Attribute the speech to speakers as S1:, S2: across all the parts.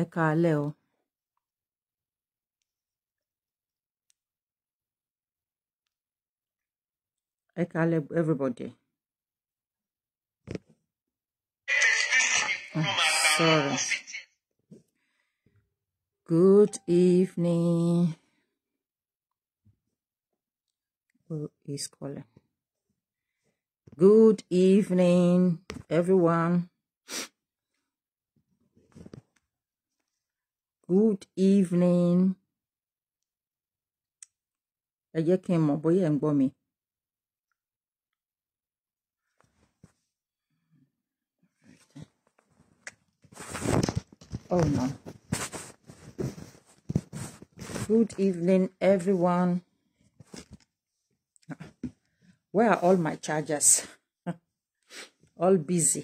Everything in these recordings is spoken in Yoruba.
S1: ẹ káalẹ́ o. ẹ káalẹ́ everybody. sorry. Good evening. Who is calling? Good evening, everyone. Good evening. Ẹ jẹ́ kí n mọ̀ bóyá ẹ̀ ń gbọ́ mi. Oh no. Good evening, everyone. Where are all my chargers? all busy.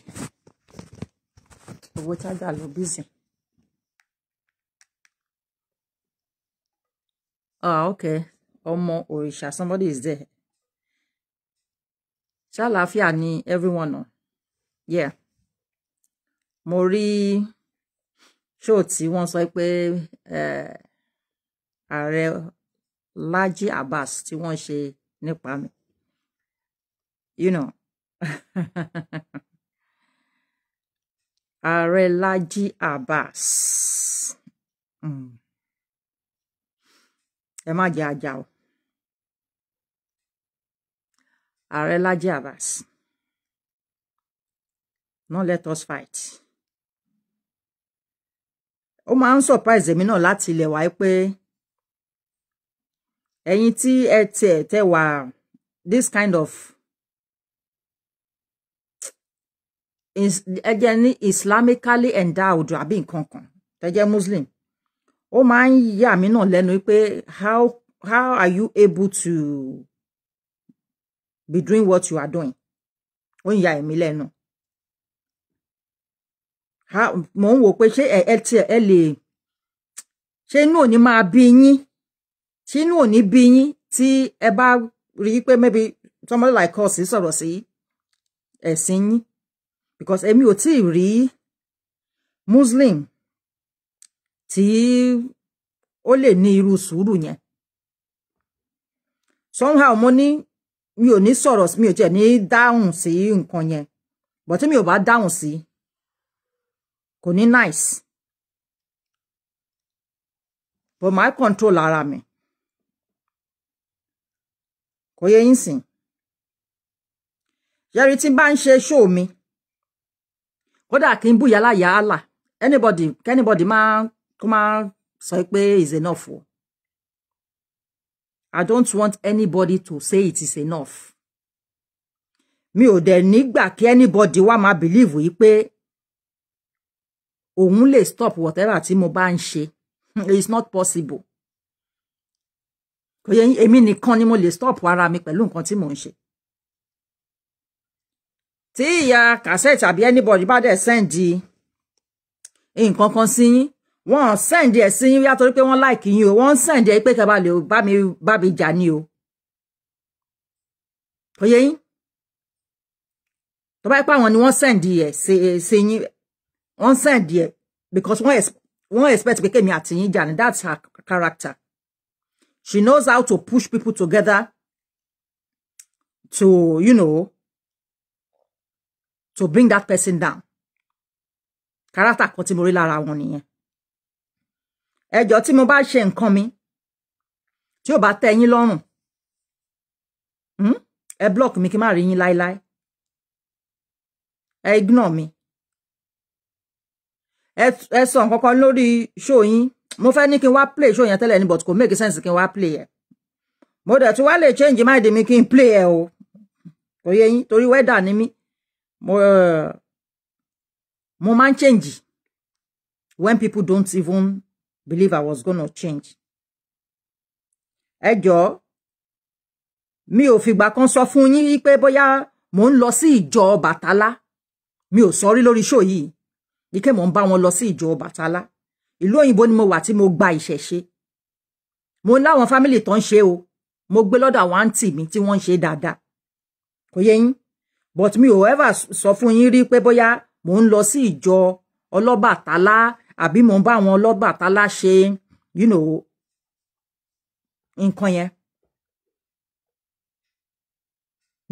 S1: Owó charger ló busy. Ah, okay. Ọmọ Orisha, somebody is there. Ṣàlàáfíà ni everyone Yeah. Mo rí ṣó tí wọ́n Uh, are large Laji Abbas tí wọ́n ṣe nípa mi. You know. are large Abbas. Mm ẹ má jẹ ajá o ààrẹ Laji Abbas no let us fight ó máa ń surprise èmi náà láti ilẹ̀ wá pé ẹ̀yin tí ẹ tiẹ̀ tẹ̀ wá this kind of ẹ jẹ́ ní islamically endowed àbí nǹkan kan tẹ́ jẹ́ muslim ó máa ń yà mí náà lẹ́nu pé how how are you able to be doing what you are doing ó ń ya èmi lẹ́nu mò ń wò pé ṣé ẹ tiẹ̀ ẹ lè ṣé inú ò ní máa bí yín ṣé inú ò ní bí yín ẹ bá rí i maybe somebody like us sọ̀rọ̀ sí ẹ̀sìn yín because èmi ò tí ì muslim tí ó lè ní irú sùúrù yẹn somehow mo ní mi ò ní sọ̀rọ̀ mi ò tiẹ̀ ní dáhùn sí nǹkan yẹn but tí mi ò bá dáhùn sí kò ní nice but my control ara mi kò yẹ yín sìn yẹri tí bá ń ṣe show mi kódà kí n búyà láyà á là anybody kẹ́nibọ̀dì máa kó má sọ pé is enough o i don't want anybody to say it is enough mi ò dẹ̀ nígbà kí anybody wá máa believe yìí pé òun lè stop whatever tí mo bá ń ṣe it's not possible kò yẹ èmi nìkan ni mo lè stop ara mi pẹ̀lú nǹkan tí mò ń ṣe tí ìyá cassette àbí anybody bá dẹ̀ send nǹkan kan sí yín wọ́n send ẹ̀ sí yín yàtọ̀ pé wọ́n like yín o wọ́n send ẹ̀ pé kẹba lè bá mi bá mi jà ní o oyè yín tó bá yẹ pé ni wọ́n send ẹ̀ sí yín wọ́n send ẹ̀ because wọ́n wọ́n expect pé kèmi àti yín jà ní that's her character she knows how to push people together to you know to bring that person down character kan tí mo rí lára wọn nìyẹn ẹjọ́ tí mo bá ṣe nǹkan mi tí ò bá tẹ́ yín lọ́rùn hmm? ẹ block mi kí n má rí yín láéláé ẹ ignore mi ẹ sọ nǹkan kan lórí show yín mo fẹ́ ní kí n wá play show yẹn tẹ́lẹ̀ ní but kò make sense kí n wá play ẹ̀ mo dẹ̀ tún wá lè change mind mi kí n play ẹ̀ o kò yẹ yín torí weather ni mí mo eh, mo máa ń change when people don't even believe I was going to change. Ẹ jọ̀ọ́ mi ò fìgbà kan so fún yín pé bóyá mò ń lọ sí ìjọ Ọbàtálá mi ò sọ rí show yìí ní ke mò ń bá wọn lọ sí ìjọ Ọbàtálá ìlú òyìnbó ni mo wà tí mo gba ìṣẹ̀ṣe mo láwọn family tó ń ṣe o mo gbé lọ́dọ̀ àwọn àǹtí mi tí wọ́n ń ṣe dáadáa kò yé but mi ò ever sọ fún yín rí pé bóyá mò ń lọ sí ìjọ ọlọ́bàtálá àbí mò ń bá àwọn Ọlọ́bàtálá ṣe you know nǹkan yẹn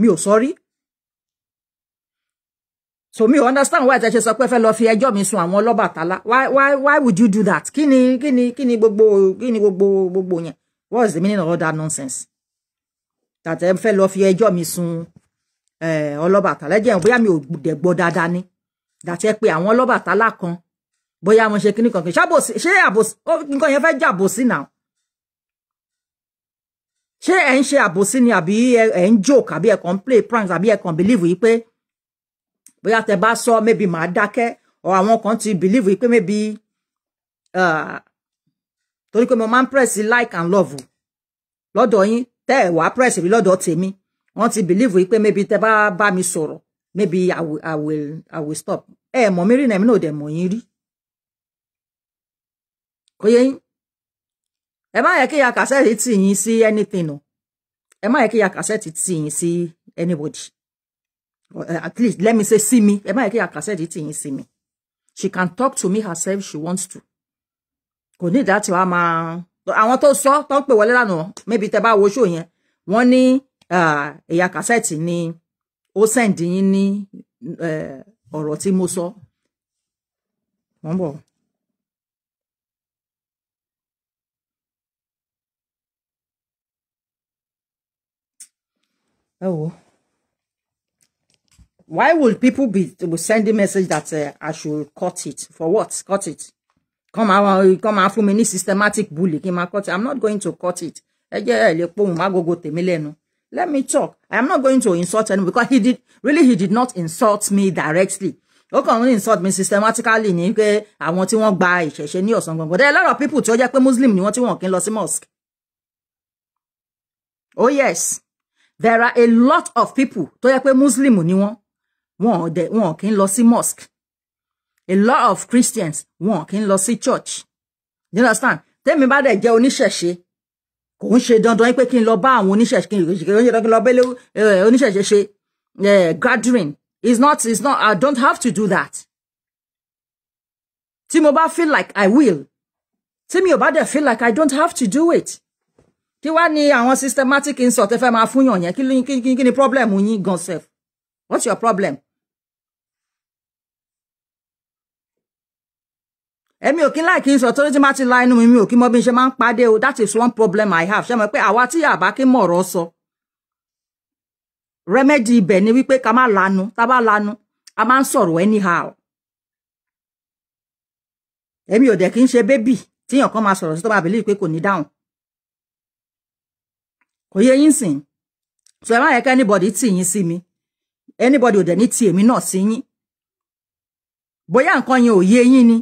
S1: mi ò sọ rí so mi ò understand why ẹ ṣe sọ pé fẹ́ lọ fi ẹjọ́ mi sun àwọn Ọlọ́bàtálá why why why would you do that kí ni kí ni kí ni gbogbo kí ni gbogbo gbogbo yẹn what is the meaning of all that nonsense tàtẹ fẹ́ lọ fi ẹjọ́ mi sun eh, Ọlọ́bàtálá jẹ́ bóyá mi ò dẹ̀ gbọ́ dáadáa ni dàtẹ́ pé àwọn Ọlọ́bàtálá kan bóyá mo ṣe kíní kankan ṣàbòsí ṣé àbòsí nǹkan yẹn fẹ́ jẹ́ àbòsí náà ṣé ẹ̀ ń ṣe àbòsí ni àbí ẹ̀ ń joke àbí ẹ̀ kàn ń play pranks àbí ẹ̀ kàn believe yìí pé bóyá tẹ bá sọ maybe màá dákẹ́ or àwọn kan ti believe yìí pé maybe torí pé mo máa ń press like and love lọ́dọ̀ yín tẹ́ ẹ̀ wá press rí lọ́dọ̀ tèmi wọ́n ti believe yìí pé maybe tẹ bá bá mi sọ̀rọ̀ maybe I will, I will, I will stop ẹ̀ mọ̀ mí rí nàìmí náà ò dẹ̀ mọ̀ yín rí kò yẹ yín ẹ má yẹ kí ya kàsẹ́ẹ̀tì tì yín sí anything o ẹ má yẹ kí ya kàsẹ́ẹ̀tì tì yín sí anybody at least let me say see me. ẹ má yẹ kí ya kàsẹ́ẹ̀tì tì yín sí mi she can talk to me herself if she wants to kò ní ìdá tí wàá máa àwọn tó sọ tó ń pè wọlé lánàá maybe tẹ bá wo show yẹn wọ́n ní ẹ̀yà kàsẹ́ẹ̀tì ni ó sẹ́ǹdì yín ní ọ̀rọ̀ tí mo sọ wọ́n bọ̀. Oh. Why would people be send a message that uh, I should cut it? For what? Cut it. Come out, come out for me, systematic bullying. I'm not going to cut it. Let me talk. I'm not going to insult him because he did, really, he did not insult me directly. Okay, only insult me systematically I want àwọn tí wọ́n gba ìṣẹ̀ṣe ní ọ̀sán gbọ̀ngàn there are a lot of people tí are muslim You want tí wọ́n kì í lọ mosque. oh yes there are a lot of people tó yẹ pé muslim ni wọ́n wọn dẹ̀ wọn kì í lọ sí mosque a lot of christians wọn kì í lọ sí church you understand tẹ́mi bá dẹ̀ jẹ́ oníṣẹ̀ṣe kò ń ṣe dandan pé kí n lọ bá àwọn oníṣẹ̀ṣe kí n ṣe dandan kí n lọ bẹ́lẹ̀ eh, oníṣẹ̀ṣe ṣe eh, gathering is not Is not i don't have to do that tí mo bá feel like i will tí mi ò bá dẹ̀ feel like i don't have to do it kí wá ní àwọn systematic insult ẹ fẹ́ máa fún yàn yẹn kí ni problem yín gan sef what's your problem. èmi ò kí láìkí sọ torí tí má ti la inú mi mi ò kí mọ bí n ṣe máa o that is one problem I have ṣe mọ̀ pé àwa tí àbá kí mọ̀rọ̀ sọ remedy ibẹ̀ ni wípé ká má lanu tá bá lanu a máa ń sọ̀rọ̀ anyhow èmi ò dẹ̀ kí ń ṣe bébì tíyàn kan máa sọ̀rọ̀ sí tó bá believe pé kò ní dáhùn kò yẹ yín sìn so ẹ má yẹ ká anybody tì yín sí mi anybody ò dẹ̀ ní ti èmi náà sí yín bóyá nǹkan yẹn ò yé yín ni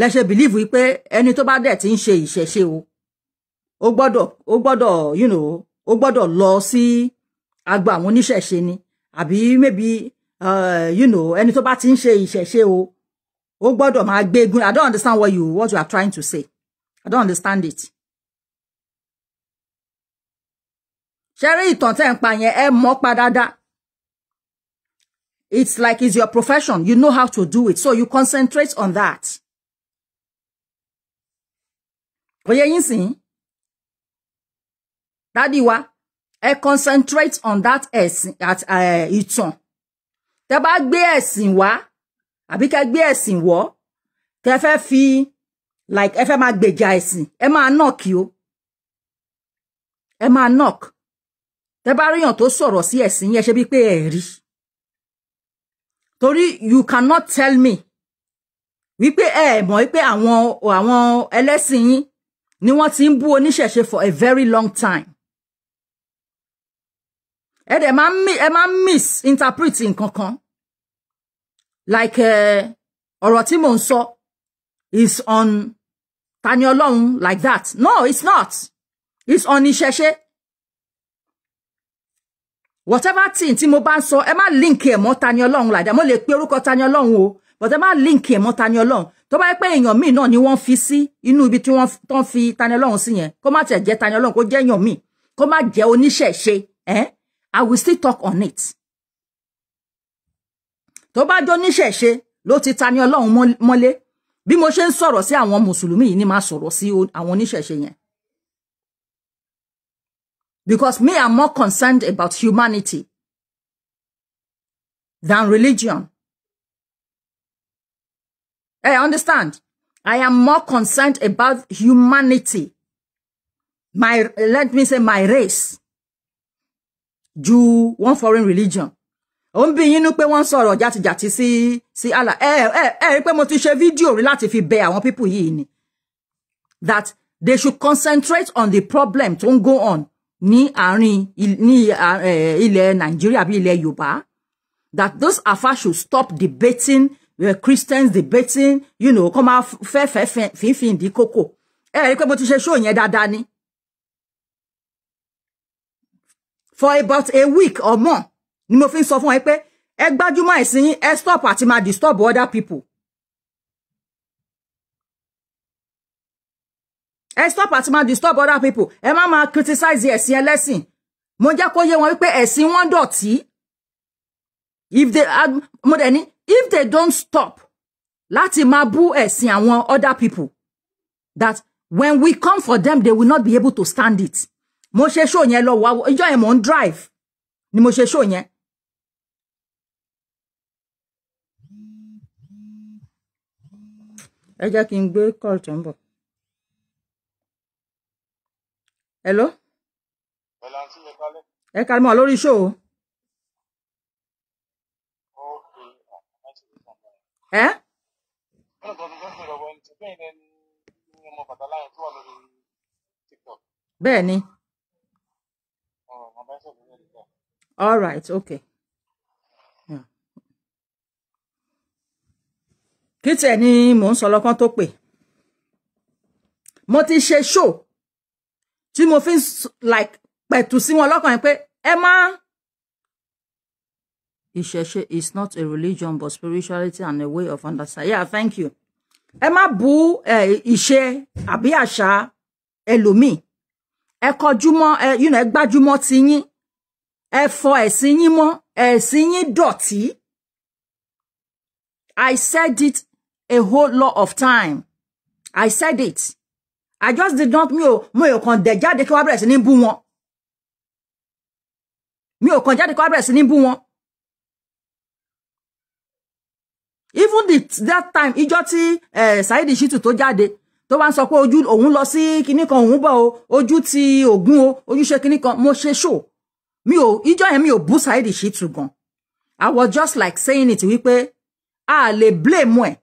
S1: lẹ ṣe bìlíìfù pé ẹni tó bá dẹ̀ ti ń ṣe ìṣẹ̀ṣe o ó gbọ́dọ̀ ó you know ó gbọ́dọ̀ lọ sí agbo àwọn oníṣẹ̀ṣe ni àbí maybe uh, you know ẹni tó bá ti ń ṣe ìṣẹ̀ṣe o ó gbọ́dọ̀ máa I don't understand what you what you are trying to say I don't understand it. ṣe rí ìtàn tẹ́ ń pa yẹn ẹ mọ̀ pa dáadáa it's like it's your profession you know how to do it so you concentrate on that. kò yẹ yín sìn wa ẹ concentrate on that ẹ̀sìn at eh, ìtàn tẹ́ bá gbé ẹ̀sìn wá àbí kẹ́ gbé ẹ̀sìn wọ̀ tẹ́ fẹ́ fi like ẹ fẹ́ máa gbèjà ẹ̀sìn ẹ máa knock yo ẹ máa knock tẹ́ bá ríyàn tó sọ̀rọ̀ sí ẹ̀sìn yẹn ṣe bí pé ẹ rí you cannot tell me wípé ẹ mọ̀ wípé àwọn àwọn ẹlẹ́sìn yín ni wọ́n ti ń bú for a very long time ẹ dẹ̀ máa ń ẹ máa ń misinterpret nǹkan like ọ̀rọ̀ tí mò ń sọ is on Tani Ọlọ́run like that no it's not it's on ìṣẹ̀ṣe whatever thing tí mo bá ń sọ ẹ má link ẹ̀ mọ́ Tani Olohun làjà mo lè pe orúkọ Tani Olohun o but ẹ má link ẹ̀ mọ́ Tani Olohun tó bá yẹ pé èèyàn míì náà ni wọ́n fi sí inú ibi tí wọ́n tán fi Tani Olohun sí yẹn kó má tiẹ̀ jẹ́ Tani Olohun kó jẹ́ èèyàn míì kó má jẹ́ oníṣẹ̀ṣe eh? I will still talk on it tó bá jó níṣẹ̀ṣe ló ti Tani Olohun mọ́lé bí mo ṣe ń sọ̀rọ̀ sí àwọn mùsùlùmí yìí ni máa sọ̀rọ̀ sí àwọn oníṣẹ̀ṣe yẹn Because me, I'm more concerned about humanity than religion. Hey, understand? I am more concerned about humanity. My, let me say my race. Jew, one foreign religion. Ó ń bí yín nú pé wọ́n sọ̀rọ̀ jàtijàti sí sí Allah. Eh eh eh rí pé mo ti ṣe video rí láti fi bẹ àwọn people yìí ni. That they should concentrate on the problem tó ń go on ní àárín ní ilẹ̀ nàìjíríà bí ilẹ̀ yorùbá that those afa should stop debating uh, christians debating you know kọ́ máa fẹ́ fẹ́ fínfín ìdí kókò ẹ rí i pé mo ti ṣe ṣó yẹn dáadáa ni for about a week or more ni mo fi ń sọ fún wọn pé ẹ gbájúmọ́ ẹ̀sìn yín ẹ stop àti máa disturb other people ẹ stop àti máa disturb other people ẹ má máa criticize ẹ̀sìn ẹlẹ́sìn mo jẹ́ kó yé wọn wípé ẹ̀sìn wọn dọ̀tí if they mo dẹ̀ if they don't stop láti máa bú ẹ̀sìn àwọn other people that when we come for them they will not be able to stand it mo ṣe show yẹn lọ wá ìjọ yẹn mo ń drive ni mo ṣe show yẹn ẹ jẹ́ kí n gbé kọ́ọ̀tù hello. ẹ̀la tí ẹ kalẹ̀. ẹ kalẹ̀ mọ́ lórí show. ẹ. bẹ́ẹ̀ all right okay. Hmm. kí tiẹ̀ ni mò ń sọ lọ́kàn tó pè mo ti ṣe show tí mo fi like pẹ̀tù sí wọn lọ́kàn pé ẹ má. ìṣẹ̀ṣe is not a religion but spirituality and a way of understanding yeah thank you ẹ má bú ìṣe àbí àṣà ẹlòmíì ẹ kọjú mọ́ ẹ ẹ gbájú mọ́ ti yín ẹ fọ ẹ̀sìn yín mọ́ ẹ̀sìn yín dọ̀tí I said it a whole lot of time I said it. I just did not mi ò mi ò kàn dẹ̀ jáde kí wọ́n bẹ̀rẹ̀ sí ní bú wọn mi ò kàn jáde kí wọ́n bẹ̀rẹ̀ sí ní bú even the that time ìjọ tí Saheed Shittu tó to tó bá ń sọ pé ojú òun lọ sí kinní kan òun bọ̀ o ojú ti Ògún o ojú ṣe kinní kan mo ṣe ṣò mi ò ìjọ yẹn mi ò bú Saheed Shittu gan I was just like saying it wípé a lè blame ẹ̀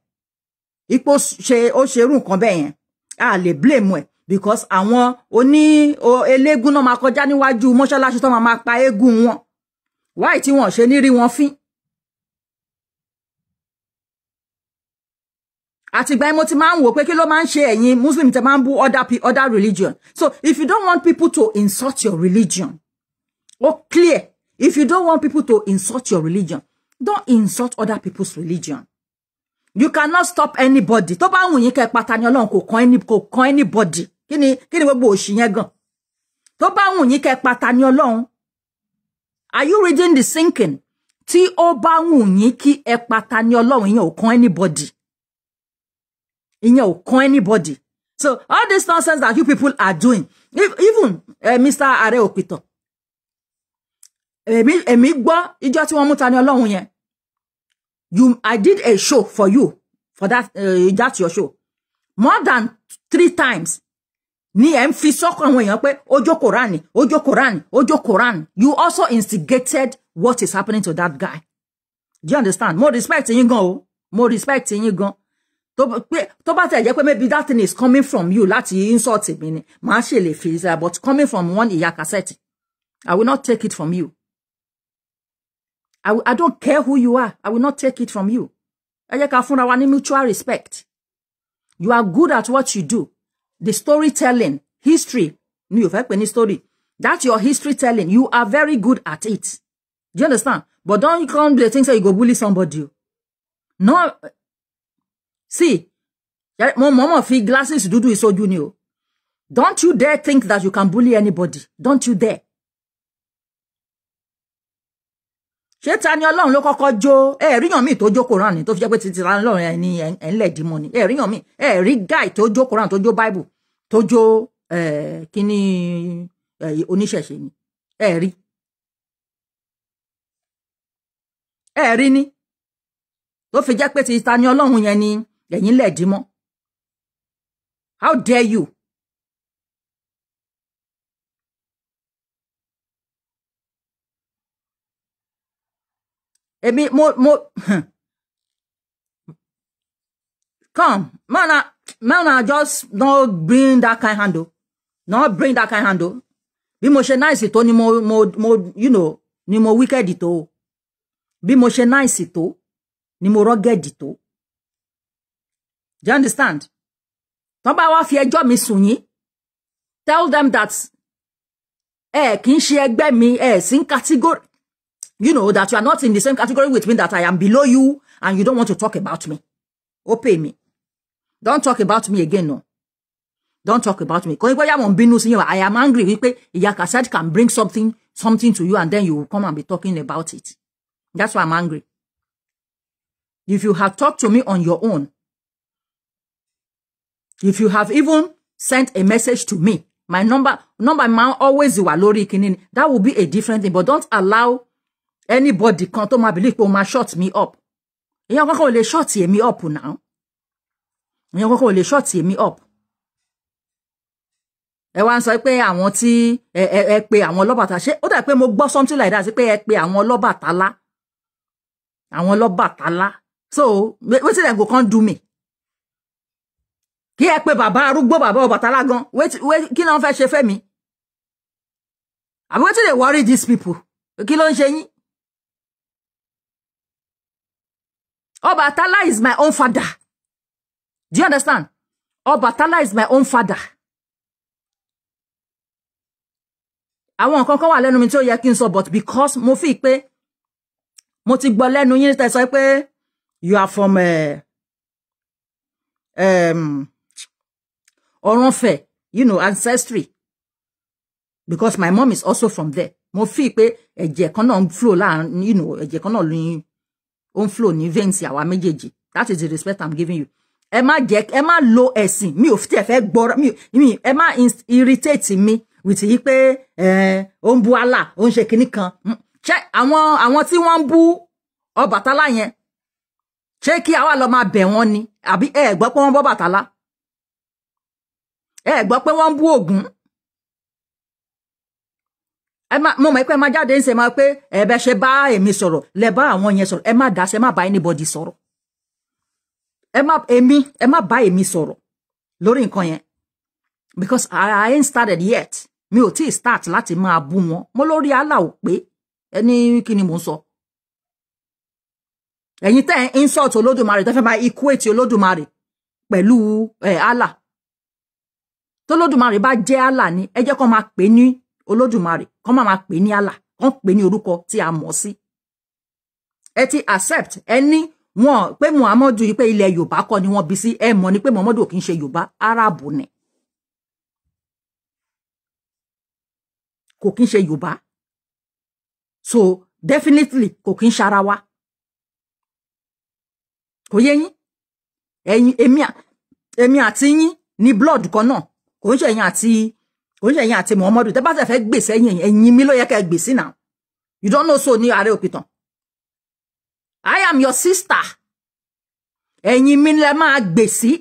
S1: ipò ṣe ó ṣerú nǹkan bẹ́ẹ̀ yẹn a le blame we because àwọn oní eléégún náà máa kọjá níwájú mọ́ṣáláṣí tó máa máa pa eégún wọn wáì tí wọ́n ṣe ní rí wọn fín. àtìgbà yẹn mo ti máa ń wò pé kí ló máa muslim tẹ máa ń bú other other religion so if you don't want people to insult your religion ó clear if you don't want people to insult your religion don't insult other people's religion you cannot stop anybody tó bá wùn yín kẹ́ pátá ni Ọlọ́run kò kan ko kò kan anybody Kini kini kí ni gbogbo òṣì yẹn gan tó bá wùn yín kẹ́ pátá ni are you reading the sinking Ti o bá wùn yín kí ẹ pátá ni Ọlọ́run ìyẹn kan anybody ìyẹn ò kan anybody so all this nonsense that you people are doing even uh, eh, Mr. Are Òpìtàn Emi èmi gbọ́ ìjọ tí wọ́n mú ta ni Ọlọ́run you I did a show for you for that uh, that's your show more than three times ni ẹ ń fi sọ́kàn àwọn èèyàn ojo korani. Quran ni ọjọ́ Quran you also instigated what is happening to that guy do you understand More respect yín gan o mo respect yín gan tó bá tẹ̀ jẹ́ pé maybe that thing is coming from you láti insult mi ni màá ṣe fi but coming from one ìyá cassette I will not take it from you I, I don't care who you are. I will not take it from you. Ẹ ká ní mutual respect. You are good at what you do. The storytelling, history, new ò fẹ́ pè ní story. That's your history telling. You are very good at it. Do you understand? But don't come to the things that you go bully somebody. No. See, my mama fit glasses do ìsojú so junior. Don't you dare think that you can bully anybody. Don't you dare. ṣé ta ni ọlọ́run ló kọ́kọ́ jó ẹ̀ẹ́ríyàn míì tó jó koran ni tó fi jẹ́ pé títí ta ọlọ́run ẹ̀ ni ẹ̀ ń lẹ̀ dìmọ̀ ni ẹ̀ẹ́ríyàn míì ẹ̀ẹ́rí guy tó jó koran tó jó bible tó jó kíní oníṣẹ̀ṣe ni ẹ̀ẹ́rí ẹ̀ẹ́rí ni tó fi jẹ́ pé títí ta ni ọlọ́run yẹn ni ẹ̀yin lẹ̀ dìmọ̀ how dare you èmi mo mo come man na man just not bring that kind hand o no bring that kind hand o bí mo ṣe náìsì tó ni mo mo mo you know ni more wíkẹ́ẹ̀dì tó o bí mo ṣe náìsì tó ni mo rọ́gẹ́ẹ̀dì tó do you understand tọ́ bá wá fi ẹjọ́ mi sùn tell them that Eh, kì í ṣe ẹgbẹ́ mi ẹ eh, sí category you know that you are not in the same category with me that I am below you and you don't want to talk about me. Ó pè mí. Don't talk about me again no. Don't talk about me. Kò I am angry wípé Ìyá Kasad can bring something something to you and then you will come and be talking about it. That's why I'm angry. If you have talked to me on your own, if you have even sent a message to me, my number number máa always you are lórí kinní. That will be a different thing but don't allow anybody kan tó máa believe pé ó máa shut me up èèyàn kankan ò lè short èmi up now èèyàn kankan ò lè short èmi up ẹ wá ń sọ pé àwọn tí ẹ ẹ ẹ pé àwọn lọ́bàtà ṣé ó dà pé mo gbọ́ something like that sí pé ẹ pé àwọn lọ́bàtálá àwọn lọ́bàtálá so what dem go come do me kí ẹ pé bàbá arúgbó bàbá Ọbàtálá gan kí ló ń fẹ́ ṣe fẹ́ mi àbí wetin dey worry these people kí ló ń ṣe yín Obatala is my own father. Do you understand? Obatala is my own father. I nǹkan kan come. lẹ́nu mi tí ó yẹ kí n sọ but because mo fi pé mo ti gbọ́ lẹ́nu yín tẹ́ sọ you are from uh, eh, um, Oronfe, you know, ancestry. Because my mom is also from there. Mo fi pé ẹ̀jẹ̀ kan náà flow láàrin, you know, ẹ̀jẹ̀ kan náà lóyún ó ń flow ní veins àwa méjèèjì that is the respect i'm giving you ẹ má jẹ ẹ má lo ẹ̀sìn mi ò fi tiẹ̀ fẹ́ gbọ́rọ̀ mi ẹ má irritate mi with yí pé ó ń bu Allah ó ń ṣe kinní kan mm, ṣé àwọn àwọn tí wọ́n ń bú Ọbàtálá yẹn ṣé kí àwa lọ máa bẹ̀ wọ́n ni àbí ẹ gbọ́ pé wọ́n bọ́ Bàtálá ẹ gbọ́ pé wọ́n ń bú ẹ má mo mọ̀ pé ẹ má jáde ń ṣe máa pé ẹ bẹ ṣe bá èmi sọ̀rọ̀ lẹ bá àwọn yẹn sọ̀rọ̀ ẹ má dá sí ẹ má bá anybody sọ̀rọ̀ ẹ má èmi ẹ má bá èmi sọ̀rọ̀ lórí nǹkan yẹn because I, ain't started yet mi ò tí ì start láti máa bú wọn mo lórí àlà ò pé ẹni kí ni mò ń sọ ẹ̀yin tẹ́ ẹ̀ insult olódùmarè tẹ́ fẹ́ máa equate olódùmarè pẹ̀lú ẹ̀ àlà tolódùmarè bá jẹ́ àlà ni ẹ jẹ́ kó máa pè ní olódùmarè kán máa máa pè ní àlà kán pè ní orúkọ tí a mọ̀ sí. ẹ ti accept ẹ ní wọn pé muhammadu yìí pé ilẹ̀ yorùbá kọ́ ni wọ́n bí sí ẹ mọ̀ ni pé muhammadu kì í ṣe yorùbá arabu ni kò kì í ṣe yorùbá so definitely kò kì í ṣara wa kò yé yín ẹ̀yin èmi àti yín ní blood kan náà kò ń ṣe ẹ̀yin àti kò ń àti Muhammadu tẹ́ bá tẹ̀ fẹ́ gbèsè ẹ̀yin ẹ̀yin mi ló yẹ kẹ́ gbèsè náà you don't know so ní ààrẹ òpìtàn I am your sister ẹ̀yin mi lẹ máa gbèsè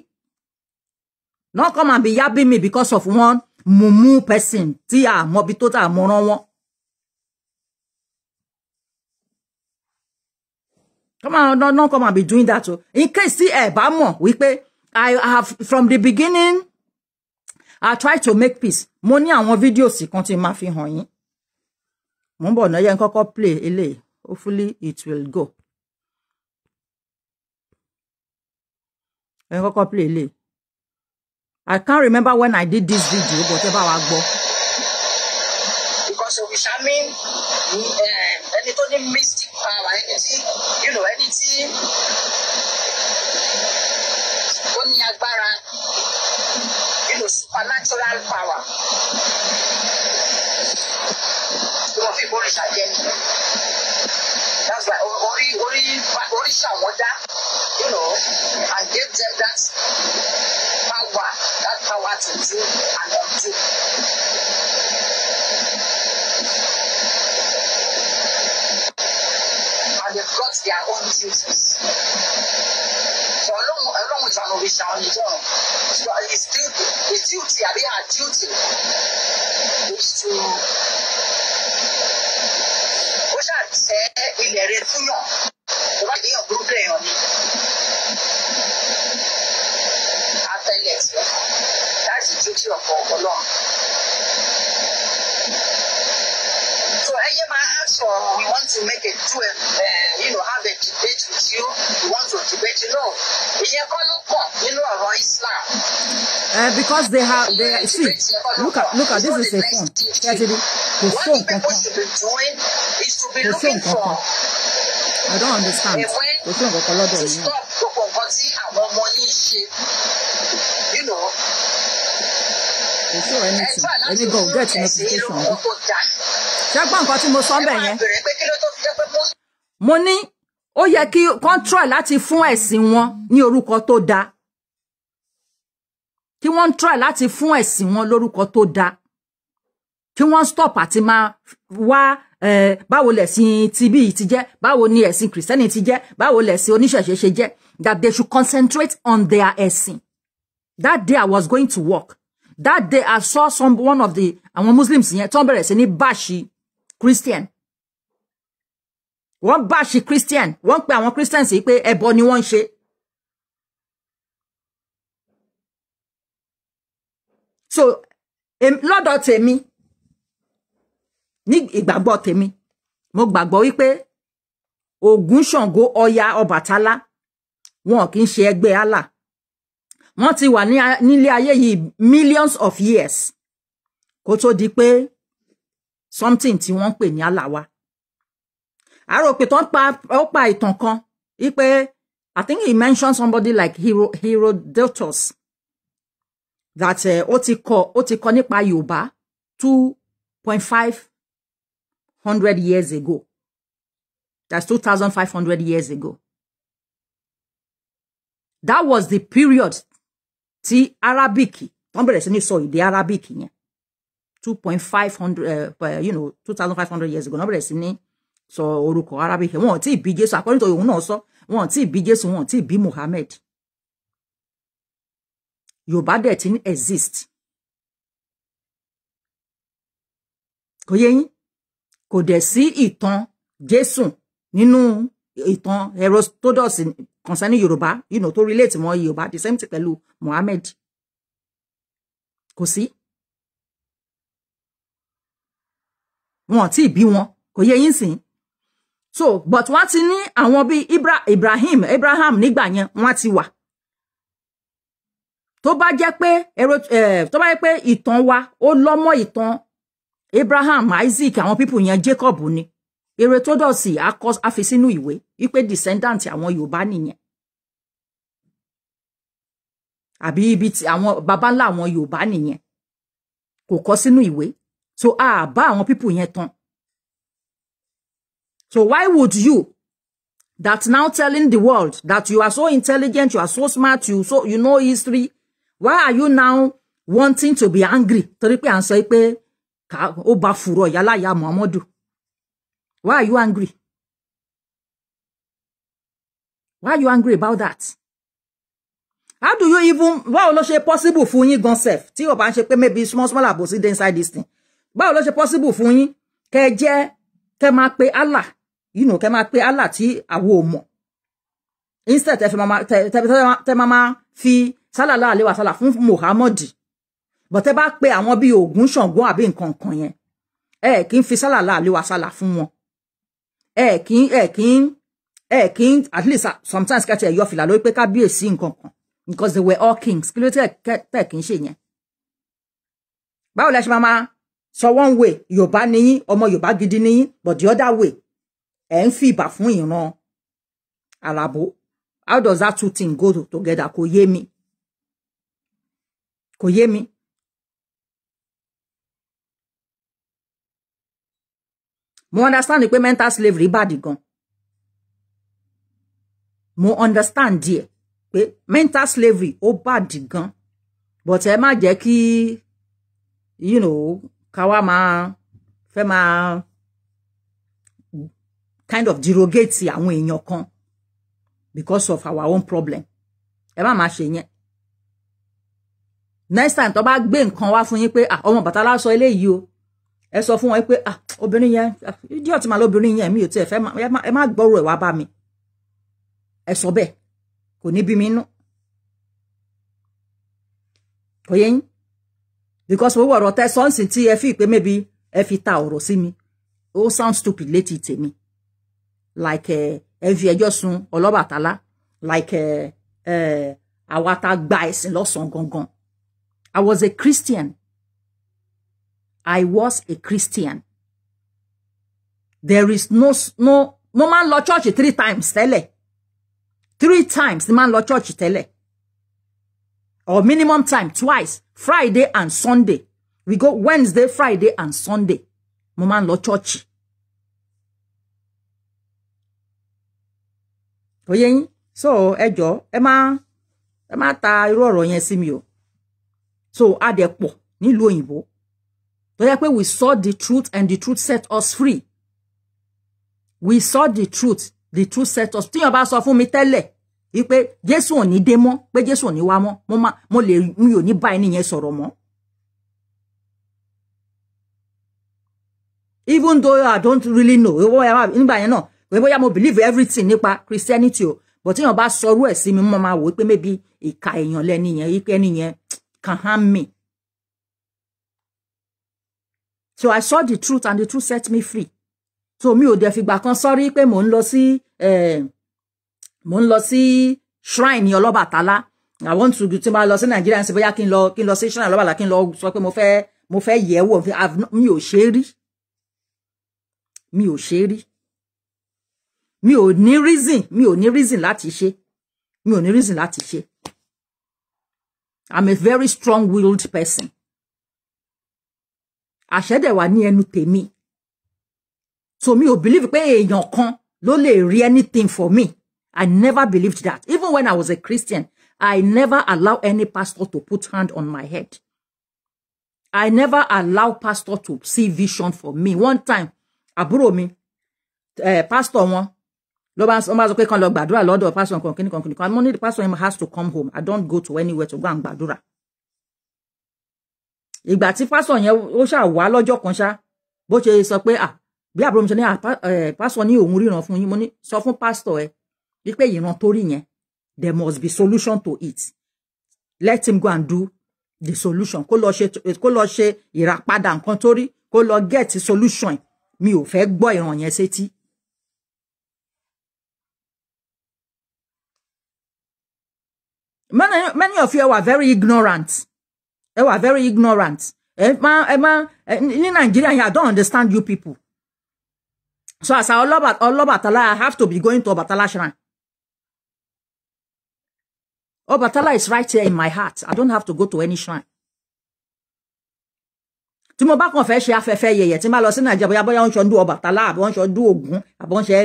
S1: not come and be yabbing me because of one mumu person tí a mọ bí tó tà mọ́rán wọn. Come on, don't, don't come and be doing that. In case tí ẹ bá mọ̀ wípé I have from the beginning I try to make peace mo ní àwọn fídíòsì kan tí máa fi hàn yín mo ń bọ̀ náà yẹn play eléyìí hopefully it will go yẹn kọ́kọ́ play eléyìí I can't remember when I did this video but ẹ bá wa gbọ́. because òrìṣà mi any tó ní mystic power ẹni tí ẹni tí. supernatural power. Tí wọ́n fi oríṣà again. That's why orí orí oríṣà wọn dá, you know, and gave them that power, that power to do and undo. And they've got their own duties. So ọlọ́run ọlọ́run ìsàlọ̀ òrìṣà ọ̀nìjọ́. because they have they see look at look at this is a phone kẹtìrì kò só nǹkan kan kò só nǹkan kan I don't understand The só nǹkan kan lọ́dọ̀ yìí. gbogbo you know. kò só anything èmi go get notification bí. ṣé gbọ́n nǹkan tí mo sọ bẹ́ẹ̀ yẹn mo ní ó yẹ kí kọ́ńtrọ̀ láti fún ẹ̀sìn wọn ní orúkọ tó dáa kí wọ́n ń try láti fún ẹ̀sìn wọn lórúkọ tó dáa kí wọ́n stop àti máa wá báwo lẹ̀sìn tibí ti jẹ́ báwo ni ẹ̀sìn kìrìsìtẹ́nì ti jẹ́ báwo lẹ̀sìn oníṣẹ̀ṣe ṣe jẹ́ that they should concentrate on their ẹ̀sìn that day I was going to work that day I saw some one of the àwọn Muslims yẹn tó ń bẹ̀rẹ̀ sí ní Christian wọ́n bashi Christian wọ́n pe àwọn Christians yìí pé ẹbọ ni wọ́n ń so lọ́dọ̀ tèmi ní ìgbàgbọ́ tèmi mo gbàgbọ́ wípé Ògún Ṣàngó Ọya Ọbàtálá wọn kì í ṣe ẹgbẹ́ Allah wọ́n ti ni nílé ayé yìí millions of years kó tó di pé something tí wọ́n ń pè ní Allah wá àròpé tó pa ó pa ìtàn kan wípé I think he mentioned somebody like Hero, Herodotus that eh, ó ti kọ ó ti kọ nípa Yorùbá two point five hundred years ago that's two thousand five hundred years ago that was the period tí Arabic wọ́n bẹ̀rẹ̀ sí ní sọ èdè Arabic yẹn two point five hundred eh, eh, you know two thousand five hundred years ago wọ́n bẹ̀rẹ̀ sí ní sọ orúkọ Arabic wọn ò tí ì bí Jésù according to òun náà sọ wọn ò tí ì bí Jésù wọn ò tí ì bí Muhammad yorùbá dẹ̀ ti ń exist kò yé yín kò dẹ̀ sí ìtàn jésù nínú ìtàn Herodotus concerning yorùbá you know, tó relate mọ́ yorùbá the same thing pẹ̀lú Muhammad kò sí wọn tí ì bí wọn kò yé yín sìn so but wọ́n ti ní àwọn bíi Ibrahim Abraham nígbà yẹn wọ́n ti wà tó bá jẹ́ pé èrò eh, tó bá jẹ́ pé ìtàn wa ó lọ́mọ ìtàn Abraham Isaac àwọn pípù yẹn Jacob ni èrè tó dọ̀sì àfi sínú ìwé wípé descendant àwọn Yorùbá nìyẹn àbí ibi tí àwọn baba ńlá àwọn Yorùbá nìyẹn kò kọ sínú ìwé so a ah, bá àwọn pípù yẹn tán so why would you that now telling the world that you are so intelligent you are so smart you so you know history why are you now wanting to be angry torí pé à ń sọ pé ó ba fùrọ̀ ìyáláyà muhammadu why are you angry why are you angry about that how do you even báwo ló ṣe possible fún yín gan sef tí o bá ń ṣe pé maybe small small àbòsí dey inside this thing báwo ló ṣe possible fún yín kẹ jẹ kẹ máa pe allah you know kẹ máa pe allah tí àwo ò instead tẹ fi máa tẹ tẹ tẹ máa Fi sálàlá àlewà sálà fún Muhammad bọ̀tẹ́ bá pe àwọn bíi Ògún Ṣàngó àbí nǹkan kan yẹn ẹ kì í fi sálàlá àlewà sálà fún wọn ẹ kì í ẹ kì í ẹ kì í at least sometimes kẹ́tì ẹ̀ yọ fìlà lórí pé kábíyèsí nǹkan kan because they were all kings kí ló tẹ̀ kì í ṣe yẹn báwo lẹ ṣe máa máa sọ one way yorùbá níyín ọmọ yorùbá gidi níyín but the other way ẹ ń fi ìbà fún ìran àràbò how does that two things go together kò yé mi kò yé mi mo understand pé mental slavery bad gan mo understand díẹ̀ pé mental slavery ó bad gan but ẹ ma jẹ́ ki, you know kawa ma, máa fẹ́ kind of derogate àwọn èèyàn kan because of our own problem ẹ má máa ṣe yẹn next time tó bá gbé nǹkan wá fún yín pé ah ọmọ bàtálá sọ eléyìí o ẹ sọ fún wọn pé ah obìnrin yẹn ìdí ọtí màá lóbìnrin yẹn mi ò tiẹ̀ fẹ́ ẹ má gbọ́rọ̀ ẹ̀ wá bá mi ẹ sọ bẹ́ẹ̀ kò ní bí mi nú kò yín because gbogbo ọ̀rọ̀ tẹ sọ́ọ̀sì tí ẹ fi ìpè mẹ́bi ẹ fi ta ọ̀rọ̀ sí mi ó sound stupid létí tèmi like. Uh, ẹ fi ẹjọ́ sun ọlọ́bàtálá like àwa tá a gba ẹ̀sìn lọ́sàn-án gangan I was a Christian I was a Christian there is no no mo máa ń lọ church three times tẹ́lẹ̀ three times ni máa ń lọ church tẹ́lẹ̀ or minimum time twice Friday and Sunday we go Wednesday Friday and Sunday mo máa ń lọ church tó yẹ so ẹ jọ ẹ má ẹ má ta irú ọ̀rọ̀ yẹn sí mi o so a dẹ̀ pọ̀ nílùú òyìnbó tó yẹ pé we saw the truth and the truth set us free we saw the truth the truth set us tíyan bá sọ fún mi tẹ́lẹ̀ wípé jésù ò ní dé mọ́ pé jésù ò ní wá mọ́ mo má mo lè mi ò ní bá ẹni yẹn sọ̀rọ̀ mọ́. even though I don't really know nígbà yẹn no pé bóyá mo believe everything nípa christianity o but téèyàn bá sọrú ẹ̀ sí mi mo máa wò ó pé maybe ìka èèyàn lẹ́ni yẹn yí pé ẹni yẹn can harm me. so i saw the truth and the truth set me free so mi ò dẹ̀ fìgbà kan sọ́rí pé mò ń lọ sí eh, mò ń lọ sí shrine ní Ọlọ́bàtálá i want to tí ma lọ sí nàìjíríà ṣe bóyá kí n lọ kí n lọ sí shrine Ọlọ́bàtálá kí n lọ sọ pé mo fẹ́ mo fẹ́ yẹ̀ wò mi ò ṣe rí mi ò ṣe rí mi ò ní reason mi ò ní reason láti ṣe mi ò ní reason láti ṣe i'm a very strong-willed person àṣẹ́dẹ̀wà ní ẹnu tèmi so mi ò believe pé èèyàn kan ló lè rí anything for me i never believed that even when i was a christian i never allow any pastor to put hand on my head i never allow pastor to see vision for me one time àbúrò mi eh, pastor wọn ló bá wọn bá sọ pé kàn lọ gbàdúrà lọ́dọ̀ pásọ nǹkan kíní kan kíní kan mo ní the pastor him has to come home i don't go to anywhere to go and gbàdúrà ìgbà tí pásọ yẹn ó ṣáà wá lọ́jọ́ kan ṣá bó ṣe sọ pé ah bí àbúrò mi ṣe ní ah, pásọ eh, ní òun ríran fún yín mo ní sọ fún pásọ ẹ wípé ìran tó rí yẹn there must be solution to it let him go and do the solution kó lọ ṣe kó lọ ṣe ìràpadà nǹkan tó rí kó lọ get solution mi ò fẹ́ gbọ́ ìran yẹn sétí many, many of you were very ignorant. You were very ignorant. Emma, Emma, in Nigeria, I don't understand you people. So as I love at Batala, I have to be going to Batala Shrine. Batala is right here in my heart. I don't have to go to any shrine. tí mo bá kàn fẹ́ ṣe afẹ́fẹ́ yẹ̀yẹ̀ lost in a sí I want bóyá do ń ṣọdún Ọbàtálá àbí ó ń ṣọdún Ògún àbí ó ń ṣe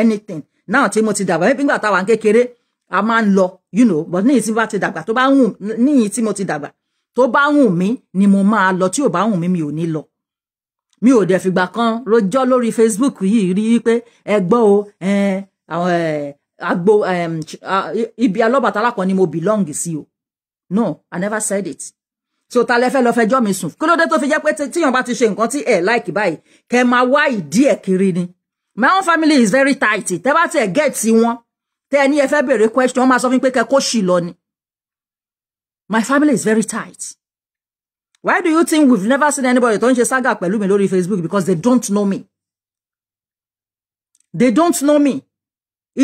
S1: anything náà tí mo ti dàgbà nígbà táwa kékeré a máa ń lọ you know but níyì tí bá ti dàgbà tó bá wùn níyì tí mo ti dàgbà tó bá wùn mí ni mo máa lọ tí ò bá wùn mí mi ò ní lọ mi ò dẹ̀ fìgbà kan rojọ́ lórí Facebook yìí rí i pé ẹ gbọ́ o agbo ibi alọ́bàtálá kan ni mo belong sí o no I never said it so ta lẹ fẹ́ lọ fẹjọ́ mi sùn kí ló dé tó fi jẹ́ pé tíyàn bá ti ṣe nǹkan tí ẹ láìkì báyìí kẹ́ máa wá ìdí ẹ̀ kiri ni my own family is very tight tẹ́ bá tiẹ̀ get sí wọn tẹ́ ẹ ní ẹ fẹ́ béèrè question wọ́n máa sọ fún pé kẹ́ kó ṣì lọ ni. my family is very tight. why do you think we've never seen anybody tó ń ṣe saga pẹ̀lú mi lórí Facebook because they don't know me. they don't know me.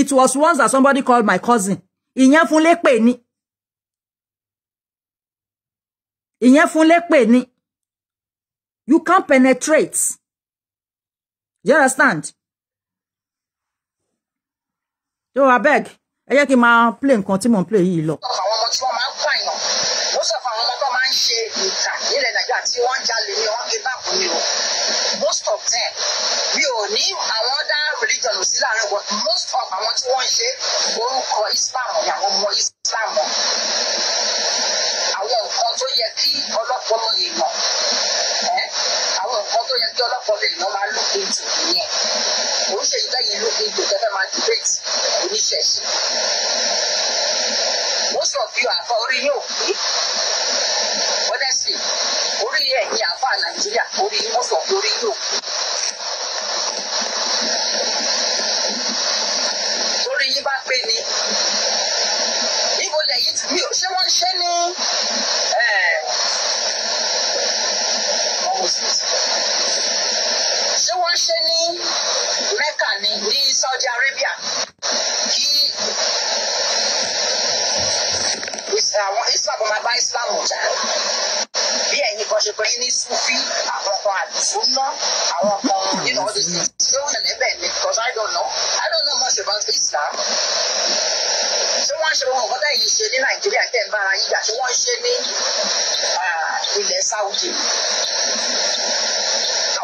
S1: it was once that somebody called my cousin ìyẹn fún lépè ni. ìyẹn fún lépè ni. you can't penetrate. you understand? so I beg, jẹ́ kí n máa play nǹkan tí mò ń play yìí lọ. àwọn ọmọ tí wọ́n máa ń pààyàn ó most of them mi ò ní àwọn ọ̀dà religion ò sí láàrin wọn most of àwọn tí wọ́n ń ṣe orúkọ Islam ni àwọn ọmọ Islam àwọn nǹkan tó yẹ kí ọlọ́pọ̀ nǹkan tó yẹ kí ọlọ́pàá èèyàn máa lùkù ìtò nìyẹn oníṣèyí lẹ́yìn lùkù ìtò tẹ́fẹ́ máa dìbẹ́tì oníṣẹ̀ṣe most of you àfa orí yóò pé honestly orí ẹ̀yin àfa nàìjíríà orí most of orí yóò pé. orí bá pé ni níbo lẹ́yìn tí mi ò ṣé wọ́n ṣe ní. mi ní Saudi Arabia kí àwọn Islam máa bá Islam jà bí ẹ̀yin kan ṣe pé ní Sufi àwọn kan àlùfúnná àwọn kan nínú ọdún sí ṣé ó tẹ̀lé bẹ́ẹ̀ ni because I don't know I don't know much about Islam ṣé wọ́n ṣe ohun ọ̀gọ́dá yìí ṣe ní Nàìjíríà tẹ̀ ń bára yíyà ṣé wọ́n ṣe ní ah, ilẹ̀ Saudi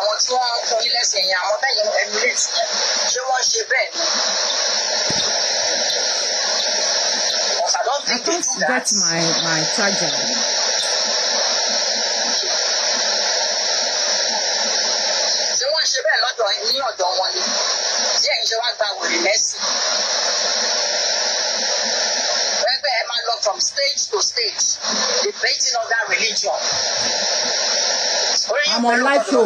S1: àwọn tí wọ́n ń fún yín yẹn àwọn tẹ̀yìn emirates yẹn ṣé wọ́n ṣe bẹ́ẹ̀ ni. I can't get my, my charger. Ṣé wọ́n ṣe bẹ́ẹ̀ lọ́dọ̀ ní ọ̀dọ̀ wọn ni? Ṣé ẹ̀yin ṣe wá gba wèrè lẹ́sìn? Bẹ́ẹ̀ bẹ́ẹ̀ máa lọ from stage to stage debating other religion àmọ́ láìpẹ́ o.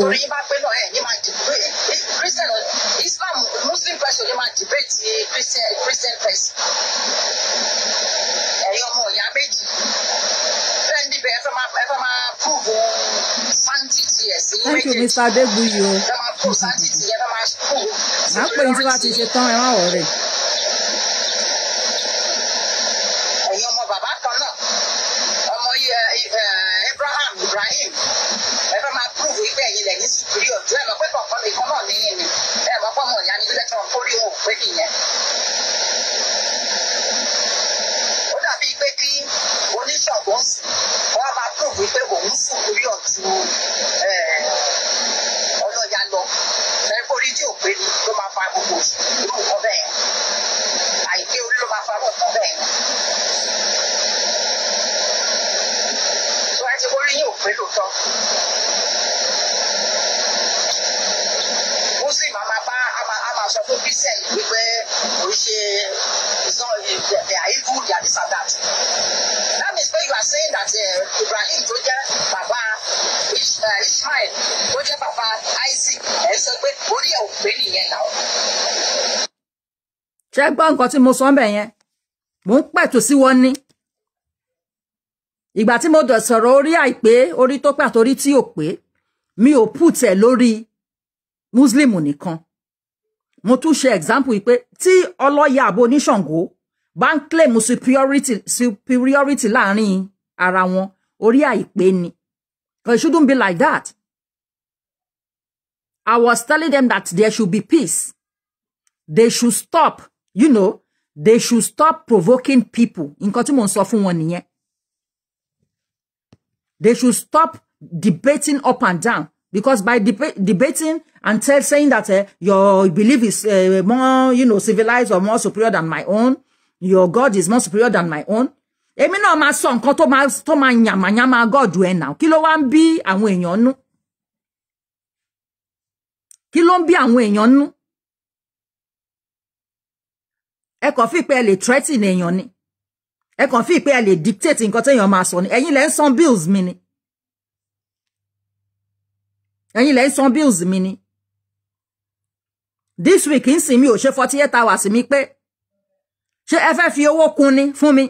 S1: orí thank you mr adegbuyi o. ẹ tí wàá ti ṣe tán ẹ má ṣe gbọ́ nǹkan tí mo sọ ń bẹ̀ yẹn mò ń pẹ̀tù sí wọn ní ìgbà tí mo dọ̀ sọ̀rọ̀ orí àìpé orí tó pàtó orí tí ò pé mi ò pùtẹ̀ lórí muslim nìkan mo tún ṣe example pé tí ọlọ́yà àbò oníṣàngó bá ń claim superiority superiority láàrin ara wọn orí àìpé ni but it shouldn't be like that I was telling them that there should be peace they should stop you know they should stop provoking people nǹkan tí mo ń sọ fún wọn nìyẹn they should stop debating up and down because by deba debating and tell, saying that uh, your belief is uh, more you know civilized or more superior than my own your God is more superior than my own èmi náà máa sọ nǹkan tó máa tó máa yàmàyàmà God ẹ nà kí ló wá ń bí àwọn èèyàn nú kí ló ń bí àwọn èèyàn nú ẹ kàn fi pé ẹ lè threaten èèyàn ni ẹ kàn fi pé ẹ lè dictate nǹkan téèyàn máa sọ ni ẹ̀yin lẹ ń bills mi ni ẹ̀yin lẹ ń san bills mi ni this week in sìn mi ò ṣe forty eight hours mi pé ṣé ẹ fẹ́ fi owó kun ni fún mi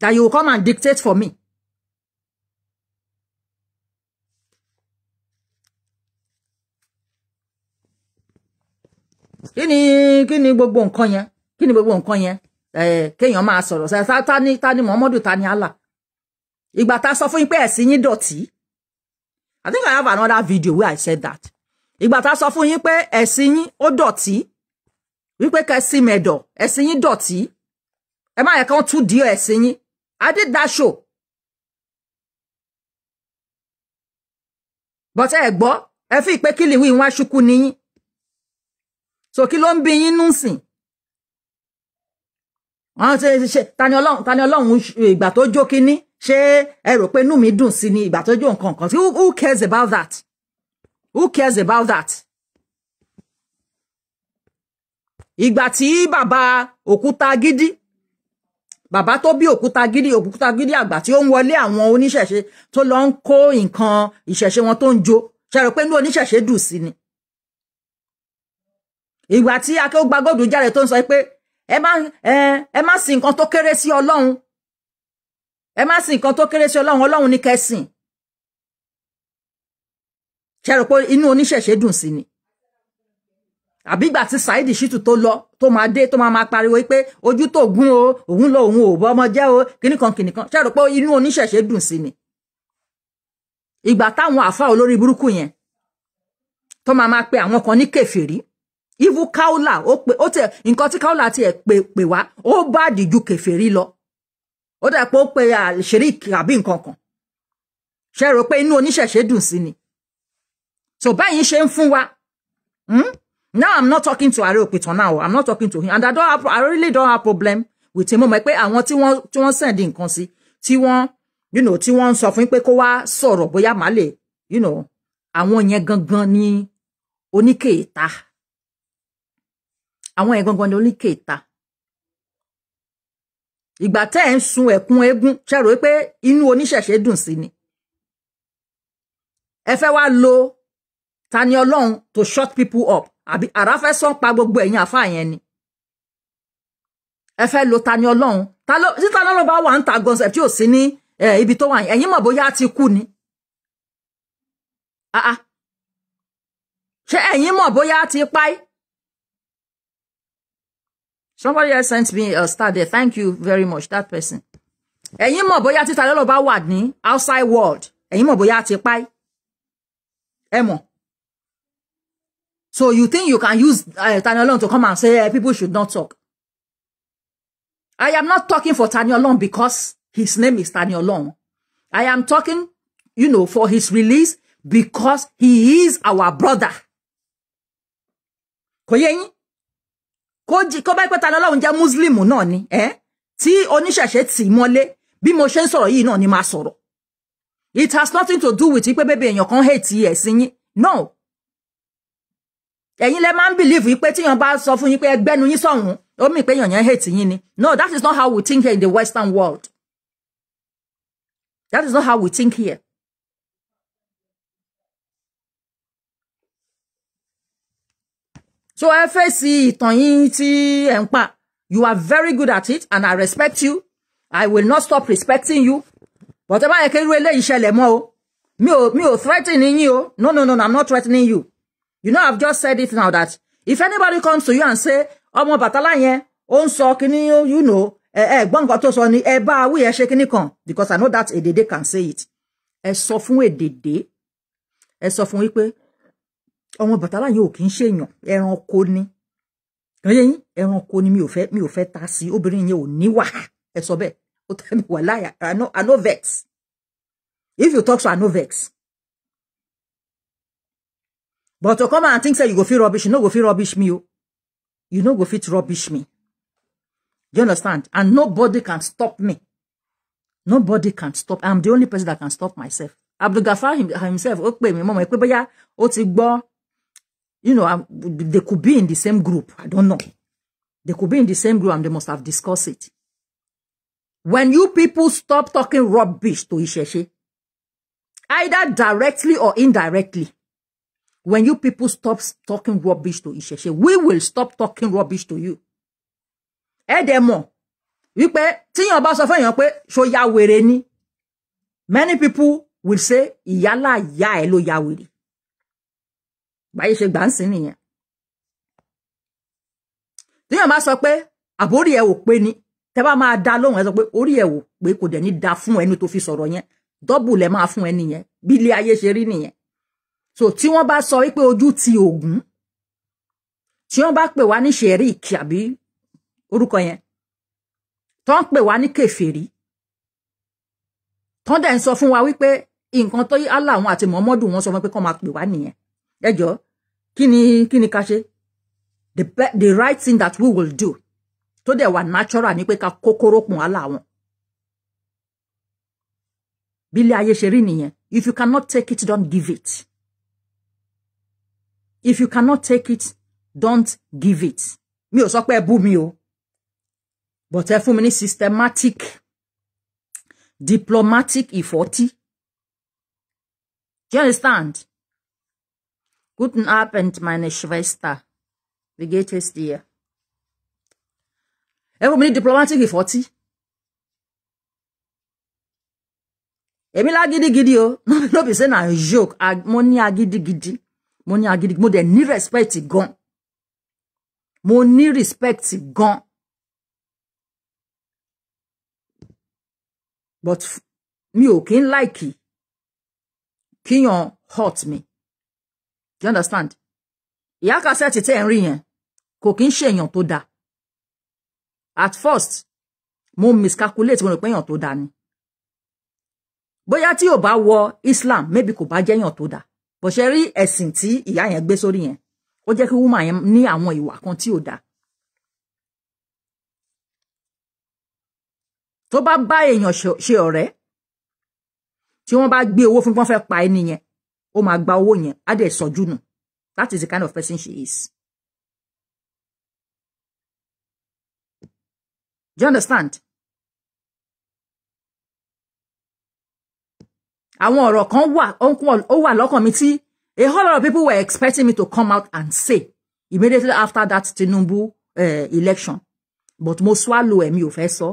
S1: that you will come and dictate for me. kí ni gbogbo nǹkan yẹn kí gbogbo nǹkan yẹn kéèyàn máa sọ̀rọ̀ ta ni ta ni Muhammadu ta ni Allah ìgbà tá sọ fún yín pé ẹ̀sìn yín dọ̀tí I think I have another video where I said that ìgbà tá a sọ fún yín pé ẹ̀sìn yín ó dọ̀tí wípé kẹsí mẹ̀dọ̀ ẹ̀sìn yín dọ̀tí ẹ má yẹ kán tún di ẹ̀sìn yín adédáṣò bọ́tẹ́ ẹ̀ gbọ́ ẹ fi ìpé kílìwì wá ṣukú níyín so kí ló ń bí yín nù sìn wọn ṣe ṣe tani Ọlọ́run tani Ọlọ́run ìgbà tó jó kínní ṣé ẹ rò pé inú mi dun sí ni ìgbà tó jó nǹkan kan who cares about that who cares about that ìgbà tí bàbá òkúta gidi Baba tó bí òkúta gidi òkúta gidi àgbà tí ó ń wọlé àwọn oníṣẹ̀ṣe tó lọ ń kó nǹkan ìṣẹ̀ṣe wọn tó ń jó ṣe rò pé inú ni ìgbà tí Akeugbagold jáde tó ń sọ pé ẹ má ẹ má sìn nǹkan tó kéré sí Ọlọ́run ẹ má sìn nǹkan tó kéré sí Ọlọ́run Ọlọ́run ní kẹsìn ṣe rò pé inú oníṣẹ̀ṣe dùn sí ni àbí ìgbà tí Saheed Shittu tó lọ tó máa dé tó máa máa pariwo pé ojú tó gún o òun lọ òun ò bọ ọmọ jẹ o kìnnìkan kìnnìkan ṣe rò pé inú oníṣẹ̀ṣe dùn sí ni ìgbà táwọn àfa olórí burúkú yẹn tó máa máa pe àwọn kan ní kèfèrí ivu kaula ó pe ó tẹ nǹkan tí kaula tiẹ̀ pè pè wá ó bá àdìjú kèfèrí lọ ó dà pé ó pe àṣíríkì àbí nǹkan kan ṣe rò pé inú oníṣẹ̀ṣe dùn sí ni so báyìí ṣe ń wa hmm? now i'm not talking to Ààrẹ Òpìtàn now i'm not talking to him and i don't have i really don't have problem with him mo mọ̀ pé àwọn tí wọ́n tí wọ́n send nǹkan sí tí wọ́n you know tí wọ́n ń sọ fún pé kó wá sọ̀rọ̀ bóyá you know àwọn yẹn gangan ni oníkèéta àwọn yẹn gangan ni oníkè ìta ìgbà tẹ́ ẹ̀ ń sun ẹ̀kún eégún ṣe pé inú oníṣẹ̀ṣe dùn sí ni ẹ fẹ́ wá lo Tani Olohun to shut people up àbí àrá fẹ́ sàn pa gbogbo ẹ̀yin àfa yẹn ni ẹ fẹ́ lo Tani Olohun tí Tani Olohun bá wà ń ta concept tí ò sí ní ibi tó wà yẹn ẹ̀yin mọ̀ bóyá ti kú ni ah, ah. ṣé ẹ̀yin mọ̀ bóyá ti páí somebody else sent me a star there thank you very much that person ẹ̀yin mọ̀ bóyá títa lọ́lọ́ bá wà ní outside world ẹ̀yin mọ̀ bóyá ti páì ẹ mọ̀ so you think you can use uh, Tani to come and say hey, eh, people should not talk I am not talking for Tani because his name is Tani I am talking you know for his release because he is our brother kò kó jí kó bá pẹ́ lọ́lọ́run jẹ́ muslim náà ni ẹ́ tí oníṣẹ̀ṣe tì í mọ́lé bí mo ṣe ń sọ̀rọ̀ yìí náà ni máa sọ̀rọ̀ it has nothing to do with pé bébè èèyàn kan hate ẹ̀sìn yín no ẹ̀yin lẹ máa ń believe yìí pé tíyan bá sọ fún yín pé ẹgbẹ́nu yín sọ̀hún ó mì pé èèyàn yẹn hate yín ni no that is not how we think here in the western world that is not how we think here so ẹ fèsì ìtàn yín tí pa you are very good at it and I respect you I will not stop respecting you Whatever I can yẹ kí irú eléyìí Me, mọ́ o mi no no no I'm not threatening you you know I've just said it now that if anybody comes to you and say ọmọ bàtálá yẹn ó ń you know eh, ẹ gbọ́ nǹkan tó sọ ni ẹ bá awí ẹ because I know that èdèdè can say it ẹ sọ fún èdèdè ẹ sọ fún wípé ọmọ bàtálá yìí ò kì í ṣèyàn ẹranko ni ẹyẹ yín ẹranko ni mi ò fẹ́ mi ò fẹ́ ta sí obìnrin yẹn ò níwà ẹ sọ bẹ́ẹ̀ ó tẹ mi wà láyà I no I no vex if you talk so I no vex but to come and think say you go fit rubbish you no go fit rubbish me o oh. you no go fit rubbish me you understand and nobody can stop me nobody can stop I'm the only person that can stop myself Abdulgafar himself ó pè mí mọ́mọ́ ẹ pé bóyá ó ti gbọ́ you know, I'm, they could be in the same group. I don't know. They could be in the same group and they must have discussed it. When you people stop talking rubbish to Isheshe, either directly or indirectly, when you people stop talking rubbish to Isheshe, we will stop talking rubbish to you. Edemo, wípé tíyàn bá sọ fẹ́yàn pé ṣó ya wèrè ni many people will say "Yala, ya ẹ̀ ya wèrè báyìí ṣe gbà ń sìn nìyẹn téèyàn bá sọ pé àbórí ẹ ò pé ni tẹ bá máa da lóhùn ẹ sọ pé orí ẹ ò pé kò dẹ̀ ní da fún ẹni tó fi sọ̀rọ̀ yẹn dọ́bù lẹ máa fún ẹni yẹn bí ilé ayé ṣe rí nìyẹn so tí wọ́n bá sọ wípé ojú ti Ògún tí wọ́n bá pè wá ní sherik àbí orúkọ yẹn tó ń pè wá ní kèfèrí tó ń dẹ̀ ń sọ fún wa wípé nǹkan tó yí Allah àti Muhammadu wọn sọ fún pé kó máa pè wá nìyẹn ẹ kini kini ni ṣe the the right thing that we will do tó dẹ̀ wà natural ni pé ká kókóró pọ̀n àlà wọn bílẹ̀ ayé ṣe rí nìyẹn if you cannot take it don't give it if you cannot take it don't give it mi ò sọ pé ẹ bú mi o but ẹ fún mi ní systematic diplomatic ìfọ́tí do you understand Guten Abend, meine Schwester. Wie geht es dir? Ever many diplomatic forty? Èmi la gidigidi oh. o. No be say na joke. Money ah, Mo ní agidigidi. Mo ní agidigidi. Mo dẹ̀ ní respect gan. Mo ní respect gan. But mi ò like ń láìkì kíyàn hurt me? do you understand ìyá Cassette tẹ́ ẹ̀ ń rí yẹn kò kí ń ṣe èèyàn tó dáa at first mo miscalculate mo rò pé èèyàn tó dáa ni bóyá tí ò bá wọ Islam maybe kò bá jẹ́ èèyàn tó dáa bó ṣe rí ẹ̀sìn tí ìyá yẹn gbé sórí yẹn ó jẹ́ kí woman yẹn ní àwọn ìwà kan tí ò dáa tó bá bá èèyàn ṣe ọ̀rẹ́ tí wọ́n bá gbé owó fún pọ́n fẹ́ pa ẹni yẹn ó máa gba owó yẹn á dẹ̀ sọjú nù that is the kind of person she is. do you understand? àwọn ọ̀rọ̀ kan wà ó wà lọ́kàn mi tí a whole lot of people were expecting me to come out and say immediately after that Tinubu uh, election but mo swallow ẹ̀ mi ò fẹ́ sọ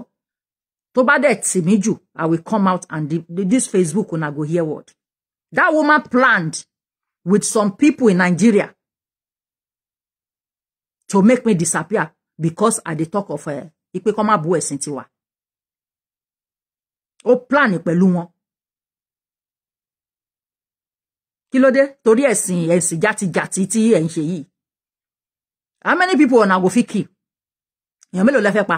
S1: tó bá dẹ̀ tì mí I will come out and the, the, this Facebook una go hear word That woman planned with some people in Nigeria to make me disappear because I dey talk of her. Eh, ipe kó má bu ẹ̀sìn tiwa. Ó plan pẹ̀lú wọn. Kilode? ló dé? Torí ẹ̀sìn ẹ̀sìn ti tí ẹ̀ How many people una go fit kill? Èèyàn mélòó lẹ fẹ́ pa?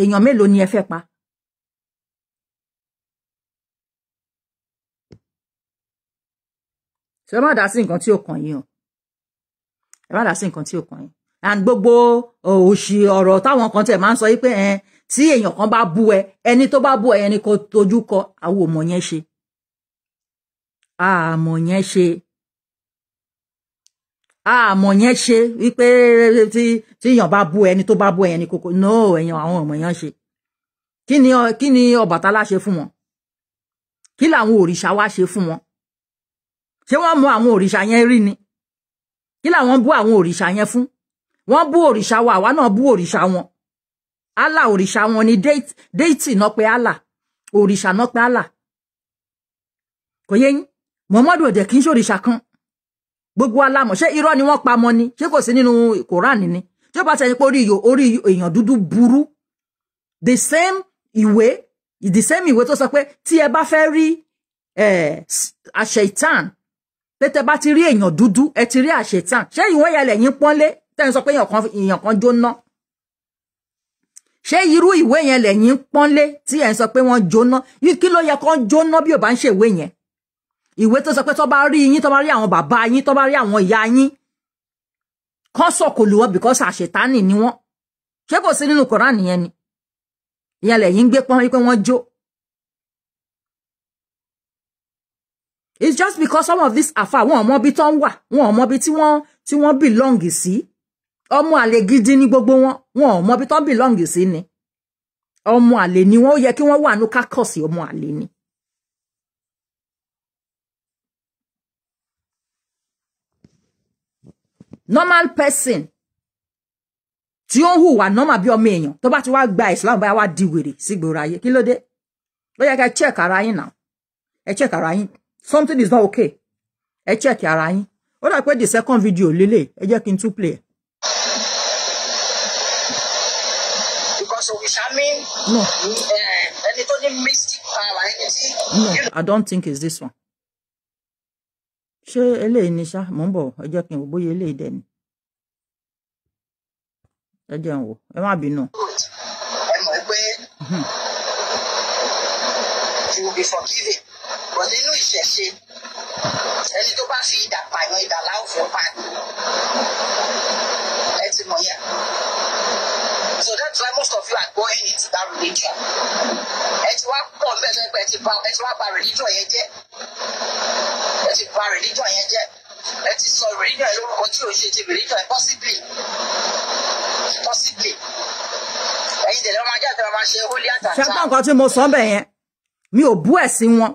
S1: Èèyàn mélòó ni ẹ fẹ́ pa? ẹ má dá sí nǹkan tí ò kàn yín o ẹ má dá sí nǹkan tí ò kàn yín and gbogbo òṣì ọ̀rọ̀ táwọn kan tẹ̀ máa ń sọ yí pé ẹ tí èèyàn kan bá bú ẹ ẹni tó bá bú ẹ ẹni kò tójú kọ àwọn ò mọ̀ yẹn ṣe àmọ̀ yẹn ṣe àmọ̀ yẹn ṣe wípé tí tí èèyàn bá bú ẹni tó bá bú ẹni kòkó no èèyàn àwọn ọmọ yẹn ṣe kí ni kí ni Ọbàtálá ṣe fún wọn kí làwọn òrìṣà wá ṣe fún wọn ṣé wọ́n mọ àwọn òrìṣà yẹn rí ni kí làwọn bú àwọn òrìṣà yẹn fún wọ́n bú òrìṣà wa àwa náà bú òrìṣà wọn allah òrìṣà wọn ni déètì náà pé allah òrìṣà náà pé allah kò yé yín muhammadu òde kì í ṣòrìṣà kan gbogbo alámọ̀ ṣé irọ́ ni wọ́n pa mọ́ ni ṣé kò sí nínú koran ni tí ó bá ṣe ni pé orí èèyàn dúdú burú the same ìwé the same ìwé tó sọ pé tí ẹ bá fẹ́ rí àṣẹ eh, ìtàn pé tẹ bá ti rí èèyàn dúdú ẹ ti rí àṣetàn ṣé ìwọ́n yẹlẹ̀ yín pọ́nlé tẹ́ ń sọ pé èèyàn kan jóná ṣé irú ìwé yẹn lẹ́yìn pọ́nlé tí ẹ̀ ń sọ pé wọ́n jóná kí ló yẹ kán jóná bí ò bá ń ṣe ìwé yẹn ìwé tó sọ pé tó bá rí yín tó bá rí àwọn bàbá yín tó bá rí àwọn ìyá yín kán sọ̀kò lù wọ́n bìkọ́sì àṣetánì ni wọ́n ṣé kò sí nínú Kòránì yẹn ni ìyẹn lẹ́yìn gbé pọ́n wípé wọ́n jó it's just because some of these afa wọn ọmọ bí tán wà wọn ọmọ bí tí wọ́n tí wọ́n belong sí ọmọ àlè gidi ní gbogbo wọn wọn ọmọ bí tán belong sí ni ọmọ àlè ni wọ́n ó yẹ ki wọ́n wa ní kákọsì ọmọ àlè ni. normal person ti ó ń hùwà normal bi ọmọ èèyàn tó bá ti wa gba Islam báyà wá di wèrè sígboro ayé kí ló dé ó yẹ check ara yín náà ẹ check ara yín something is not okay ẹ check ara yín ó dà pé the second video lélẹ̀ ẹ jẹ́ kí n tún play ẹ̀. because no. mi eh, ẹni tó ní mystic power energy. no i don't think it's this one. ṣé eléyìí ni ṣá mò ń bọ̀ ẹ jẹ́ kí n wò bóyá eléyìí dẹ̀ ni ẹ jẹ́ n wò ẹ má mhm. you will be forgiven. fi idà pààyàn idà láwùjọ pààyàn ẹ ti So that's why most of you are going into that religion. Ẹ wá pọ̀ mẹ́sàn-án pé ẹ ti wá bà religion yẹn jẹ́. Ẹ ti religion yẹn jẹ́ ẹ sọ religion yẹn lórúkọ tí o ṣe ti religion yẹn possibly possibly ẹ̀yin tẹ́lẹ̀ ọmọ ajá tẹ́lẹ̀ ọmọ ṣe holy àtàtà. ṣé pọ́n nǹkan tí mo sọ bẹ́ẹ̀ yẹn mi ò bú ẹ̀sìn wọn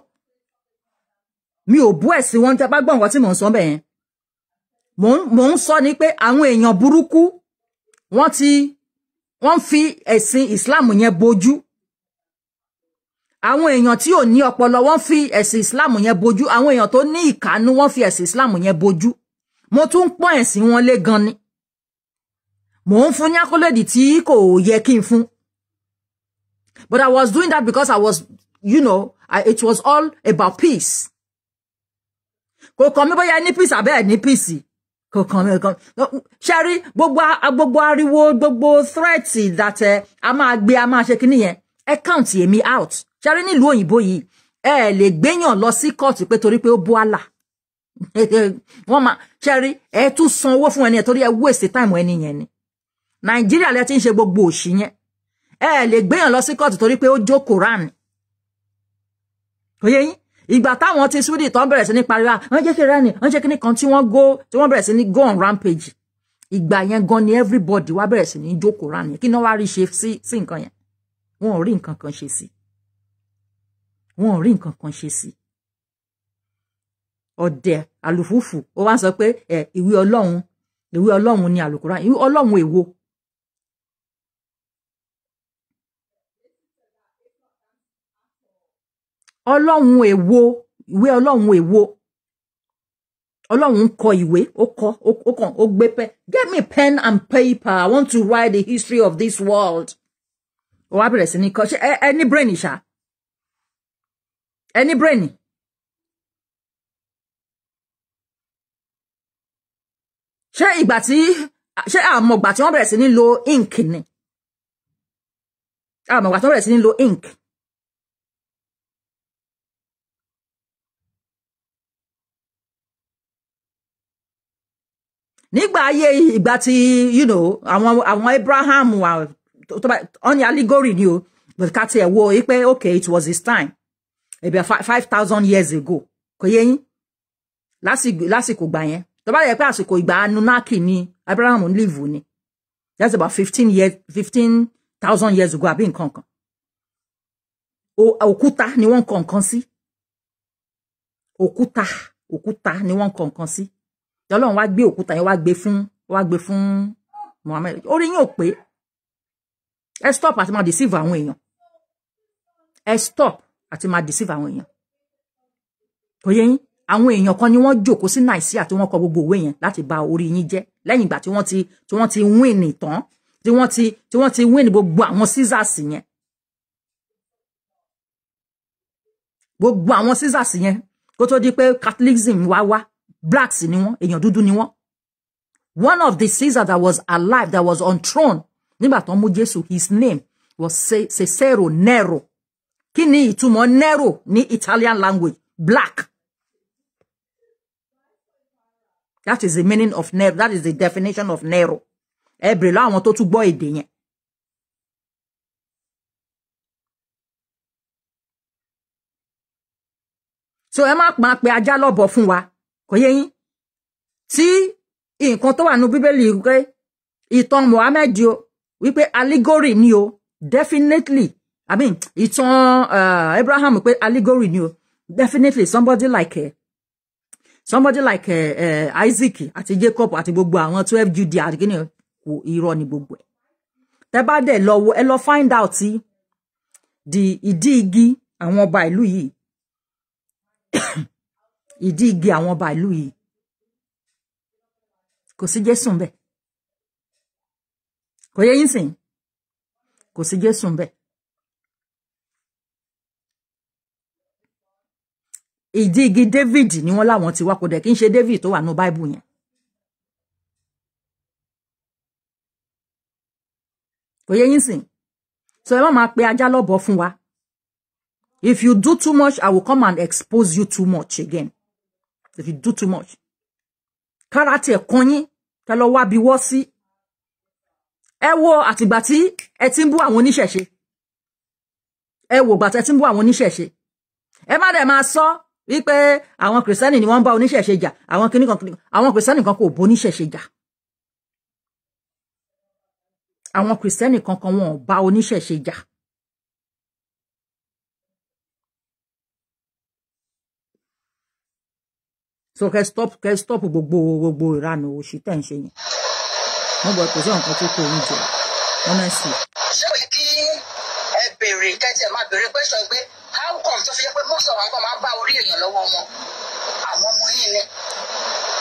S1: mi ò bú ẹ̀sìn wọn tẹ bá gbọ́ nǹkan tí mò ń sọ bẹ́ẹ̀ yẹn mò ń sọ ni pé àwọn èèyàn burúkú wọ́n ti wọ́n fi ẹ̀sìn Islam yẹn bojú àwọn èèyàn tí ò ní ọpọlọ wọ́n fi ẹ̀sìn Islam yẹn bojú àwọn èèyàn tó ní ìkánú wọ́n fi ẹ̀sìn Islam yẹn bojú mo tún pọ́n ẹ̀sìn wọn lé gan ni mò ń fún ní tí kò yẹ kí n fún but I was doing that because I was you know I, it was all about peace kò kàn mí bóyá ní pìsì àbẹ́ẹ̀ ní pìsì kò kàn mí kàn ṣe rí gbogbo gbogbo ariwo gbogbo threat that eh, a máa gbé a máa ṣe kí nìyẹn ẹ count èmi out ṣe rí nílùú òyìnbó yìí ẹ lè gbéyàn lọ sí kóòtù pé torí pé ó bú àlà wọ́n máa ṣe rí ẹ tún san owó fún ẹni yẹn torí ẹ waste time ẹni yẹn ni nàìjíríà lẹ ti ń ṣe gbogbo òṣì yẹn ẹ lè gbéyàn lọ sí kóòtù torí pé ó jó koran kò yín ìgbà táwọn ti súdì tán bẹ̀rẹ̀ sí ní pariwo wọ́n jẹ́ kí rẹ́ni wọ́n jẹ́ kí nìkan tí wọ́n go tí wọ́n bẹ̀rẹ̀ sí ní go on rampage ìgbà yẹn gan ni everybody wá bẹ̀rẹ̀ sí ní jókòó ra nìyẹn kí náà wá rí ṣe sí sí nǹkan yẹn wọn ò rí nǹkan kan ṣe sí wọn ò rí nǹkan kan ṣe sí ọ̀dẹ̀ àlùfùfù ó wá sọ pé ẹ ìwé ọlọ́run ìwé ọlọ́run ni àlùkùrá ìwé ọlọ́run èwo ọlọ́run èwo ìwé ọlọ́run èwo ọlọ́run kọ ìwé ó kọ ó kàn ó gbé pẹ́ get me pen and paper I want to write the history of this world ó wá bẹ̀rẹ̀ sí ní kọ ṣé ẹ ní brain ṣá ẹ ní brain. ṣé ìgbà tí ṣé àmọ̀gbà tí wọ́n bẹ̀rẹ̀ sí ní lo ink ni àmọ̀gbà tí wọ́n bẹ̀rẹ̀ sí ní lo ink. nígbà ayé ìgbà tí you know àwọn àwọn Abraham tó bá wọn allegory ni o but ká tiẹ̀ wo yí pé okay it was his time maybe five thousand years ago kò yé yín lásìkò gbà yẹn tó bá yẹ pé àsìkò ìgbà Anunnaki ni Abraham ń live ni that's about fifteen years fifteen thousand years ago àbí nǹkan kan òkúta ni wọ́n kọ nǹkan sí òkúta òkúta ni wọ́n kọ nǹkan sí. Si ọlọ́run wá gbé òkúta yẹn wá gbé fún wá gbé fún Muhammed orí yín ò pé ẹ stop àti máa deceive àwọn èèyàn ẹ stop àti máa deceive àwọn èèyàn kò yẹ yín àwọn èèyàn kan ni wọ́n jókòó sí Nàìjíríà tí wọ́n kọ gbogbo òwe yẹn láti bà orí yín jẹ́ lẹ́yìn ìgbà tí wọ́n ti tí wọ́n ti win ìtàn tí wọ́n ti tí wọ́n ti win gbogbo àwọn scissors yẹn gbogbo àwọn scissors yẹn kó tó di pé Catholicism wá wá blacks ni wọ́n èèyàn dúdú ni wọ́n one of the Caesar that was alive that was on throne nígbà tó ń mú his name was Cesaro Nero Kini ni ìtumọ̀ Nero ni Italian language black that is the meaning of Nero that is the definition of Nero ẹ bèrè láwọn tó tún gbọ́ èdè yẹn. so ẹ má pa pé ajá lọ́bọ̀ fún wa kò yẹ yín tí nǹkan tó wà nínú bíbélì pé ìtàn Muhammad o wípé allegory ni o definitely i mean ìtàn uh, Abraham pé allegory ni o definitely somebody like uh, somebody like uh, uh, Isaac àti Jacob àti gbogbo àwọn twelve Judah àti kíni kò irọ́ ni gbogbo ẹ̀ tẹ́ bá dẹ̀ lọ wo ẹ lọ find out di ìdí igi àwọn ọba ìlú yìí ìdí igi àwọn ọba ìlú yìí kò sí Jésù ńbẹ̀ kò yẹ yín sìn kò sí Jésù ńbẹ̀ ìdí igi David ni wọ́n láwọn ti wá kò dẹ̀ kí n ṣe David tó wà ní báìbù yẹn kò yẹ yín sìn so ẹ má máa pe ajá lọ́bọ̀ fún wa if you do too much I will come and expose you too much again if you do too much karate tiẹ̀ kan yín kẹ lọ wá bí wọ́ sí ẹ wo àtìgbà tí ẹ ti ń bú àwọn oníṣẹ̀ṣe ẹ wo ìgbà tí ẹ ti ń bú àwọn oníṣẹ̀ṣe ẹ má dẹ̀ máa sọ wípé àwọn boni ni wọ́n ń bá oníṣẹ̀ṣe jà àwọn kìnnìkan àwọn kìrìsìtẹ́nì kan kò bó oníṣẹ̀ṣe jà àwọn kìrìsìtẹ́nì kankan wọn ò bá oníṣẹ̀ṣe jà. so kẹ́ stop kẹ́ stop gbogbo gbogbo ìranù òṣì tẹ̀ ń ṣe yẹn wọ́n bọ̀ kò sí nǹkan tó kó oúnjẹ honestly. ṣé kí ẹ béèrè kẹ́tì ẹ máa béèrè question pé how come tó fi jẹ́ pé most of àwọn máa bá orí èèyàn lọ́wọ́ wọn àwọn ọmọ yìí ni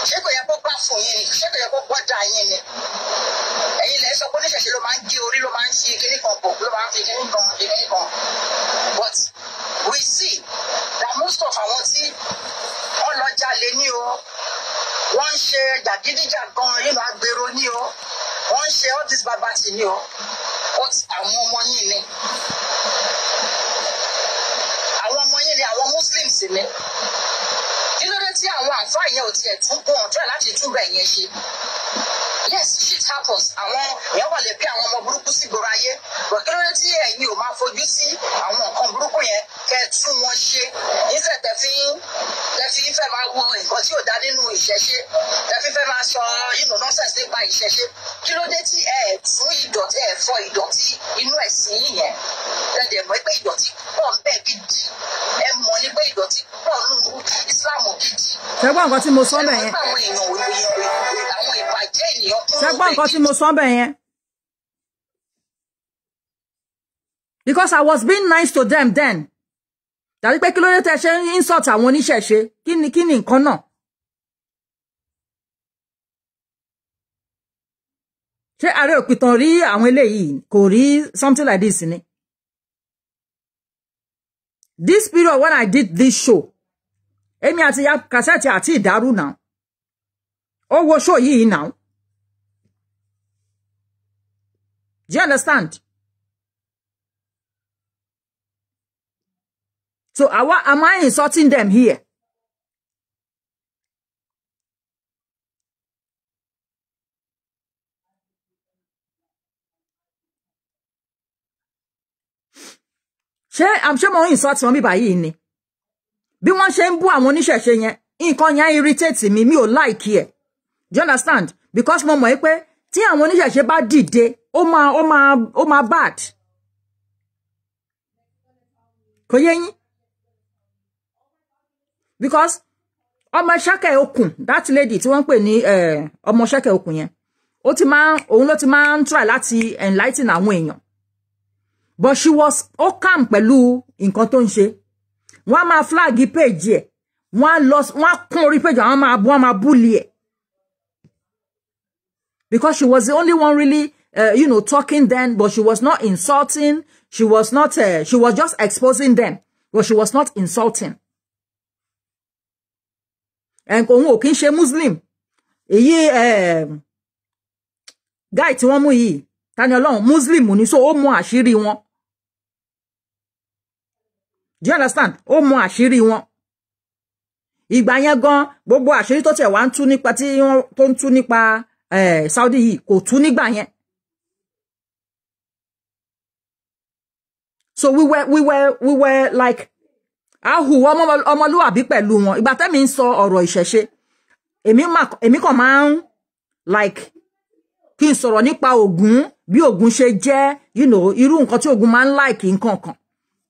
S1: ṣé kò yẹ kó gbà fún yín ni ṣé kò yẹ kó gbọ́dà yín ni ẹ̀yin lẹ sọ pé oníṣẹ̀ṣe ló máa ń gé orí ló máa ń ṣe kíní kan bò ló máa ń fi kíní kan kíní kan but we see that most of àwọn tí wọ́n lọ jalè ní o wọ́n ń ṣe jàgídíjàgan nínú agbèrò ní o wọ́n ń ṣe all this barbati ní o àwọn ọmọ yìí ni àwọn ọmọ yìí ni àwọn muslims ni kí ló dé tí àwọn àǹfààní yẹn ò tiẹ̀ tún kún ọ̀tún ẹ̀ láti túbọ̀ ẹ̀yẹn ṣe yes shit happens àwọn èèyàn wà lè pé àwọn ọmọ burúkú sí gbòòrò ayé bọ̀ kí ló dé tí ẹ̀yin ò máa fojú sí àwọn nǹkan burúkú yẹn kẹ́ tún wọn ṣe níṣẹ́ tẹ̀fí tẹ̀fí fẹ́ máa wo nǹkan tí ò dá nínú ìṣẹ̀ṣe tẹ̀fí fẹ́ máa sọ inú nọ́sẹ̀sì nípa ìṣẹ̀ṣe kí ló dé tí ẹ̀ fún ìdọ̀tí ẹ̀ fọ ìdọ̀tí inú ẹ̀sìn yìí yẹn tẹ̀dẹ̀ mọ́ pé ìdọ̀tí pọ̀ bẹ́ẹ̀ gidi ẹ mọ̀ ní pé ìdọ̀tí pọ̀ nínú Islam gidi.
S2: ṣẹ́gbọ́n nǹkan tí mo sọ bẹ́ẹ̀ ṣé gbọ́ nǹkan tí mo
S1: sọ bẹ́ẹ̀ yẹn. because I was being nice to them then. dàbí pé kí ló dé tẹ ṣe ń insult àwọn oníṣẹ̀ṣe kí ni kí ni nǹkan náà. ṣé ààrẹ òpìtàn rí àwọn eléyìí kò rí something like this ni. this period when I did this show èmi àti ya kàṣẹ́ẹ̀tì àti ìdárú náà ó wo show yìí náà Do you understand? So our, am I insulting them here? I'm àmṣé mo insults insult me by yìí Be one shame, ṣe ń bú àwọn oníṣẹ̀ṣe yẹn nǹkan yẹn irritate mi mi like here. do you understand because mo mọ̀ pé tí àwọn oníṣẹ̀ṣe bá dìde ó máa ó máa ó máa bad kò yé yín because ọmọ ṣẹ́kẹ̀ okùn that lady tí wọ́n ń pè ní eh, ọmọ ṣẹ́kẹ̀ okùn yẹn ó ti máa òun ló ti máa ń try láti enlighten àwọn èèyàn but she was ó calm pẹ̀lú nǹkan tó ń ṣe wọ́n á máa flag page ẹ̀ wọ́n á lọ wọ́n á kún orí page àwọn máa wọ́n máa búlì ẹ̀ because she was the only one really, uh, you know, talking then, but she was not insulting. She was not, uh, she was just exposing them, but she was not insulting. And òun ò kí ń ṣe Muslim. Èyí um, guy ti wamu mú yìí, Tani Olohun, Muslim ni, so ó ashiri àṣírí Do you understand? Ó ashiri àṣírí wọn ìgbà yẹn bobo ashiri àṣírí tó tiẹ̀ wá ń tú nípa tí wọ́n tó Saudi so we were we were we were like a hùwà ọmọlúwàbí pẹ̀lú wọn ìgbà tẹ́mi ń sọ ọ̀rọ̀ ìṣẹ̀ṣe èmi kàn máa ń like kí n sọ̀rọ̀ nípa Ògún bí ogun, ṣe jẹ́ you know iru nǹkan tí Ògún máa like in kan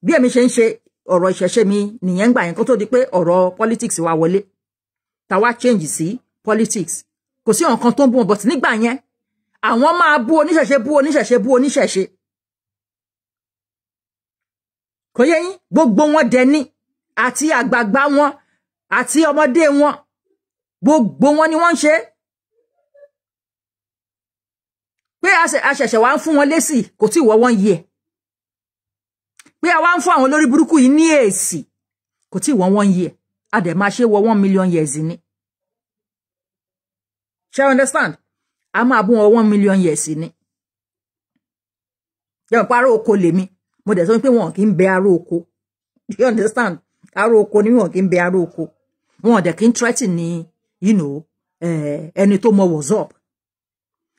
S1: bi èmi ṣe ń ṣe ọ̀rọ̀ mi nìyẹn gbà yẹn kó tó di politics wa wọlé tàwa change si politics kò sí ọ̀kan tó ń bú wọn bọ̀tì nígbà yẹn àwọn máa bú oníṣẹ̀ṣe bú oníṣẹ̀ṣe bú oníṣẹ̀ṣe kò yẹ yín gbogbo wọn dẹni àti àgbààgbà wọn àti ọmọdé wọn gbogbo wọn ni wọ́n ń ṣe pé àṣẹ̀ṣẹ̀ wa ń fún wọn lésì kò tí wọ́ wọ́n yẹ pé àwa ń fún àwọn olórí burúkú yìí ní èsì kò tí wọ́ wọ́n yẹ a dẹ̀ máa ṣe wọ one million years ni ṣe understand I'm about one million years in. yẹn pa ará oko lèmi But there's only one wọn kì í bẹ ará you understand ará oko ni wọn kì í bẹ ará oko wọn dẹ̀ kì threaten me, you know, eh, ẹni tó mọ was up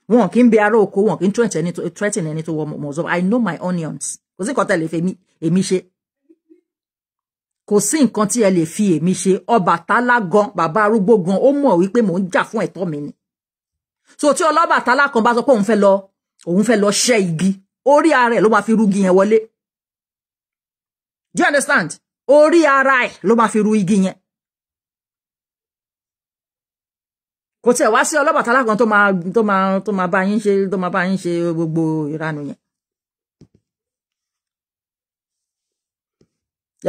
S1: One kì í bẹ ará oko wọn kì í threaten ẹni tó threaten any tó mọ what's up I know my onions kò it got a lè fi Miche. ṣe kò sí nǹkan tí ẹ lè fi èmi ṣe Ọbàtálá gan bàbá arúgbó gan ó mọ̀ wípé mò ń jà so tí Ọlábàtálá kan bá sọ pé òun fẹ́ lo òun fẹ́ lọ ṣẹ́ igi orí ara ẹ̀ ló máa fi rú igi yẹn wọlé do you understand orí ara ẹ̀ ló máa fi rú igi yẹn kò tiẹ̀ wá sí Ọlábàtálá kan tó máa tó máa tó máa bá yín ṣe tó máa bá yín ṣe gbogbo ìranu yẹn.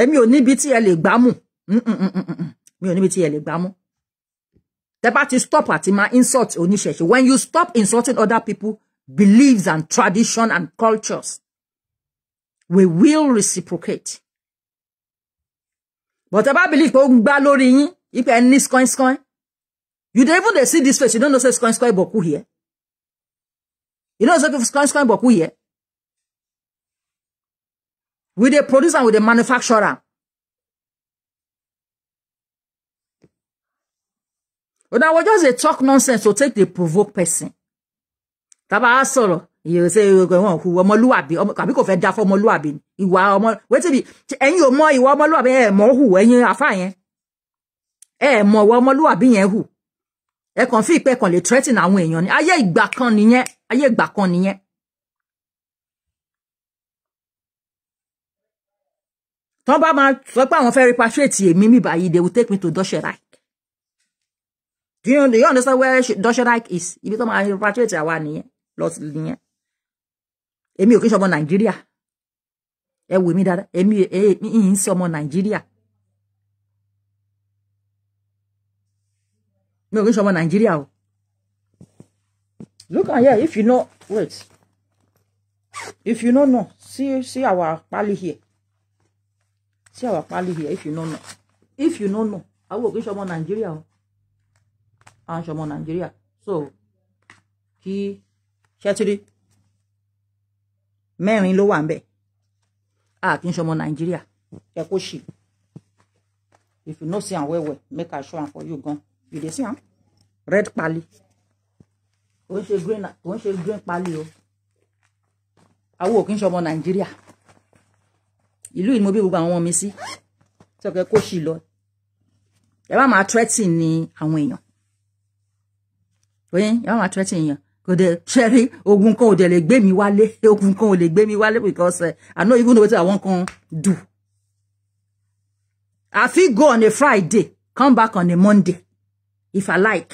S1: èmi ò níbi tí ẹ lè gbámù mi ò níbi tí ẹ lè gbámù tẹ́ bá ti stop àti máa insult oníṣẹ̀ṣe when you stop insulting other people beliefs and tradition and cultures we will reciprocate but about bá believe pé ó ń gbá lórí yín ipe you dey even see this face you don't know say skoinskoin boku here you don't know say skoinskoin boku here With the producer with the manufacturer. una we just dey talk nonsense to take dey provoke person tá bá sọ̀rọ̀ you say wọn kú ọmọlúwàbí àbí kò fẹ́ for fún ọmọlúwàbí ìwà ọmọ wetin be ẹ̀yin ò mọ ìwà ọmọlúwàbí ẹ mọ̀ hù ẹ̀yin afa yẹn ẹ mọ̀ ìwà ọmọlúwàbí yẹn hù ẹ kàn fi ìpẹ kàn lè threaten àwọn èèyàn ni ayé ìgbà kan nìyẹn ayé ìgbà kan nìyẹn. tọ́ bá máa sọ pé àwọn fẹ́ repatriate èmi mi báyìí they will take me to dọ́ṣẹ̀ráì do you, do you understand where doshedaik is If you máa repatriate àwa nìyẹn lọ sí nìyẹn èmi ò kí n ṣe ọmọ nàìjíríà ẹ wò mí dáadáa èmi ìyìn sí ọmọ Show mi Nigeria. kí n ṣe ọmọ nàìjíríà look at here if you know wait if you know no see see our pali here see our pali here if you know no if you know no I will show n Nigeria. ọmọ aṣọ ọmọ nàìjíríà so kí ṣẹ́tírí mẹ́rin ló wà ń bẹ̀ a kì í ṣọmọ nàìjíríà ẹ kó ṣì if you no see am well well make I show am for you gan you dey see am red pali kò ń ṣe green kò ń ṣe green pali o àwọn ò kì í ṣọmọ nàìjíríà ìlú yìí mo bí gbogbo àwọn ọmọ mi sí tí ọkẹ kó ṣì lọ ẹ bá máa threatening ni àwọn èèyàn oyin yàrá máa tẹ́tí yẹn kò dé ṣẹ́rí ogun kan ò dé lè gbé mi wálé ogun kan ò lè gbé mi wálé because eh, I know even though wetin I wan come do I fit go on a Friday come back on a Monday if I like.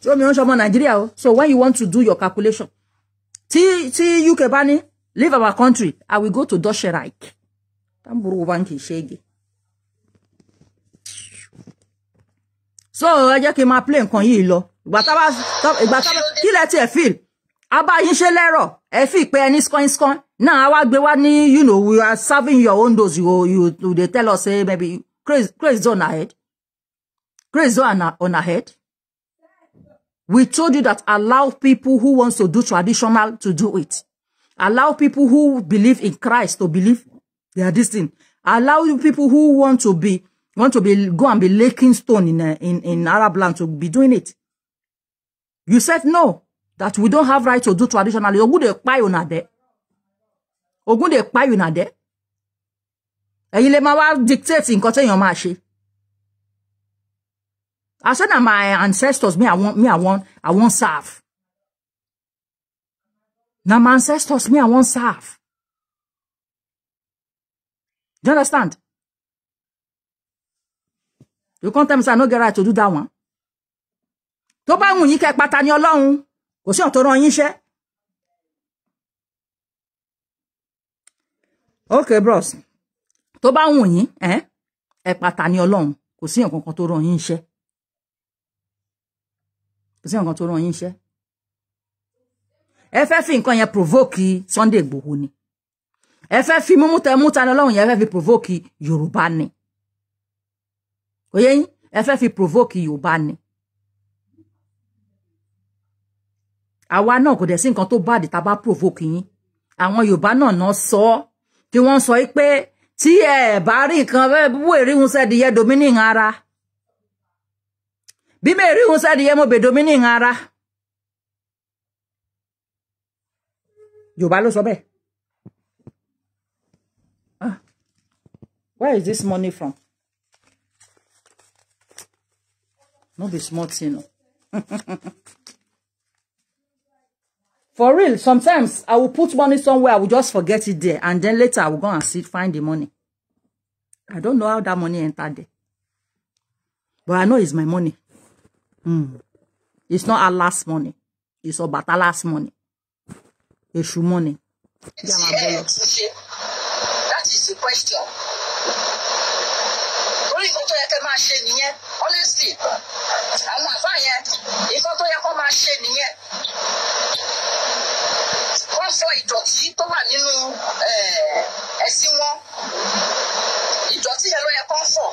S1: so mi ń ṣọmọ Nàìjíríà o so when you want to do your calculation tí tí UK bá ní leave our country I will go to Dutch Reich. tamburu wa nkì ṣége. so ẹ jẹ́ kí n máa play nǹkan yìí lọ ìgbà tá bá ìgbà tá bá kí lẹ tiẹ̀ feel abáyín ṣe lẹ́rọ̀ ẹ fi pé ẹni skọ́nskọ́n náà á wá gbé wá ní you know we are serving your own dose you you they tell us say eh, maybe Crazy craze don ahead Crazy don on ahead we told you that allow people who wants to do traditional to do it allow people who believe in Christ to believe their this thing allow people who want to be want to be go and be laking stone in, uh, in, in Arab land to be doing it. You said no, that we don't have right to do traditionally. Ogun dey pa you na de. Ogun dey pa you na de. Ẹ̀yin lè máa dictate in kote máa ṣe. I said that my ancestors, me, I want, me, I want, I want serve. Now my ancestors, me, I want serve. Do you understand? you can't tell me say no get right to do that one tó bá wù yín kẹ́ pátá ni Ọlọ́run kò sí to rán yín ṣẹ́ okay bros tó bá wù yín eh, ẹ ẹ pátá ni Ọlọ́run kò sí nǹkan kan tó rán yín ṣẹ́ kò sí nǹkan tó rán yín ṣẹ́ ẹ fẹ́ fi nǹkan yẹn provoke Sunday Igboho ni ẹ fẹ́ fi mímú tẹ mú ta ni Ọlọ́run yẹn ẹ fi provoke Yorùbá ni kò yín ẹ fẹ́ fi provoke yorùbá ni àwa náà kò dẹ̀ sí nǹkan tó báàdì tá a bá provoke yín àwọn yorùbá náà náà sọ ọ́ tí wọ́n sọ pé tí ẹ bá rí nǹkan bẹ́ẹ̀ búwò ìríhun sẹ́díyẹ dominic ara bí mi ìríhun sẹ́díyẹ mo bè dominic ara yorùbá ló sọ bẹ́ẹ̀ ah, where is this money from? no be small thing oh. For real, sometimes I will put money somewhere, I will just forget it there, and then later I will go and see, find the money. I don't know how that money entered there. But I know it's my money. Mm. It's not our last money. It's our last money. Your money.
S2: That
S1: is the question máa ṣe nìyẹn honestly àwọn àfa yẹn nǹkan tó yẹ kó máa ṣe nìyẹn wọ́n sọ ìdọ̀tí tó wà nínú eh, ẹ̀sìn wọn ìdọ̀tí yẹn ló yẹ kó ń fọ̀.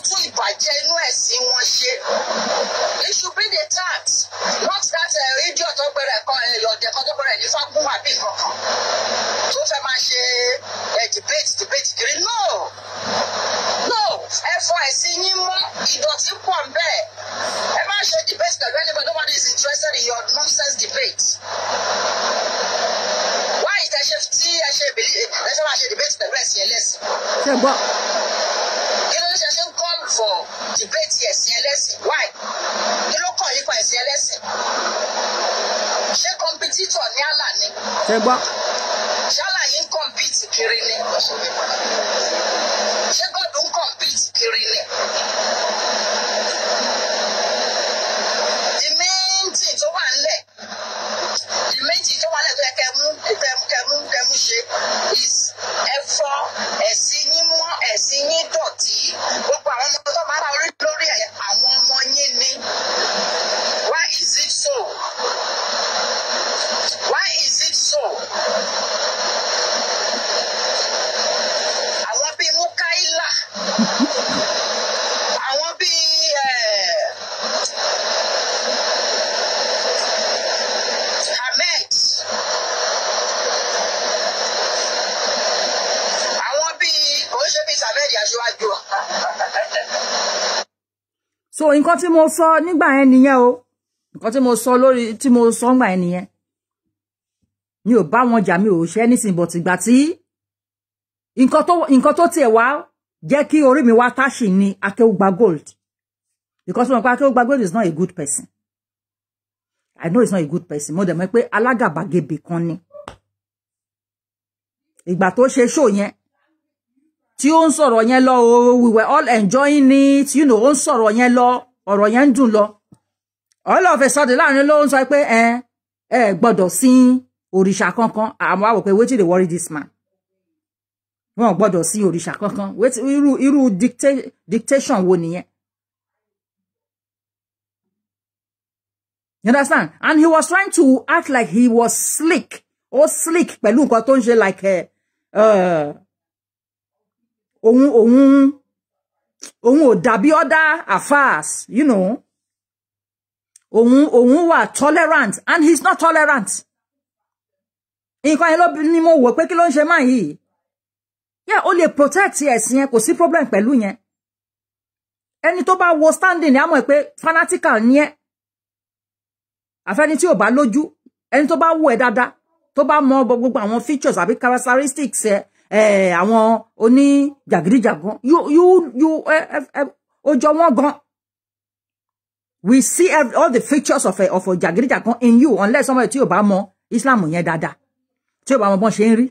S1: bàjẹ́ inú ẹ̀sìn wọn ṣe. it should be the tax not that eh, idiot tó gbẹrẹ kan eh, ọ̀dẹ̀ kan tó gbẹrẹ ní fagun àbí kankan tó fẹ́ máa ṣe eh, debate debate kiri no no ẹ fọ ẹ̀sìn yín mọ́ ìdọ̀tí pọ̀ ń bẹ́ẹ̀ ẹ má ṣe debate pẹ̀lú anybody nobody is interested in your nonsense debate why ẹ ṣe tí ẹ ṣe ìbílẹ̀ ẹ ṣe máa ṣe debate pẹ̀lú ẹ̀sìn ẹlẹ́sìn. ṣe gbọ́. kí ló ń ṣe ṣe for debate ẹ̀sìn ẹlẹ́sìn e. why kí ló kàn yípa ẹ̀sìn ẹlẹ́sìn e? ṣé kọ́mpítítọ̀ ní àlà ni. ẹ gbọ́. ṣálà yìí ń kọ̀mpìtì kiri ni ṣé gọ́dù ń kọ̀mpìtì kiri ni. ìmíntì tó wà ńlẹ̀ ìmíntì tó wà ńlẹ̀ tó yẹ kẹmú kẹmú kẹmú kẹmú ṣe is ẹ̀fọ́ ẹ̀sìn yín mọ́ ẹ̀sìn yín dọ̀tí gbogbo àwọn ọmọ tó máa ra orí lórí àwọn ọmọ yín ni so nǹkan tí mo sọ nígbà yẹn nìyẹn o nǹkan tí mo sọ lórí tí mo sọ nígbà yẹn nìyẹn mi ò bá wọn jà mi ò ṣe nísìnyí bọ̀ tìgbà tí nǹkan tó nǹkan tó tiẹ̀ wá jẹ́ kí orí mi wá táṣì ni akéwùgbà gold because mo mọ̀ pé akéwùgbà gold is not a good person i know he's not a good person mo dẹ̀ mọ̀ pé alágàbàgebè kan ni ìgbà tó ṣe ṣó yẹn tí ó ń sọ̀rọ̀ yẹn lọ o we were all enjoying it you know ó ń sọ̀rọ̀ yẹn lọ ọ̀rọ̀ yẹn ń dùn lọ all of a sudden láàrin ló ń sọ pé ẹ ẹ gbọ́dọ̀ sin òrìṣà kankan àmọ́ àwọ̀ pé wetin dey worry this man wọn gbọ́dọ̀ sin òrìṣà kankan irú irú dictation wo nìyẹn You understand? And he was trying to act like he was slick. Or slick. Pẹ̀lú nǹkan tó ń ṣe like uh, òun òun òun ò dàbí other affairs you know òun òun wa tolerant and he's not tolerant nǹkan yẹn ló ní mo wò pé kí ló ń ṣe máa o lè protect ẹ̀sìn yẹn kò sí problem pẹ̀lú yẹn Eni tó bá wo standing ni a mọ̀ fanatical ni ẹ́ àfẹ́ni tí ò bá lójú ẹni tó bá wò ẹ́ dáadáa tó bá mọ gbogbo àwọn features abi characteristics eh. Eh, àwọn oní jàgídíjàgan yóò yóò yóò ó jọ wọ́n gan. We see every, all the features of a of a jàgídíjàgan in you unless somebody tí o bá mọ Islam yẹn dáadáa tí o bá mọ bọ́n ṣe ń rí.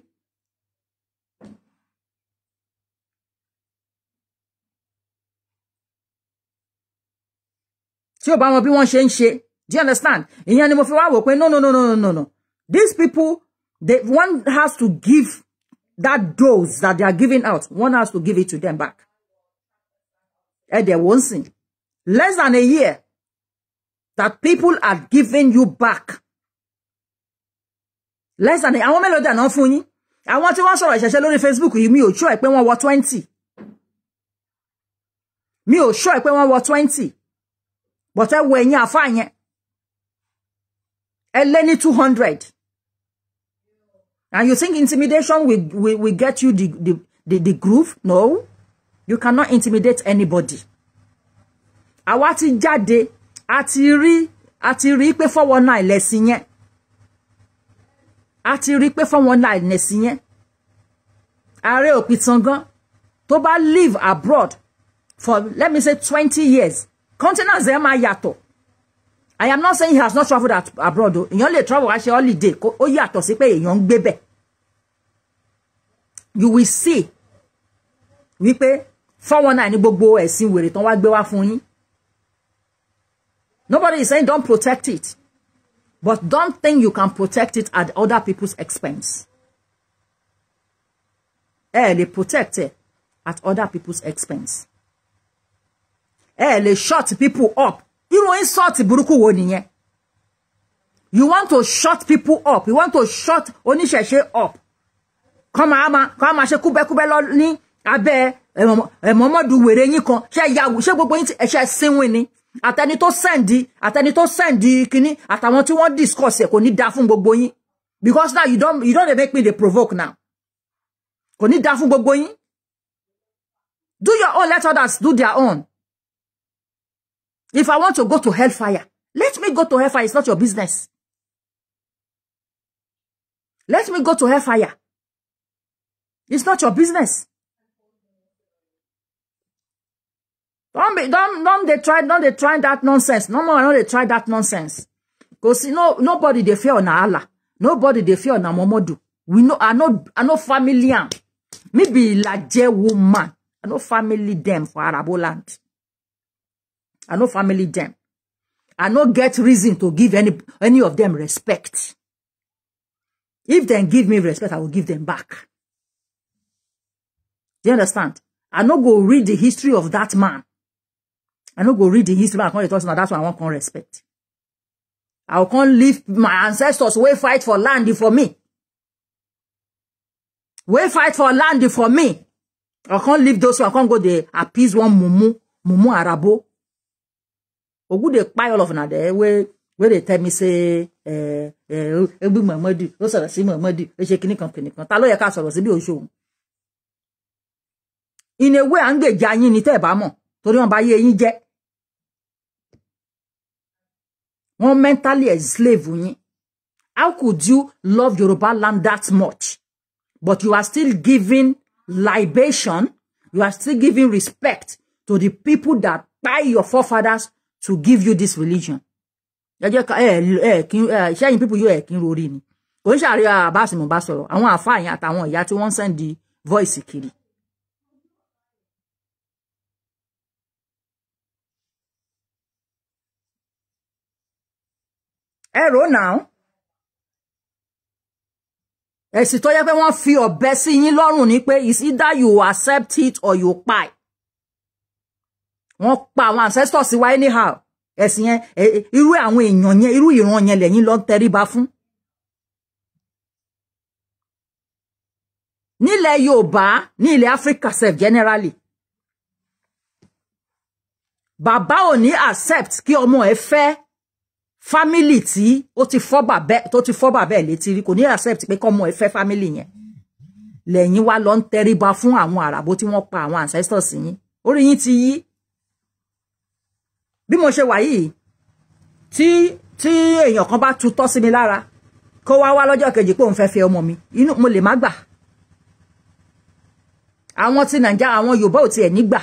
S1: tí o bá mọ bí wọ́n ṣe ń ṣe do you understand ìyẹn ni mo fi wá wò pé no no no no no no these people they one has to give that dose that they are giving out, one has to give it to them back. And they won't sing. Less than a year that people are giving you back. Less than a I want àwọn mélòó dànù fún yín. Àwọn tí wọ́n sọ̀rọ̀ ìṣẹ̀ṣẹ̀ lórí Facebook You me ò sure When wọ́n wọ twenty. me ò sure When wọ́n wọ twenty. But I wo ẹ̀yin àfáà yẹn. Ẹ lé ní two hundred. And you think intimidation will, will, will get you the, the, the, the groove? No. You cannot intimidate anybody. Àwa ti jáde, a ti rí, a ti rí pé 419 lẹ̀sìn yẹn. A ti rí pé 419 lẹ̀sìn yẹn. Ààrẹ live abroad for let me say 20 years. Continents ẹ̀ yato. I am not saying he has not travelled abroad o only travel travel àṣẹ holiday Oh, yàtọ̀ sí pé èèyàn a young baby. you will see wípé four one nine ní gbogbo ẹ̀sìn wèrè tán wá gbé wá nobody is saying don't protect it but don't think you can protect it at other people's expense Eh, they protect it at other people's expense Eh, they shut people up irú insult burúkú wo you want to shut people up you want to shut oníṣẹ̀ṣe up kọ́ máa ma kọ́ máa ṣe kúbẹ́kúbẹ́ lọ ní abẹ́ ẹ̀mọ́mọ́dù wèrè yín kan ṣe yàwù ṣé gbogbo yín ẹ̀ṣẹ̀ sínwìn ni àtẹni tó sẹ́ǹdì àtẹni to sendi kini. Ata wanti wọ́n discuss ẹ̀ kò dafun da fún gbogbo because now you don't you don't make me dey provoke now kò ní da fún gbogbo yín do your own let others do their own If I want to go to hellfire, let me go to hellfire. It's not your business. Let me go to hellfire. It's not your business. Don't be, don't, don't they try, don't they try that nonsense. No more, no, they try that nonsense. Cause you know, nobody they fear on Allah. Nobody they fear on Momodu. We know, I know, I know family. Me be like woman. I know family them for Arab land. I no family them. I no get reason to give any any of them respect. If they give me respect, I will give them back. Do you understand? I no go read the history of that man. I no go read the history. I can't talk now. That's why I want not respect. I will can't leave my ancestors wey fight for land for me. Wey fight for land for me. I can't leave those who I can't go there appease one mumu, mumu arabo, ogu dey kpai all of una there wey wey dey tell me say egbu mọ̀mọ́dì ló sọ̀rọ̀ sí mọ̀mọ́dì ló ṣe kinní kan kinní kan ta ló yẹ ká sọ̀rọ̀ sí bí oṣù òun. ìnewé à ń gbèjà yín ni tẹ́ ẹ̀ bá mọ̀ torí wọn bá yé yín jẹ́ mentally enslave yín how could you love Yoruba land that much but you are still giving libation you are still giving respect to the people that kpai your forefathers to give you this religion ẹ jẹ́ ká ẹ ẹ kí ẹ ṣẹ́yìn pípù yóò ẹ kí n rori ni kò ń ṣàárẹ̀ àbáṣe mo bá sọ̀rọ̀ àwọn àfáàyàn àtàwọn ìyá tí wọ́n sẹ́ndì voice kiri. ẹ rò náà ẹ̀sìn tó yẹ pé wọ́n fi ọ̀bẹ sí yín lọ́rùn ni pé it's either you accept it or you pie wọ́n pa àwọn ancestors wa anyhow ẹ̀sìn yẹn irú àwọn èèyàn yẹn irú ìran yẹn lẹ́yìn lọ ń tẹríba fún. nílẹ̀ Yorùbá ní ilẹ̀ Africa sef generally bàbá ò ní accept kí ọmọ ẹ fẹ́ family tí ó ti fọ́ bàbẹ́ tó ti fọ́ bàbẹ́ létí rí kò ní accept pé kọ́mọ ẹ fẹ́ family yẹn lẹ́yìn wa lọ ń tẹríba fún àwọn àràbó tí wọ́n pa àwọn ancestors yín orí yín ti yí bí mo ṣe wà yìí tí tí èèyàn kan bá tutọ́ sí mi lára kó wá wá lọ́jọ́ kejì pé òun fẹ́ fẹ́ ọmọ mi inú mo lè má gbà àwọn ti nàìjà àwọn yorùbá ò tiẹ̀ nígbà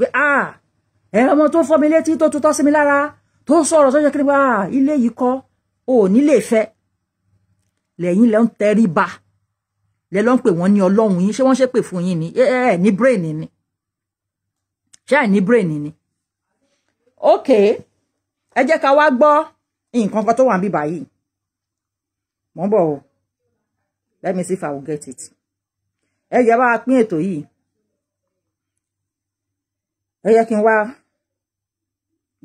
S1: pé ah ọmọ tó fọ́ mi létí tó tutọ́ sí mi lára tó sọ̀rọ̀ sọ́jọ́ kiri pé ah ilé yìí kọ́ ò ní lè fẹ́ lẹ́yìn lẹ́ ń tẹrí ba lẹ́ lọ́ ń pè wọ́n ní ọlọ́run yín ṣé wọ́n ṣe pé fún yín ni ẹ ẹ ní brain ni ṣáà ní brain ni okay ẹ jẹ́ ká wá gbọ́ nǹkan kan tó wà ń bí báyìí mò bọ̀ o let me see if I will get it ẹ jẹ́ bá pín ètò yìí ẹ jẹ́ kí n wá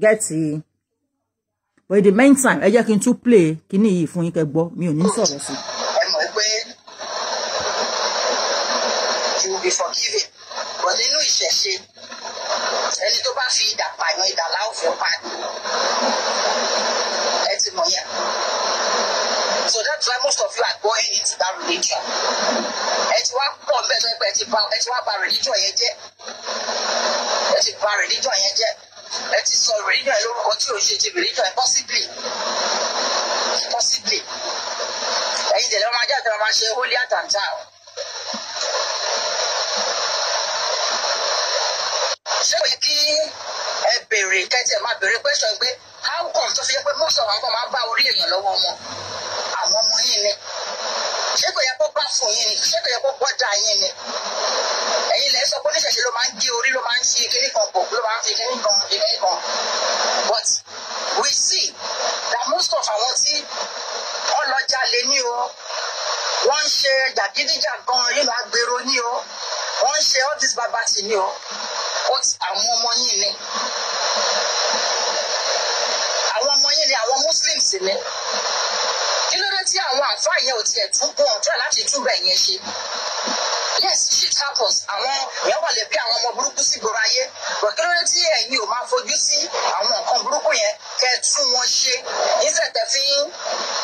S1: get it but in the meantime ẹ jẹ́ kí n tún play kíní yìí fún yín kẹ́ gbọ́ mi ò ní sọ̀rọ̀ sí i. that's why most of you are going into that religion ẹ ti wá pọ̀ mẹ́tọ́ ẹgbẹ́ ẹ ti wá religion yẹn jẹ́ ẹ ti religion yẹn jẹ́ ẹ ti religion yẹn lórúkọ tí òun ṣe religion yẹn possibly possibly ẹ̀yin tẹ̀lé ọmọ ajá tẹ̀lé ọmọ ṣe holy àtàntà o. ṣé kò yẹ kí ẹ béèrè kẹ́tì ẹ máa béèrè Question pé how come tó fi yẹ pé most of àwọn kan máa ń bá orí èèyàn lọ́wọ́ wọn yín ni ṣé kò yẹ kó bá fún yín ni ṣé kò yẹ kó bọ́dà yín ni ẹ̀yin lẹ́yìn sọ pé oníṣẹ̀ṣe ló máa ń gé orí ló máa ń ṣe kíní kan kò ló máa ń fi kíní kan kíní kan but we see that most of àwọn tí wọ́n lọ jalè ní o wọ́n ń ṣe jàgídíjàgan nínú agbèrò ní o wọ́n ń ṣe all this babati ní o ó ti àwọn ọmọ yín ni àwọn ọmọ yín ni àwọn muslims ni tí àwọn àfa yẹn ò tiẹ̀ tún gun ọ̀tún ẹ̀ láti túbọ̀ ẹ̀yẹn ṣe yes shit happens àwọn èèyàn wà lè bí àwọn ọmọ burúkú sí gbòòrò ayé but kí ló dé tí ẹ̀yin ò máa fojú sí àwọn nǹkan burúkú yẹn kẹ́ ẹ tún wọn ṣe níṣẹ́ tẹ̀fí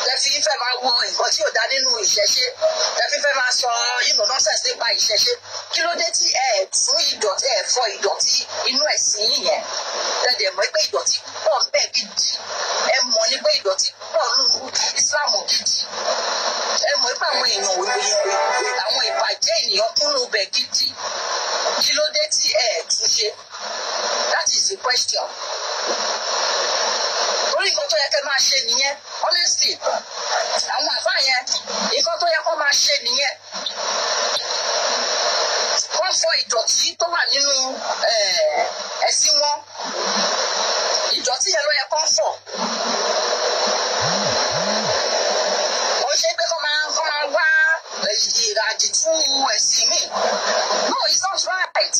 S1: tẹ̀fí fẹ́ máa wo nǹkan tí ò dá nínú ìṣẹ̀ṣe tẹ̀fí fẹ́ máa sọ inú nọ́sẹ̀sì nípa ìṣẹ̀ṣe kí ló dé tí ẹ tún ìdọ̀tí ẹ fọ ìdọ̀tí inú ẹ̀sìn yìí yẹn tẹ̀dẹ̀ mọ́ pé ìdọ̀tí pọ̀ bẹ́ẹ̀ gidi ẹ mọ̀ ní pé ìdọ̀tí pọ̀ nù Islam àwọn èèyàn wíwíwíwí àwọn ìbàjẹ́ ènìyàn kúnnú bẹ̀ gidi kí ló dé tí ẹ̀ tún ṣe that is the question torí nǹkan tó yẹ kẹ́ máa ṣe nìyẹn honestly àwọn àbá yẹn nǹkan tó yẹ kó máa ṣe nìyẹn wọ́n fọ ìdọ̀tí tó wà nínú ẹ̀sìn wọn ìdọ̀tí yẹn ló yẹ kó ń That tí ń wu ẹ̀sìn mi. No, it's not right.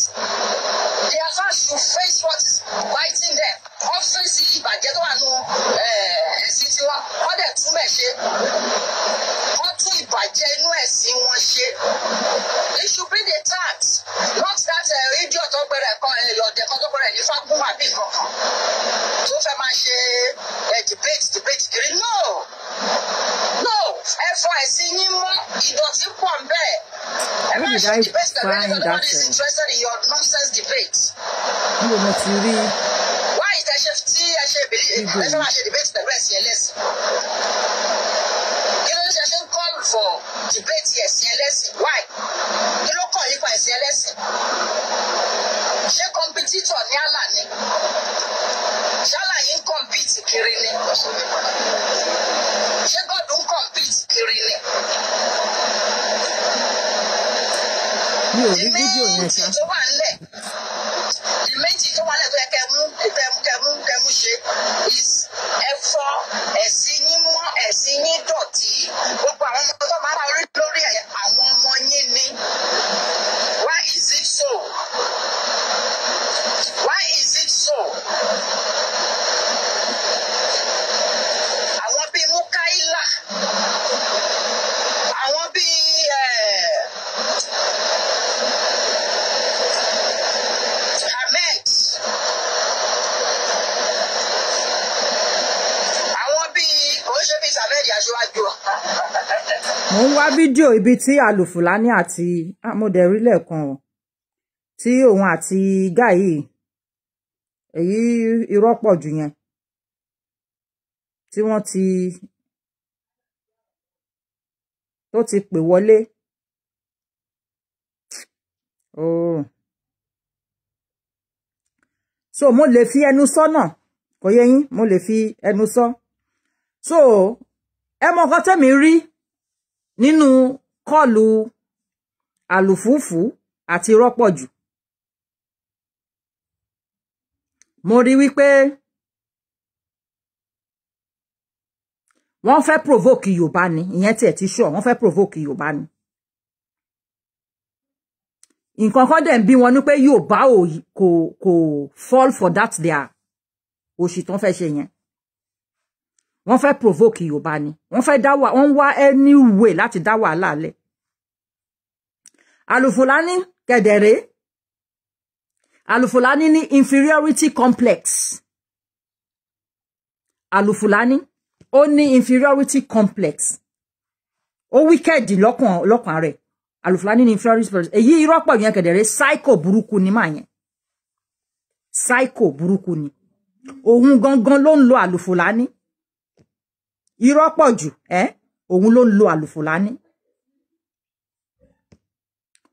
S1: They are trying to face what is biting them. Ọ́fíìsì ìbàjẹ́ tó wà nù eh, ẹ̀sìn What they do, túmẹ̀ ṣe. guy crying doctor. is interested in your nonsense debates. You will not really. Why is that she, she, she, she, fídíò ibi tí alùfùlání àti amúdẹ̀rí ah, lẹ́ẹ̀kan o tí òun àti gáyì èyí irọ́ pọ̀ jù yẹn tí wọ́n ti tó ti pè wọlé oh. so mo lè fi ẹnu sọ náà kò yẹ yín mo lè fi ẹnu sọ so ẹ mọ nǹkan tẹ́mi rí nínú kọ́ọ̀lù àlùfùfù àti rọ́pọ̀jù mo rí wípé wọ́n fẹ́ provoke yorùbá ni ìyẹn tiẹ̀ ti sure wọ́n fẹ́ provoke yorùbá ni nǹkan kan dẹ̀ ń bí wọn ní pé yorùbá ò kò kò fall for that their òṣì tó ń fẹ́ ṣe yẹn wọ́n fẹ́ provoke yorùbá ni wọ́n fẹ́ dá wà wọ́n wá any way láti dá wàhálà lẹ̀ alufulani kẹ̀dẹ̀rẹ́ alufulani ní inferiority complex alufulani ó ní inferiority complex ó wíkẹ́ẹ̀dì lọ́kàn lọ́kàn rẹ̀ alufulani ní inferiority complex èyí irọ́ pọ̀ yẹn kẹ̀dẹ̀rẹ́ psycho burúkú ni máa yẹn psycho burúkú ni òun gangan ló ń lo alufulani irọ́ pọ̀ jù ẹ́ òun ló ń lo àlùfòlání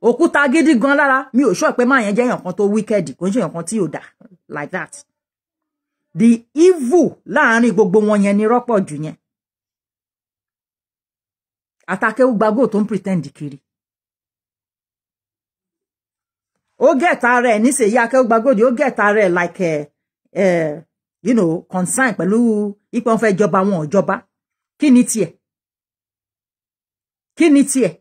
S1: òkúta gidi gan lára mi ò sọ pé máa yẹn jẹ́ èèyàn kan tó wicked kò ń ṣe èèyàn kan tí ò dà like that the evil láàárín gbogbo wọn yẹn ni rọ́pọ̀ jù yẹn àtàkẹ́wù gbàgbó tó ń pretend kiri ó gẹ̀ta rẹ̀ níṣèyí akẹ́wù gbàgbó ó gẹ̀ta rẹ̀ like uh, uh, you know concern pẹ̀lú ipò ń fẹ́ jọba wọn ò jọba kí ni tiẹ̀ kí ni tiẹ̀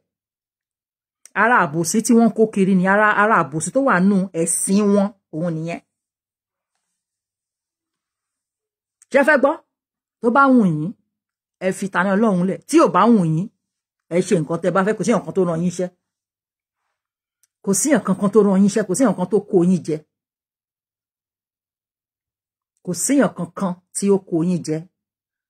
S1: ara àbòsí tí wọ́n kó kiri ni ara ara àbòsí tó wà nù ẹ̀sìn wọn òun nìyẹn ṣe fẹ́ gbọ́ tó bá wù yín ẹ fi tani Ọlọ́run lẹ̀ tí ò bá wù yín ẹ ṣe nǹkan tẹ́ bá fẹ́ kò sí nǹkan tó ràn yín iṣẹ́ kò sí nǹkan tó ràn yín iṣẹ́ kò sí nǹkan tó kó yín jẹ kò sí nǹkan kan tí ó kó yín jẹ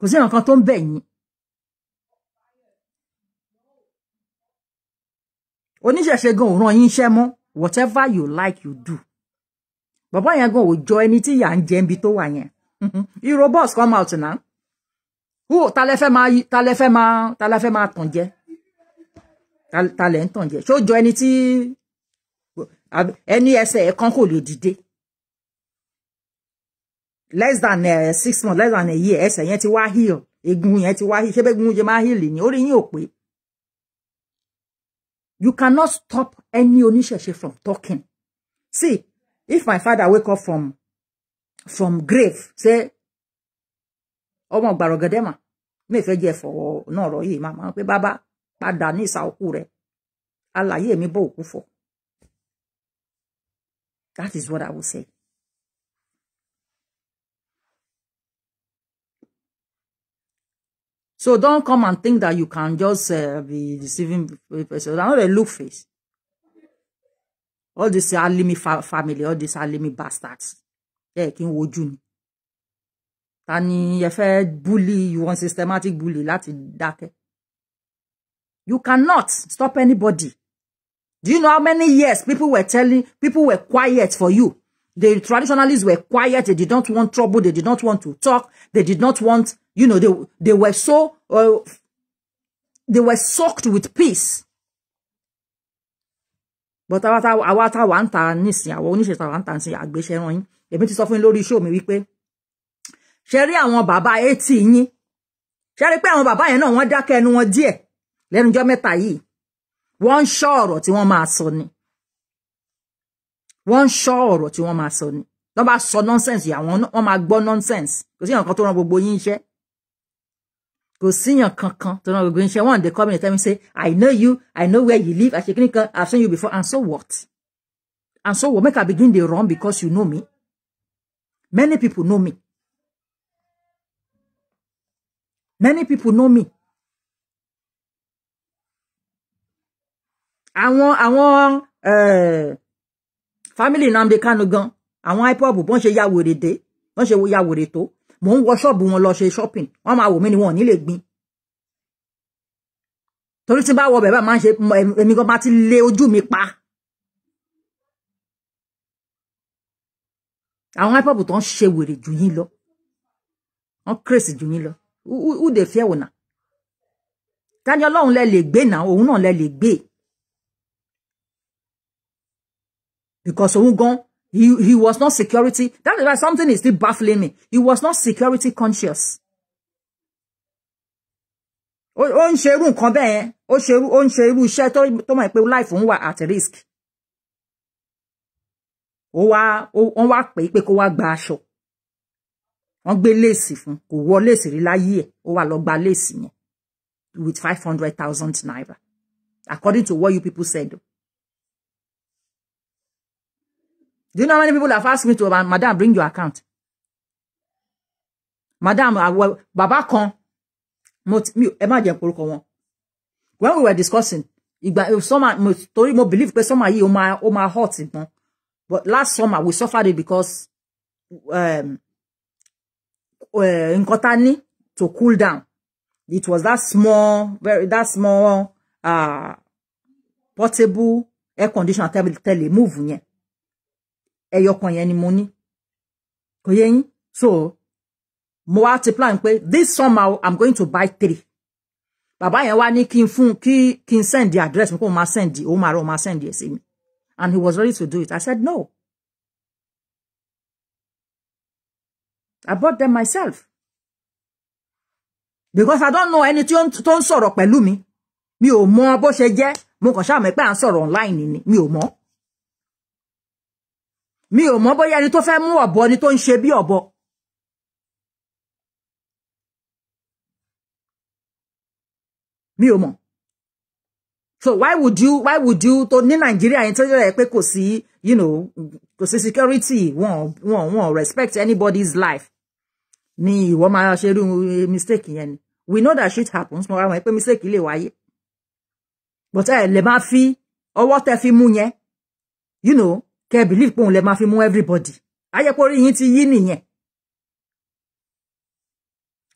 S1: kò sí nǹkan tó ń bẹ̀ yín oníṣẹ̀ṣe gan ò ràn yín iṣẹ́ mọ́ whatever you like you do bàbá yẹn gan ò jọ ẹni tí ìyà ń jẹ ibi tó wà yẹn come out now wò ta lẹ fẹ́ máa ta lẹ fẹ́ máa ta lẹ fẹ́ máa tàn jẹ ta lẹ ń tàn jẹ ṣó jọ ẹni tí ẹni ẹsẹ̀ ẹ̀ less than uh, six months less than a year ẹsẹ̀ yẹn ti wá heal egun yẹn ti wá heal ṣé bẹ́ẹ̀ egun yẹn máa heal ni orí yín ò pé you cannot stop any oníṣẹ̀ṣe from talking see if my father wake up from from grave say ọmọ gbàrọ̀gẹ̀dẹ̀mà mẹ́fẹ́ jẹ́ fọ̀wọ́ náà rọ̀ yìí màmá pé bàbá padà ní ìsà òkú rẹ̀ àlàyé mi bọ́ òkú fọ̀ that is what I will say. So don't come and think that you can just uh, be deceiving person. I know they look face. All these Alimi fa family, all this Alimi bastards. Yeah, King n wojú ni. Ta bully, you want systematic bully láti dákẹ́. You cannot stop anybody. Do you know how many years people were telling, people were quiet for you? The traditionalists were quiet. They did not want trouble. They did not want to talk. They did not want you know, they, they were so, uh, they were soaked with peace. But àwa tá wà ń ta nísìnyí, àwọn oníṣẹ́ tá wà ń ta nísìnyí, àgbéṣẹ́ ràn yín. Èmi ti sọ fún yín lórí iṣẹ́ mi wípé, ṣe rí àwọn bàbá etí yín. Ṣe rí pé àwọn bàbá yẹn náà wọ́n dákẹ́ ẹnu wọn díẹ̀ lẹ́nujọ́ mẹ́ta yìí. Wọ́n ń ṣọ́ ọ̀rọ̀ tí wọ́n máa sọ ni. Wọ́n ń ṣọ́ ọ̀rọ̀ tí wọ́n máa sọ ni. Tó bá sọ nonsense yìí, àwọn wọ́n máa gbọ́ nonsense. Kò sí nǹkan tó ràn gbogbo yín iṣẹ́ kò síyàn kankan tó náà gbogbo iṣẹ́ one dey come in and tell me say i know you i know where you live àṣekínní kan i have seen you before and so what and so what make i begin dey run because you know me many people know me many people know me àwọn àwọn eh, family Nnamdi Kanu gan àwọn IPOB bọ́n ṣe ya wèrè dé bọ́n ṣe ya wèrè tó mò ń wọ ṣọ́ọ̀bù wọn lọ ṣe shopping wọ́n máa wò mí ni wọn ò ní lè gbin torí tí bá wọ bẹ̀rẹ̀ máa ń ṣe èmi gan máa ti lé ojú mi pa àwọn ipop tó ń ṣe wèrè jù yín lọ wọ́n kírèsì jù yín lọ who dey fear wò náà ta ni ọlọ́run lẹ lè gbé náà òun náà lẹ lè gbé because òun gan He, he was not security. That is why something is still baffling me. He was not security conscious. Ó ń ṣe irú nǹkan bẹ́ẹ̀ ó ṣe irú ó ń ṣe irú iṣẹ́ tó mọ̀ pé life ń wà at risk. Ó wá wọ́n wá pè é pé kó wá gba aṣọ. Wọ́n gbé léèsì fún kò wọ léèsì rí láyé ẹ̀ ó wá lọ gba léèsì yẹn with five hundred thousand naira according to what you people said. Do you know how many people have asked me to, uh, Madam, bring your account? Madam, àwọn uh, bàbá kan, ẹ má jẹ́ orúkọ wọn. When we were discussing, ìgbà summer, mo, torí believe pé summer yìí ó máa ó máa hot But last summer we suffered it because um, uh, nǹkan to cool down. It was that small, very that small uh, portable air conditioner table tẹ́lẹ̀ move yẹn ẹyọ kan yẹn ni mo ní kò yẹ yín so mo wá ti plan pé this somehow i'm going to buy three bàbá yẹn wá ní kí n fún kí kí n send the address mi kó o máa send o máa rọ o máa send ẹ sí mi and he was ready to do it i said no i bought them myself because i don't know ẹni tó ń sọ̀rọ̀ pẹ̀lú mi mi ò mọ bó ṣe jẹ́ mo kàn ṣáà pé à ń sọ̀rọ̀ online ni mi ò mọ̀ mi ò mọ̀ bóyá ẹni to fẹ́ mú ọ̀bọ ni tó ń ṣe bí ọ̀bọ mi ò mọ̀ so why would you why would you to ní nàìjíríà yẹn tó you pé kò sí you know kò sí security wọn wọn wọn respect anybody's life ni ìwọ máa ṣe irú mistake yẹn we know that shit happens mo ra wọn pé mistake le waye. but eh, lè má fi ọwọ́ tẹ fi mú yẹn you know kẹ́ believe pé òun lè máa fi mú everybody ayẹpo orí yín ti yí nìyẹn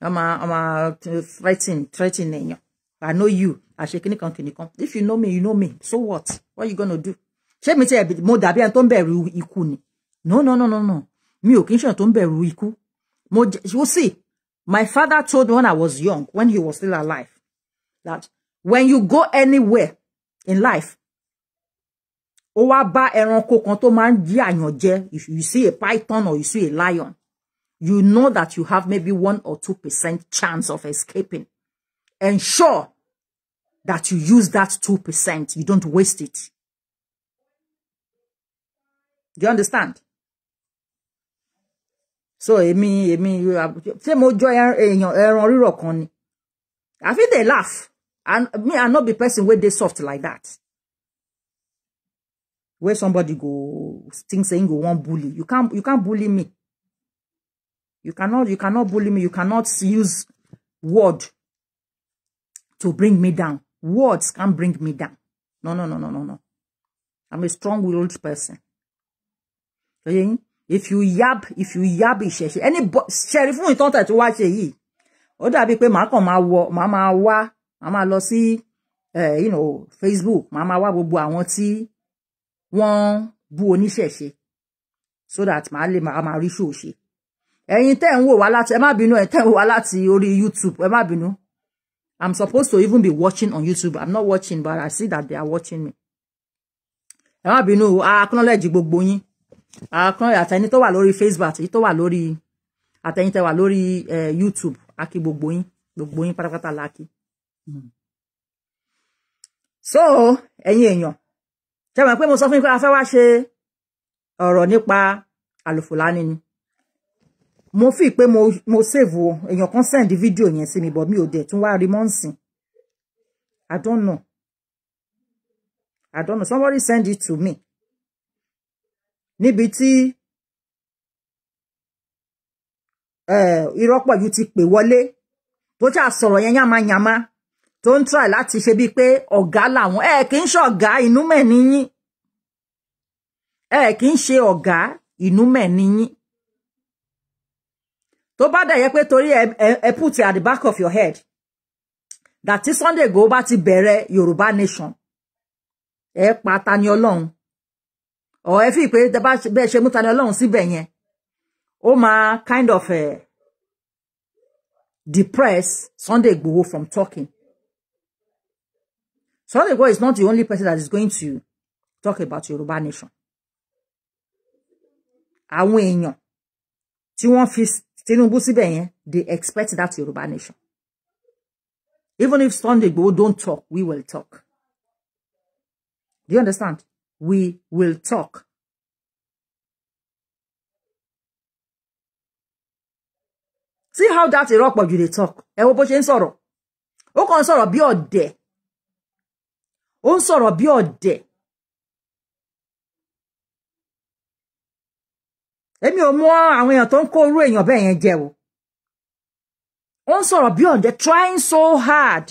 S1: ọmọ ọmọ threatening threatening èèyàn I know you àṣẹ kíní kan kìnì kan if you know me you know me so what what are you gonna do ṣé mi ti ẹ̀bì mo dàbí ẹni tó ń bẹ̀rù ni no no no no no mi ò kí n ṣàn tó ń mo you see my father told me when I was young when he was still alive that when you go anywhere in life ó wá bá ẹranko kan tó máa ń jí if you see a python or you see a lion you know that you have maybe one or two percent chance of escaping ensure that you use that two percent you don't waste it do you understand so èmi èmi ṣé mo jọ èèyàn ẹran rírọ̀ kan ni i feel they laugh and me i not be person where they soft like that where somebody go think saying go want bully. You can't you can't bully me. You cannot you cannot bully me. You cannot use word to bring me down. Words can't bring me down. No, no, no, no, no, no. I'm a strong-willed person. Okay? If you yab, if you yab any sheriff, fún ìtàn tẹ̀ tó wá ṣe yìí, ó dàbí come màá wa mama wa mama lossy. wá, eh, you know, Facebook, mama wa wá gbogbo àwọn tí wọ́n bu oníṣẹ̀ṣe so that màá lè máa máa rí ṣòó ṣe ẹ̀yin tẹ́ ń wò wá láti ẹ má bínú ẹ tẹ́ ń wò wá láti orí YouTube ẹ má bínú I'm supposed to even be watching on YouTube I'm not watching but I see that they are watching me ẹ má bínú akọ́nọ́lẹ́jì gbogbo yín akọ́nọ́lẹ́jì àtẹni tó wà lórí Facebook àtẹni tó wà lórí àtẹni tẹ́ wà lórí YouTube akí gbogbo yín gbogbo yín pátápátá la kí. Hmm. so ẹ̀yin èèyàn ṣe mọ̀ pé mo sọ fún yín pé a fẹ́ wá ṣe ọ̀rọ̀ nípa àlùfòlání ni mo fi pé mo mo save o èèyàn kan send fídíò yẹn sí mi but mi ò dẹ̀ tún wá rí mọ́ǹsìn I don't know I don't know somebody send it to me níbi tí eh, irọ́pọ̀ yìí ti pè wọlé tó ṣáà sọ̀rọ̀ yẹn yàmáyàmá tó ń try láti ṣe bíi pé ọ̀gá làwọn ẹ kì í ṣe ọ̀gá inú mẹ̀ níyín ẹ kì í ṣe ọ̀gá inú mẹ̀ níyín tó bá dẹ̀ yẹ pé torí ẹ ẹ put at the back of your head dàtí Sunday Igboho bá ti bẹ̀rẹ̀ Yorùbá nation ẹ pa Tani Ọlọ́run o ẹ fi pé bẹ́ẹ̀ ṣe mú Tani Ọlọ́run síbẹ̀ yẹn ó máa kind of uh, depress Sunday Igboho from talking Solego is not the only person that is going to talk about Yoruba nation. Àwọn èèyàn tí wọ́n fi Tinubu síbẹ̀ yẹn, they expect that Yoruba nation. Even if Sunday Igboho don't talk, we will talk. Do you understand? We will talk. See how that Iroquois you dey talk. Ẹ wo bó ṣe ń sọ̀rọ̀. Ó kàn ń sọ̀rọ̀ bí ọ̀dẹ̀. ó ń sọ̀rọ̀ bí ọ̀dẹ̀ èmi ò mọ àwọn èèyàn tó ń kó orú èèyàn bẹ́ẹ̀ yẹn jẹ o ó ń sọ̀rọ̀ bí ọ̀dẹ̀ trying so hard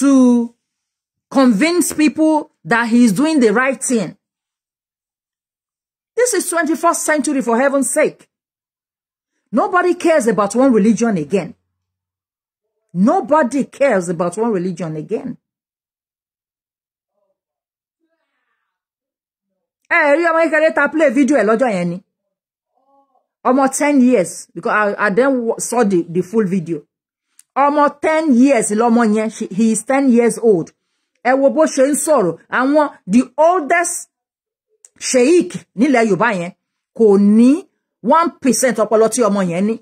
S1: to convince people that he is doing the right thing this is twenty-first century for heaven's sake nobody cares about one religion again nobody cares about one religion again. ẹ rí ọmọ kékeré ta play video ẹ lọ́jọ́ yẹn ni ọmọ ten years because I, I then saw the, the full video ọmọ ten years lọmọ yẹn he is ten years old ẹ wo bó ṣe ń sọ̀rọ̀ àwọn the oldest sheik nílẹ̀ Yorùbá yẹn kò ní one percent ọpọlọ tí ọmọ yẹn ní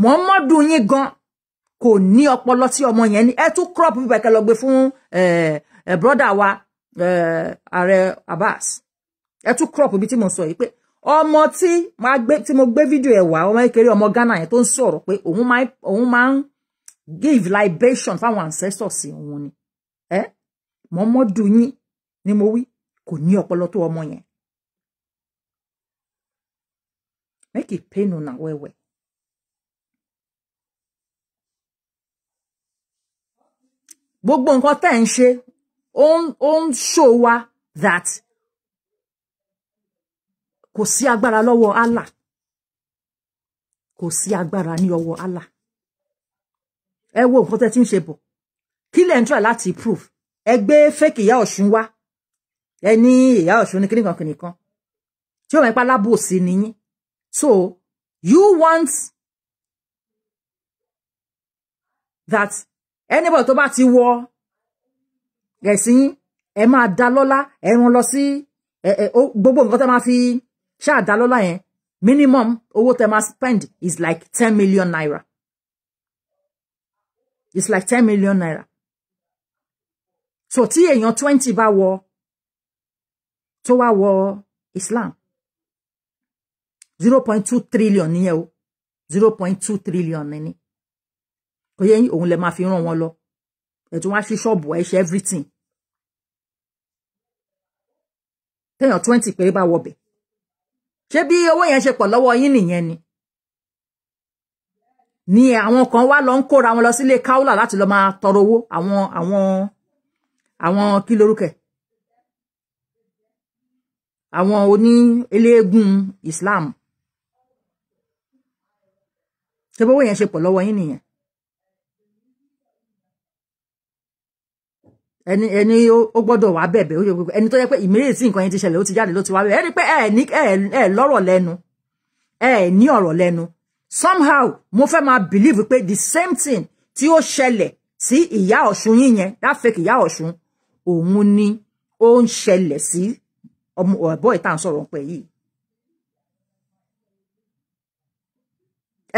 S1: Muhammadu yín gan kò ní ọpọlọ tí ọmọ yẹn ní ẹ tún crop bíbẹ kẹ lọ gbé fún ẹ eh, eh, brọdà wa ààrẹ Abbas ẹ tún crop ibi tí mo sọ yìí pé ọmọ tí máa gbé tí mo gbé fídíò ẹ̀ wà ọmọ kékeré ọmọ Ghana yẹn tó ń sọ̀rọ̀ pé òun máa òun máa ń give libation fáwọn ancestors òun ni ẹ mọmọdù yín ni mo wí kò ní ọpọlọ tó ọmọ yẹn make e pain una well well. gbogbo nǹkan tẹ́ ń ṣe On on show wa that kò sí agbára lọ́wọ́ Allah kò sí agbára ní ọwọ́ Allah ẹ wo nǹkan tẹ́ ti ń ṣe bọ̀ kí lẹ́ ń try láti prove ẹ gbé fake ìyá ọ̀ṣun wá ẹ ní ìyá ọ̀ṣun ní kíníkan kíníkan tí ó mọ̀ ipá lábòsí nìyí so you want that anybody to bá ti wọ ẹ̀sìn ẹ máa da lọ́lá ẹran lọ sí gbogbo nǹkan tẹ́ máa fi ṣáà da lọ́lá yẹn minimum owó tẹ́ máa spend is like ten million naira it's like ten million naira so tí èèyàn twenty bá wọ tó wá wọ Islam zero point two trillion nìyẹn o zero point two trillion nìyẹn kò yẹ yín òun lè máa fi ràn wọn lọ ẹ̀ tún wá ṣí ṣọ́ọ̀bù ẹ̀ ṣe everything téèyàn twenty péré bá wọbẹ̀ ṣé bí owó yẹn ṣe pọ̀ lọ́wọ́ yín nìyẹn ni ni àwọn kan wá lọ ń kóra wọn lọ sílé káúlà láti lọ máa tọrọ owó àwọn àwọn àwọn kí lorúkẹ àwọn oní eléégún Islam ṣé bówó yẹn ṣe pọ̀ lọ́wọ́ yín nìyẹn ẹni ẹni ó gbọ́dọ̀ wá bẹ̀bẹ̀ ó yẹ gbogbo ẹni tó yẹ pé ìmíràn tí nǹkan yẹn ti ṣẹlẹ̀ ó ti jáde ló ti wá bẹ̀bẹ̀ ẹni pé ẹ ní ẹ lọ́rọ̀ lẹ́nu ẹ ní ọ̀rọ̀ lẹ́nu somehow mo fẹ́ máa believe pé the same thing tí ó ṣẹlẹ̀ sí ìyá ọ̀ṣun yín yẹn that fake ìyá ọ̀ṣun òun ni ó ń ṣẹlẹ̀ sí ọmọ ọ̀bọ ìta ń sọ̀rọ̀ pẹ̀ yìí.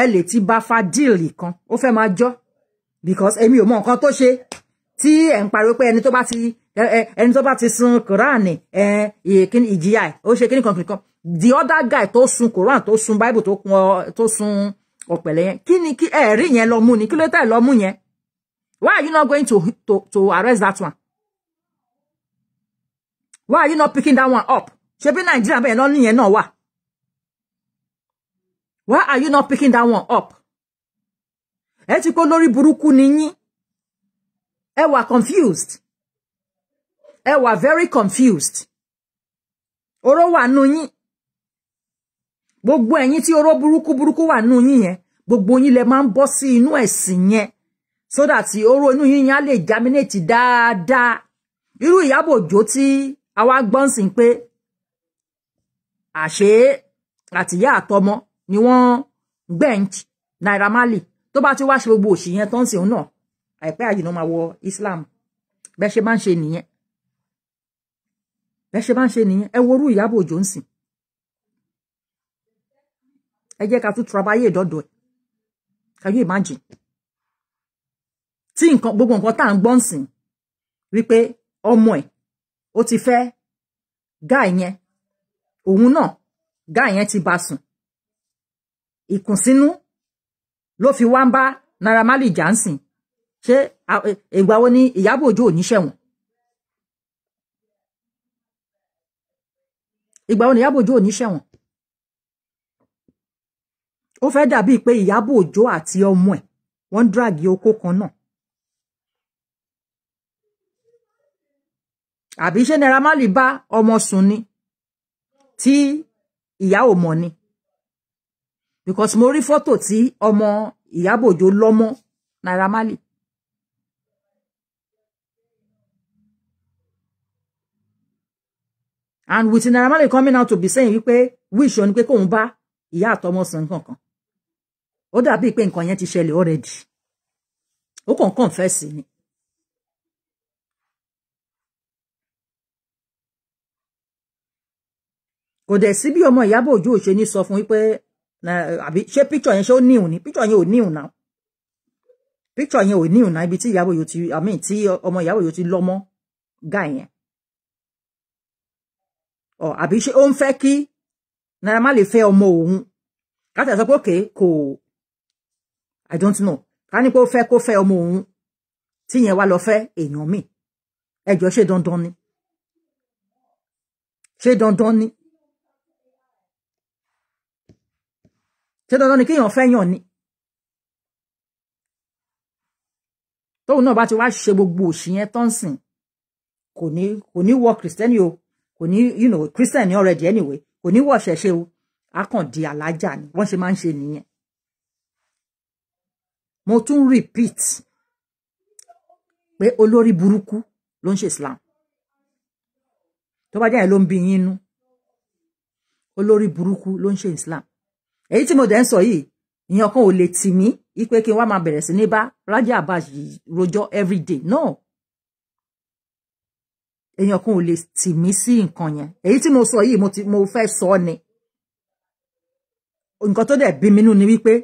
S1: ẹ lè ti bá fa díìlì kan ó fẹ́ máa jọ́ because èmi ò mọ nǹkan tó ṣe tí ẹ̀ ń pariwo pé ẹni tó bá ti ẹni tó bá ti sun Quran ìjìyà ẹ̀ ó ṣe kíní kan kìnìkan the other guy tó sun Quran tó sun Bible tó kun tó sun ọ̀pẹ̀lẹ̀ yẹn kí ni kí ẹ̀rí yẹn lọ mú ni kí ló tẹ̀ lọ mú why are you not going to to to arrest that one why are you not picking that one up ṣe bí Nàìjíríà bẹ́ẹ̀ náà nìyẹn náà wà why are you not picking that one up ẹ ti kó lórí burúkú ni yín ẹ wà confused ẹ wà very confused Oro wa nù yín gbogbo ẹ̀yin tí oró buruku burúkú wà nù yín yẹn gbogbo yín lẹ máa ń bọ́ sí inú ẹ̀sìn yẹn so that oró inú yín yẹn á lè germinate da irú iru Òjó tí àwa gbọ́n sí pé àṣé àtìyá àtọmọ ni wọ́n gbẹ̀ǹch Naira Marley to bá ti wá ṣe gbogbo òṣì yẹn tó ń sìn náà àìpẹ́ àyìnà máa wọ Islam bẹ́ẹ̀ ṣe máa ń ṣe nìyẹn bẹ́ẹ̀ ṣe máa ń ṣe nìyẹn ẹ worú Ìyábọ̀ Òjó ń sìn ẹ jẹ́ ká tún trabayé ìdọ́dọ̀ ẹ̀ can you imagine tí nǹkan gbogbo nǹkan tá à ń gbọ́n sìn wípé ọmọ ẹ̀ ó ti fẹ́ gáà yẹn òun náà gáà yẹn ti bá sùn ìkùnsínú ló fi wá ń bá Naira Marley jà ṣé ìgbà wo ni Ìyábọ̀ Òjó ò ní ṣẹ̀wọ̀n ìgbà wo ni Ìyábọ̀ Òjó ò ní ṣẹ̀wọ̀n ó fẹ́ dàbíi pé Ìyábọ̀ Òjó àti ọmọ ẹ̀ wọ́n ń díràgì okó kan náà àbí ṣé Naira Marley bá ọmọ sùn ni tí ìyá ò mọ̀ ni because mo rí fọ́tò tí ọmọ Ìyábọ̀ Òjó lọ́mọ Naira Marley and with Naira coming out to be saying wípé wish ọ ni pé kóun bá ìyá àtọmọ sùn nǹkan kan ó dàbí pé nǹkan yẹn ti ṣẹlẹ̀ already O kàn confess ni. kò dẹ̀ sí bí ọmọ Ìyábọ̀ Òjó ò ṣe So sọ fún wípé àbí ṣé píkṣọ̀ yẹn ṣé ó níhùn ni píkṣọ̀ yẹn ò níhùn náà Picture yẹn ò níhùn náà ibi tí Ìyábọ̀ Òjó ti àmì tí ọmọ Ìyábọ̀ Òjó ti lọ́mọ gà yẹn ọ àbí ṣe ó ń fẹ́ kí Naira Marley fẹ́ ọmọ òun láti sọ pé òkè kò i don't know ká ní pé ó fẹ́ kó fẹ́ ọmọ òun tíyẹn wá lọ fẹ́ èèyàn míì ẹjọ́ ṣe dandan ni ṣe dandan ni ṣe dandan ni kéèyàn fẹ́ yàn ni tóun náà bá ti wá ṣe gbogbo òṣì yẹn tán sìn kò ní kò ní wọ kìrìsìtẹ́nì o kò ní you know christian ní already anyway kò ní wọ̀ṣẹ̀ ṣe o akàndí alájà ni wọ́n ṣe máa ń ṣe nìyẹn. mo tún repeat pé olórí burúkú ló ń ṣe islam tó bá jáde ló ń bí yín nú olórí burúkú ló ń ṣe islam èyí tí mo dẹ̀ ń sọ yìí ìyẹn kan ò lè tì mí ipe kí n wá máa bẹ̀rẹ̀ sí ní bá rájà bá rojọ́ everyday no èèyàn kan ò lè tì mí sí èyí tí mo sọ yìí mo ti mo fẹ́ so ni nkan tó dẹ̀ bi minu ni wípé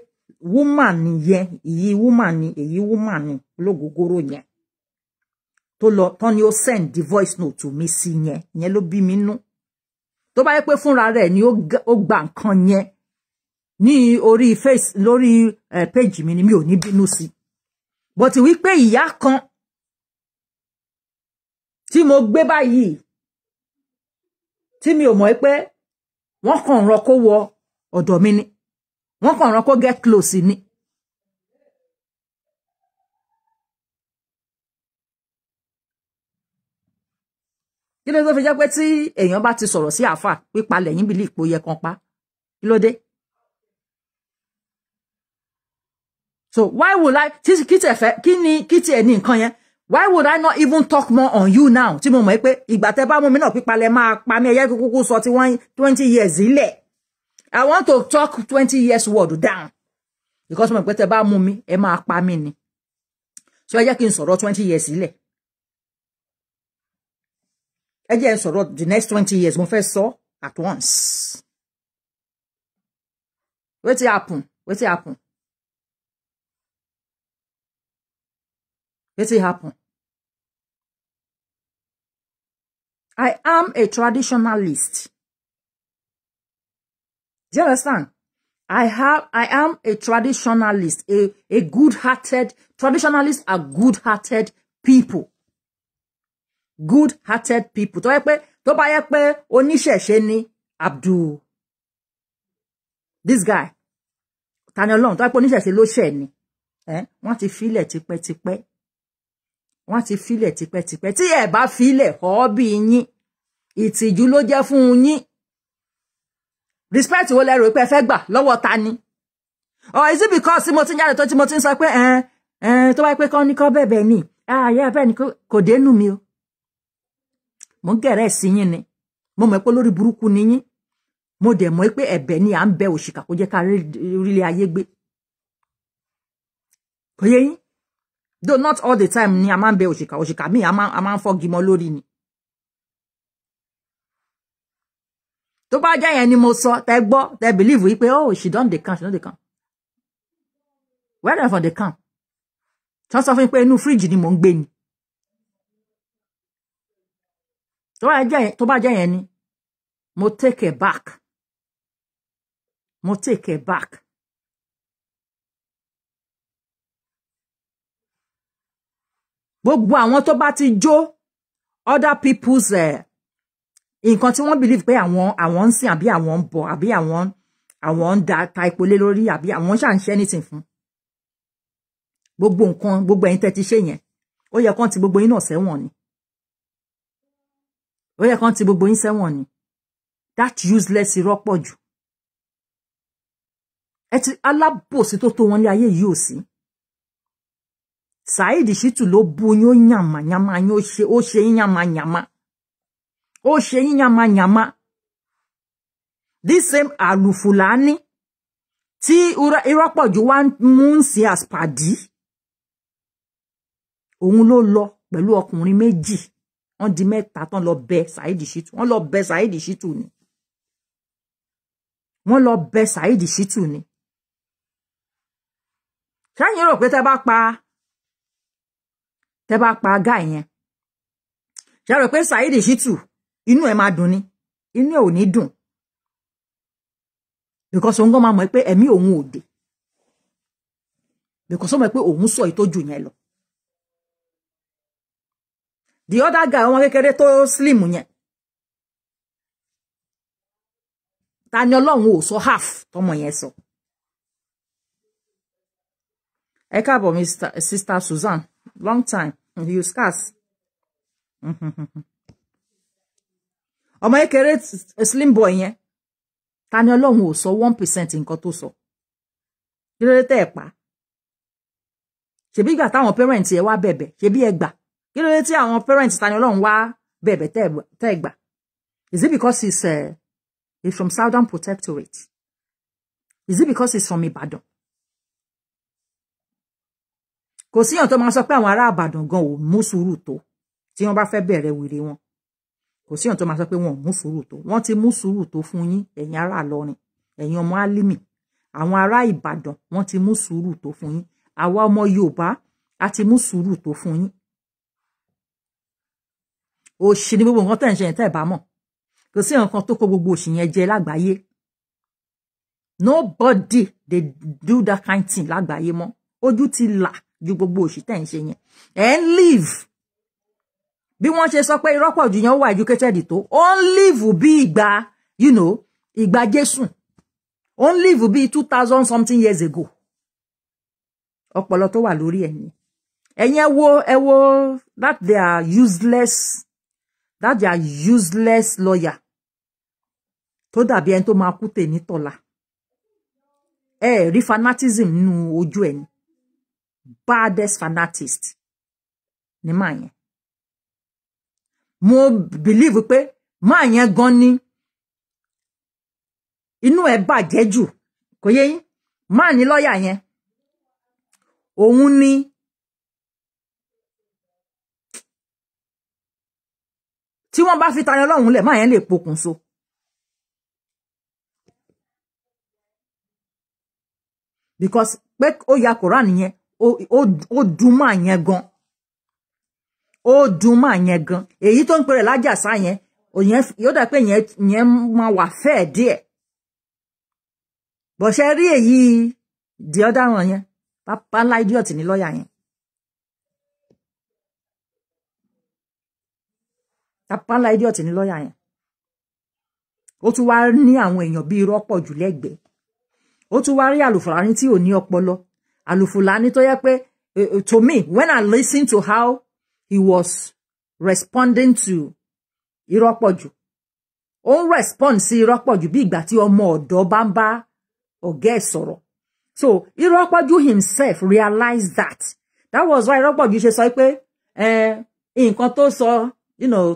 S1: woman nìyẹn iyi woman ni èyí woman ni ológogoro yẹn tó lọ tán ni ó send the voice note to mi sí yẹn yẹn ló bí mi nú tó bá yẹ pé fúnra rẹ̀ ni ó gba nǹkan yẹn ní orí face lórí eh, page mi ni mi ò ní bínú sí but wípé ìyá kan tí mo gbé báyìí tí mi ò mọ̀ pé wọ́n kàn ràn kó wọ ọ̀dọ̀ mi ni wọ́n kàn ràn kó get close ni. kí ló dé tó fi jẹ́ pé tí èèyàn bá ti sọ̀rọ̀ sí àáfà pípa lẹ́yìn bílí ìpò yẹ kan pa kí ló dé. so why would I kí tiẹ̀ fẹ́ kí ni kí tiẹ̀ ní nǹkan yẹn why would i not even talk more on you now tí mo mọ̀ pé ìgbà tẹ́ bá mú mi náà pípa lẹ máa pa mí ẹ̀yà kúkú sọ ti wọ́n twenty years ilẹ̀ i want to talk twenty years word down because mo mọ̀ pé tẹ́ bá mú mi ẹ máa pa mí ni so ẹ jẹ́ kí n twenty years ilẹ̀ ẹ jẹ́ n sọ̀rọ̀ the next twenty years mo fẹ́ so at once wetin happen wetin happen. Wetin happen? I am a traditionalist. Do you understand? I have I am a traditionalist, a, a good-hearted traditionalists are good-hearted people. Good-hearted people. Tó yẹ pé tó bá yẹ pé oníṣẹ̀ṣe ni Abdul this guy. Tani Ọlọ́run tó yẹ pé oníṣẹ̀ṣe ló ṣẹ̀ ni. Eh? Wọ́n ti filẹ̀ tipẹ́tipẹ́ wọ́n ti filẹ̀ tipẹ́tipẹ́ tí ẹ̀ bá filẹ̀ họ́ọ́bì yín ìtìjú ló jẹ́ fún yín respect wo lẹ rò pé ẹ fẹ́ gbà lọ́wọ́ ta ni or is it because tí mo ti ń jáde tó tí mo ti ń sọ pé ẹn ẹn tó bá pé kán ní kán bẹ̀bẹ̀ ni ààyè bẹ́ẹ̀ ni kò dénú mi o mo ń gẹ̀rẹ́ sí yín ni mo mọ̀ pé lórí burúkú ni yín mo dẹ̀ mọ̀ pé ẹ̀bẹ̀ ni à ń bẹ òṣìkà kó jẹ́ ká rílé ayé gbé kò yé yín though not all the time ni aman be ojika ojika mi aman aman for máa ń ni. To ba jẹ́ yẹn ni mo sọ tẹ gbọ́ tẹ believe pe oh she don't dey come she don't dey come Wherever dem for dey come tí wọ́n sọ fún mi pé inú fíríjì ni mò ń gbé ni tó bá jẹ́ yẹn tó bá jẹ́ ni mo take it back mo take it back. gbogbo àwọn tó bá ti jó other people's eh, nǹkan tí wọ́n believe pé àwọn àwọn ń sìn àbí àwọn ń bọ àbí àwọn àwọn ń da ta epo lé lórí àbí àwọn ṣà ń ṣe anything fún gbogbo nǹkan gbogbo ẹ̀yin tẹ́ ti ṣe yẹn ó yẹ kán ti gbogbo yín náà sẹ́wọ̀n ni ó yẹ kán ti gbogbo yín sẹ́wọ̀n ni that useless irọ́ pọ̀ jù ẹ ti alábòsí tó tó wọn lé ayé yìí ò sí. Saheed Shittu ló bu yín ó yàmàyàmà yín ó ṣe ó ṣe yín yàmàyàmà ó ṣe yín yàmàyàmà this same Alufulani tí irọ́pọ̀jù wá mú ń ṣe àspàdí òun ló lọ pẹ̀lú ọkùnrin méjì wọ́n di mẹ́ta tán lọ bẹ Saheed Shittu wọ́n lọ bẹ Saheed Shittu ni wọ́n lọ bẹ Saheed Shittu ni ṣáà yín rò pé tẹ́ bá pa tẹ́ bá pa guy yẹn ṣe rò pé Saheed Shittu inú ẹ̀ máa dùn ni inú ẹ̀ ò ní dùn because òun gan máa mọ̀ pé ẹ̀mí òun because ó mọ̀ pé òun sọ ìtọ́jú yẹn lọ the other guy ọmọ kékeré to slim yẹn ta ni ọlọ́run ò so half tọmọ yẹn sọ ẹ káàbọ̀ mi sister Suzanne long time you scarce ọmọ kékeré slim boy yẹn ta ni ọlọ́run ò sọ one percent nǹkan tó sọ kílódé tẹ́ ẹ̀ pa ṣebí ìgbà táwọn parents ẹ wá bẹ̀bẹ̀ ṣebí ẹ gbà kílódé tí àwọn parent ta ni ọlọ́run wá bẹ̀bẹ̀ tẹ́ ẹ gbà is it because he's, uh, he's from Southern Protectorate is it because he's from Ibadan kò síyàn tó máa sọ pé àwọn ará àbàdàn gan ò mú sùúrù tó tí wọ́n bá fẹ́ bẹ̀rẹ̀ wèrè wọn kò síyàn tó máa sọ pé wọn ò mú sùúrù tó wọ́n ti mú sùúrù tó fún yín ẹ̀yin ará àlọrin ẹ̀yin ọmọ álímì àwọn ará ìbàdàn wọ́n ti mú sùúrù tó fún yín àwa ọmọ yorùbá a ti mú sùúrù tó fún yín òṣì ni gbogbo nǹkan tẹ̀ ń ṣe yẹn tẹ̀ bá mọ̀ kò sí nǹkan tó kó gbogbo òṣì yẹn jẹ lágbàáyé nobody dey do that kind thing lágbàáyé mọ́ ojú ti là ju gbogbo òṣì tẹ̀ ń ṣe And live bí wọ́n ṣe sọ pé irọ́ pọ̀ jù yẹn ó educated tó Only live bí ìgbà you know ìgbà Jésù Only ń live bí two thousand something years ago ọpọlọ tó wà lórí ẹ̀yìn ẹ̀yìn ẹ wo wo that they are useless that they are useless lawyer tó dàbí ẹni tó máa kú tèmi tọ̀la ẹ rí fanatism nínú ojú ẹni baddest fanatist ni ma yẹn mo believe pe ma yẹn gan ni inú ẹ̀ bàjẹ́ jù kò yé yín máa ní lọ́ọ̀yà yẹn òun ni tí wọ́n bá fi tani Ọlọ́run ma máa yẹn lè pokùnso. because pé ó ya Quran yẹn ó dùn mọ́ àyẹn gan ó dùn mọ́ àyẹn gan èyí tó ń pèrè lájàsá yẹn òyìn yóò dà pé yẹn máa wà fẹ́ẹ̀ díẹ̀ bọ̀ṣẹ́ rí èyí di ọ̀daràn yẹn pápálá idiot ní lọ́ọ̀yà yẹn pápálá idiot ní lọ́ọ̀yà yẹn ó tún wá ní àwọn èèyàn bíi irọ́ jù lẹ́gbẹ̀ẹ́ ó tún wá rí àlùfààní tí ò ní ọpọlọ Alufulani tó yẹ pé eh, eh, to me when I listen to how he was responding to Irọ́pọ̀jù ó ń respond sí Irọ́pọ̀jù bí ìgbà tí ọmọ ọ̀dọ́ bá ń bá ọ̀gá ẹ̀ so Irọ́pọ̀jù himself realized that that was why Irọ́pọ̀jù ṣe sọ pé eh, nǹkan tó sọ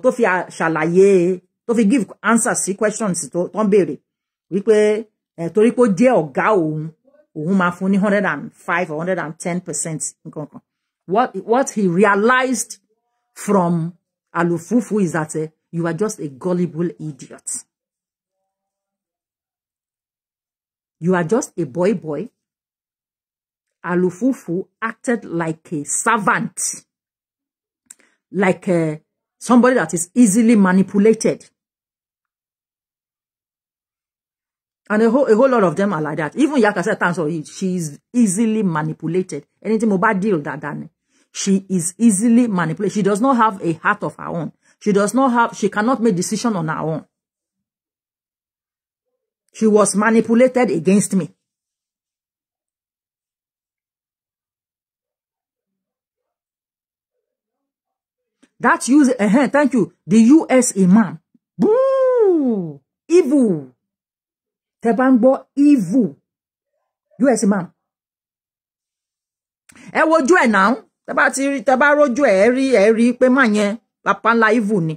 S1: tó fi ṣàlàyé tó fi give answer sí questions To ń béèrè wípé torí pé ó jẹ́ ọ̀gá òun for fún ní and five or hundred and ten percent what what he realized from alufufu is that uh, you are just a gullible idiot you are just a boy boy alufufu acted like a servant like a, eh, somebody that is easily manipulated And a whole, a whole lot of them are like that. Even Yaka said, Tanso, oh, she is easily manipulated. Anything about deal that done. She is easily manipulated. She does not have a heart of her own. She does not have, she cannot make decision on her own. She was manipulated against me. That's use, uh eh, -huh, eh, thank you, the US imam. Boo! Evil. tẹ bá ń gbọ́ evil us man ẹ wojú ẹ̀ náà tẹ bá ti rí tẹ bá rójú ẹ̀ ẹ rí ẹ rí pé má yẹn lapanla evil ni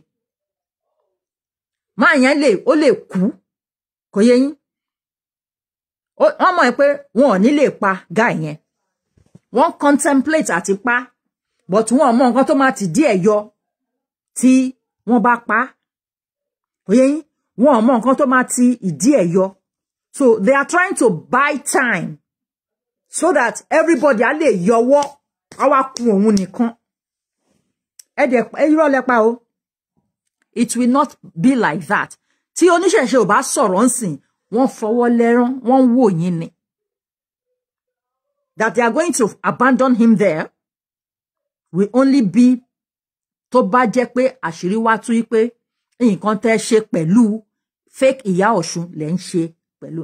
S1: má yẹn lè ó lè kú kò yẹ yín wọ́n mọ̀ pé wọn ò ní lè pa guy yẹn wọ́n contemplate àti pa but wọn mọ̀ nǹkan tó máa ti díẹ̀ yọ tí wọ́n bá pa kò yẹ yín wọn mọ̀ nǹkan tó máa ti ìdí ẹ̀ yọ So they are trying to buy time so that everybody á lè yọwọ́ àwa kun òun nìkan. Ẹ dẹ̀ irọ́ lẹ́pa o. It will not be like that. Tí oníṣẹ̀ṣe ò bá sọ̀rọ̀ nsìn, wọ́n fọwọ́ lẹ́rán, wọ́n wò yín ni. That they are going to abandon him there will only be tó bá jẹ́ pé àṣírí wá tú pé nǹkan tẹ́ ṣe pẹ̀lú fake iya Ọ̀ṣun lẹ́ ń pẹ̀lú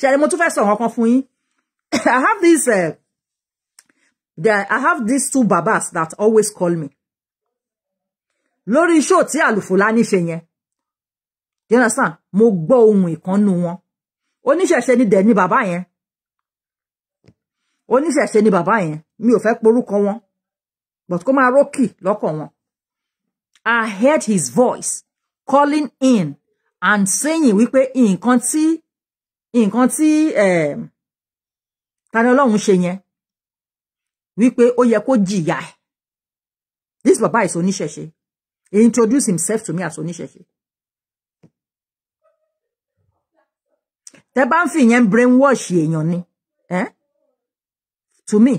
S1: ṣẹlẹ mo tún fẹ́ sọ nǹkan fún yín i have this uh, there, i have these two babas that always call me lórí show tí Alufulany ṣe yẹn you understand mo gbọ́ ohun ìkànnù wọn oníṣẹ̀ṣe ni dẹ̀ ni bàbá yẹn oníṣẹ̀ṣe ni bàbá yẹn mi ò fẹ́ porúkọ wọn but kó máa rókì lọ́kàn wọn i heard his voice calling in and saying wípé nǹkan tí nǹkan tí eh, Tani Olohun ṣe yẹn wípé ó yẹ kó jìyà this baba is oníṣẹ̀ṣe he introduced himself to me as oníṣẹ̀ṣe. tẹ bá ń fi ìyẹn brainwash èèyàn ni eh? to me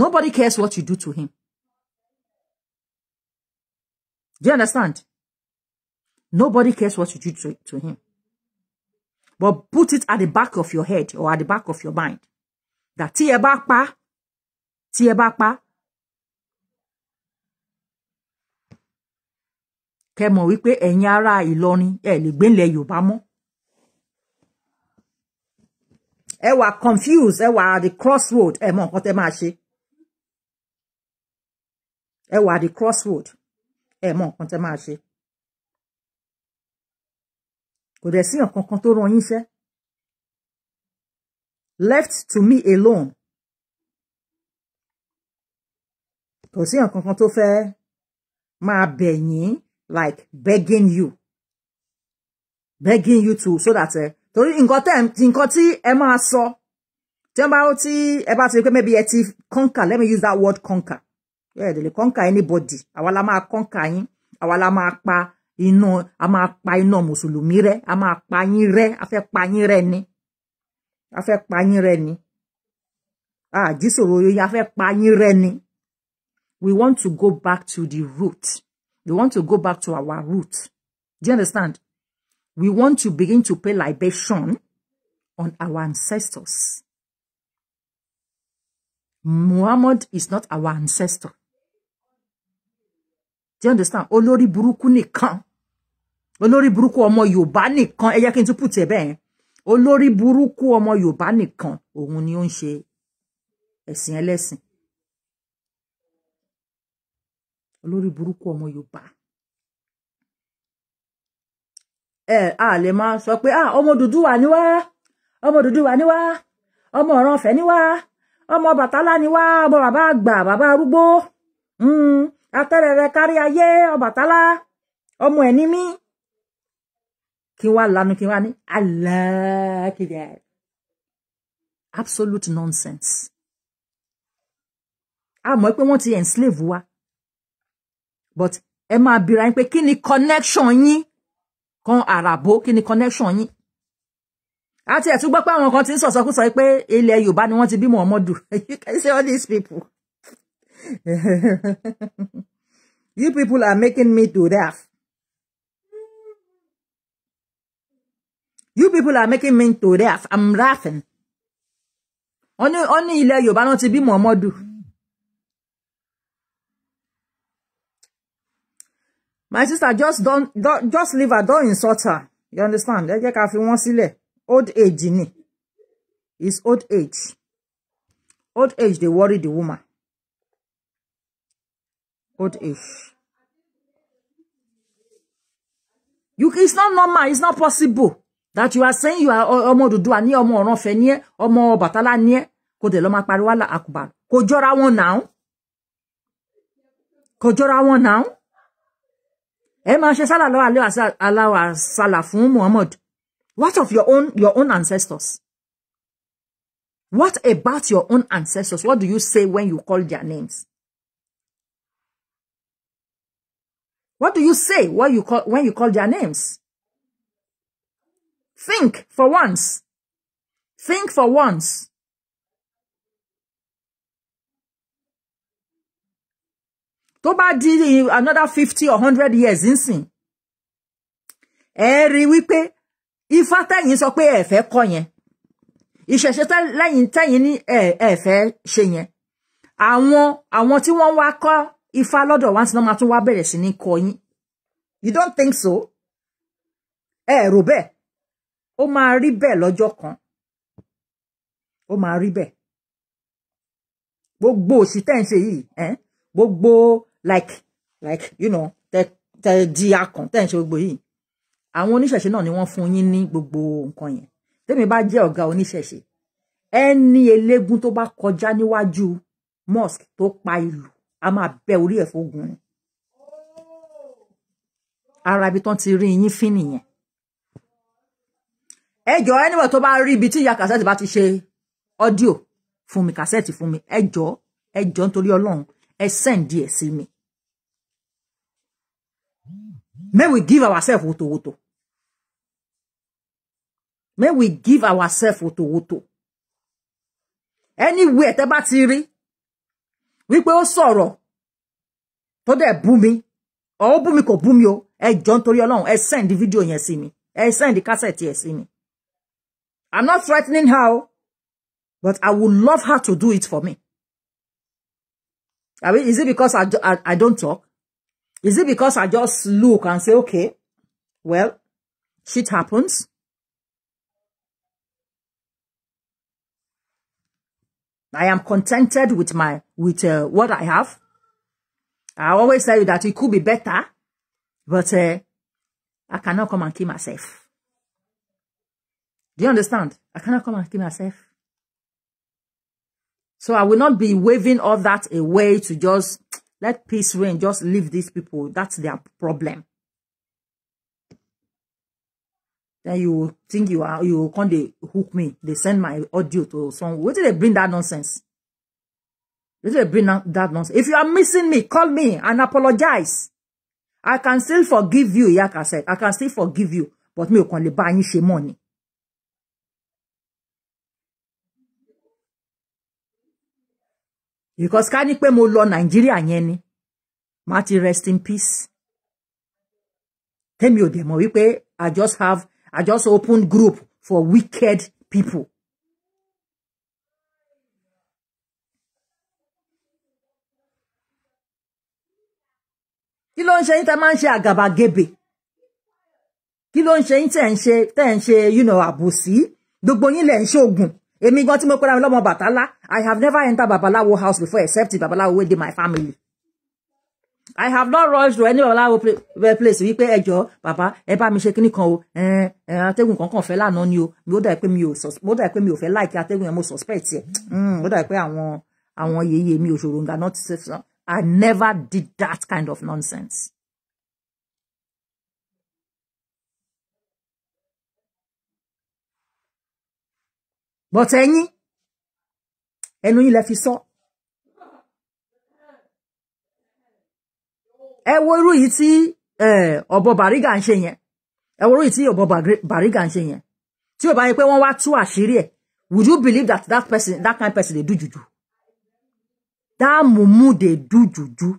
S1: nobody cares what you do to him do you understand nobody cares what you do to, to him But put it at the back of your head or at the back of your mind. That tí ẹ ba. pa, tí ẹ bá pa. Kẹ́ mọ̀ wípé ẹ̀yin ará Ìlọrin ẹ lè gbé ńlẹ̀ Yorùbá mọ́. Ẹ wà confused, ẹ wa at the crossroad, ẹ mo nǹkan tẹ́ máa ṣe. Ẹ wà at the crossroad, ẹ mo nǹkan tẹ́ máa ṣe kò dẹ̀ síyàn kankan tó ràn yín ṣẹ́ left to me alone kò síyàn kankan tó fẹ́ máa bẹ̀ yín like begging you begging you to so that eh, torí nǹkan tẹ́ nǹkan tí ẹ máa sọ tí wọ́n bá ó tí ẹ bá ti rí pé maybe ẹ ti conquer let me use that word conquer ẹ yeah, lè conquer anybody àwa la máa conquer yín àwa la máa pa iná a máa pa iná mùsùlùmí rẹ a máa pa yín rẹ a fẹ́ pa yín rẹ ni a fẹ́ pa yín rẹ ni àjísòro yìí a fẹ́ pa yín rẹ ni we want to go back to the root we want to go back to our root do you understand we want to begin to pay libation on our ancestors Muhammad is not our ancestor do you understand olórí burúkú nìkan Olori buruku ọmọ Yorùbá nìkan ẹ jẹ́ kí n tún pùtẹ́ bẹ́ẹ̀ olórí burúkú ọmọ Yorùbá nìkan òun ni ó ń ṣe ẹ̀sìn ẹlẹ́sìn olórí burúkú ọmọ Yorùbá a lè máa sọ pé ah ọmọ dúdú wà ní wá ọmọ dúdú wà ní wá ọmọ ọ̀ràn ọ̀fẹ́ ní wá ọmọ batala ni wá ọmọ bàbá àgbà bàbá arúgbó hmm, atẹ́rẹrẹ kárí ayé Ọbàtálá ọmọ ẹ̀ ní mí kí n wá lanu kí n wá ní aláàkìlẹ̀ absolute nonsense a mọ̀ pé wọ́n ti enslave wa but ẹ máa bira yín pé kí ni connection yín kan àràbó kí ni connection yín àti ẹ̀tún gbọ́ pé àwọn kan ti ń sọ̀sọ́kúsọ pé ilẹ̀ Yorùbá ni wọ́n ti bí Muhammadu you can see all these people you people are making me to laugh you people are making me to laugh i'm laughing wọ́n ní wọ́n ní ilẹ̀ yorùbá náà ti bí my sister just don't just leave her don insult her you understand ẹ jẹ́ ká fi wọ́n sílẹ̀ old age It's old age old age they worry the woman old age. You, it's not normal. It's not possible that you are saying you are ọmọ Odùduwà ní ọmọ Ọ̀rànfẹ̀ ní ẹ́ ọmọ Ọbàtálá ní ẹ́ kò dẹ̀ lọ́ máa pariwo Allah akbar kò jọra wọn náà kò now. wọn náà ẹ máa ṣe sálà lọ́wọ́ aláwọ̀ sálà fún Muhammad what of your own your own ancestors what about your own ancestors what do you say when you call their names what do you say when you call when you call their names. Think for once. Think for once. Tó bá di another fifty or hundred years nsìn. Ẹ rí wípé ifá tẹ̀yìn sọ pé ẹ fẹ́ kọ́ yẹn. Ìṣẹ̀ṣe lẹ́yìn tẹ̀yìn ní ẹ ẹ fẹ́ ṣe yẹn. Àwọn àwọn tí wọ́n wá kọ́ ifá lọ́dọ̀ wá tí wọ́n máa tún wá bẹ̀rẹ̀ sí ní kọ́ yín. You don't think so? Ẹ rò bẹ́ẹ̀ ó máa rí bẹ́ẹ̀ lọ́jọ́ kan ó máa rí bẹ́ẹ̀ gbogbo òṣì tẹ́ ń ṣe yìí eh? gbogbo like like you know tẹ tẹ di akàn tẹ́ ń ṣe gbogbo yìí àwọn oníṣẹ̀ṣe náà ni wọ́n fún yín ní gbogbo nǹkan yẹn tẹ́mi bá jẹ́ ọ̀gá oníṣẹ̀ṣe ẹni eléégún tó bá kọjá níwájú mosque tó pa ìlú a máa bẹ orí ẹ̀ ni ara ibi tán ti rí yín fín nìyẹn Ejo, ẹniwẹ to bá rí ibi tí ìyá kàṣẹtì bá ti ṣe ọdíò fún mi kàṣẹtì fún mi ẹjọ ẹjọ nítorí Ọlọ́run ẹ sẹǹdì ẹ sí mi may we give ourselves wotowoto may we give ourselves wotowoto anywhere tẹ bá ti rí wípé ó sọ̀rọ̀ tó dẹ̀ bú mi ọ ó bú mi kò bú mi o ẹjọ nítorí Ọlọ́run ẹ sẹǹdì fídíò yẹn sí mi ẹ sẹǹdì kàṣẹtì ẹ sí mi. I'm not threatening her, but I would love her to do it for me. I mean, is it because I, I, I don't talk? Is it because I just look and say, okay, well, shit happens. I am contented with my with uh, what I have. I always tell you that it could be better, but uh, I cannot come and kill myself. Do you understand? I cannot come and kill myself. So I will not be waving all that away to just let peace reign. Just leave these people. That's their problem. Then you think you are you can't they hook me. They send my audio to someone. Where did they bring that nonsense? Where did they bring that nonsense? If you are missing me, call me and apologize. I can still forgive you, Yaka said. I can still forgive you. But me, you can't buy any money. because ká ní pé mo lọ nàìjíríà yẹn ni màá ti rest in peace tẹ́mi ò dẹ̀ mọ̀ wípé i just have i just open group for wicked people. kí ló ń ṣe yín tẹ́ máa ń ṣe àgàbàgebè kí ló ń ṣe yín tẹ́ ń ṣe tẹ́ ń ṣe you know àbòsí gbogbo yín lẹ̀ ń ṣoògùn èmi gan tí mo pera mi lọ́mọ bàtálá i have never entered babalawo house before except if babalawo wey dey my family i have not rushed to any babalawo eh, place wípé ẹ jọ̀ọ́ bàbá ẹ bá mi ṣe kíní kan o eh, eh, atẹ́gùn kankan fẹ́ lánàá ni o mo dà pé mi ò mo dà pé mi ò fẹ́ láìkí atẹ́gùn yẹn mo suspect ẹ̀ mo hmm, dà pé àwọn àwọn yeye mi ò ṣòro nga not i never did that kind of nonsense. but any, ẹnu yín lẹ so. sọ ẹ wo irú yìí tí ọ̀bọ bàrígà ń ṣe yẹn ẹ wo irú yìí tí ọ̀bọ bàrígà ń ṣe yẹn tí ò bá yẹ pé wọ́n wá tú àṣírí ẹ̀ would you believe that that person that kind of person dey do juju that mumu dey do juju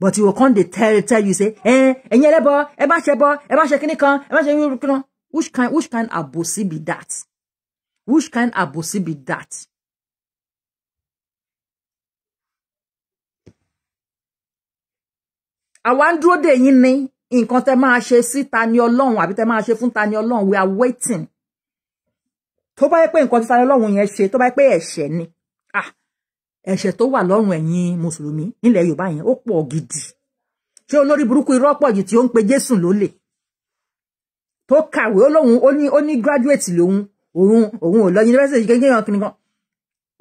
S1: but he will come dey tell tell you say eh ẹ̀yin ẹlẹ́bọ ẹ bá ṣe bọ ẹ bá ṣe kíní kan ẹ bá ṣe kíní kan which kind which kind abosi be that. Which kind of bossy be that? I want to do the ní in tẹ́ máa ṣe sí Tani Ọlọ́run àbí tẹ́ máa ṣe fún Tani Ọlọ́run we are waiting. Tó bá yẹ pé nǹkan tí Tani Ọlọ́run yẹn ṣe tó bá ni. Ah ẹ̀ṣẹ̀ tó wà lọ́rùn ẹ̀yin Muslimi. In le yẹn ó pọ̀ gidi. Ṣé olórí burúkú irọ́ pọ̀ jù tí ó ń pe Jésù lólè? Tó kàwé ó lóun ó ní òun òun ò lọ yunifásitì gẹ́gẹ́ kìnìkan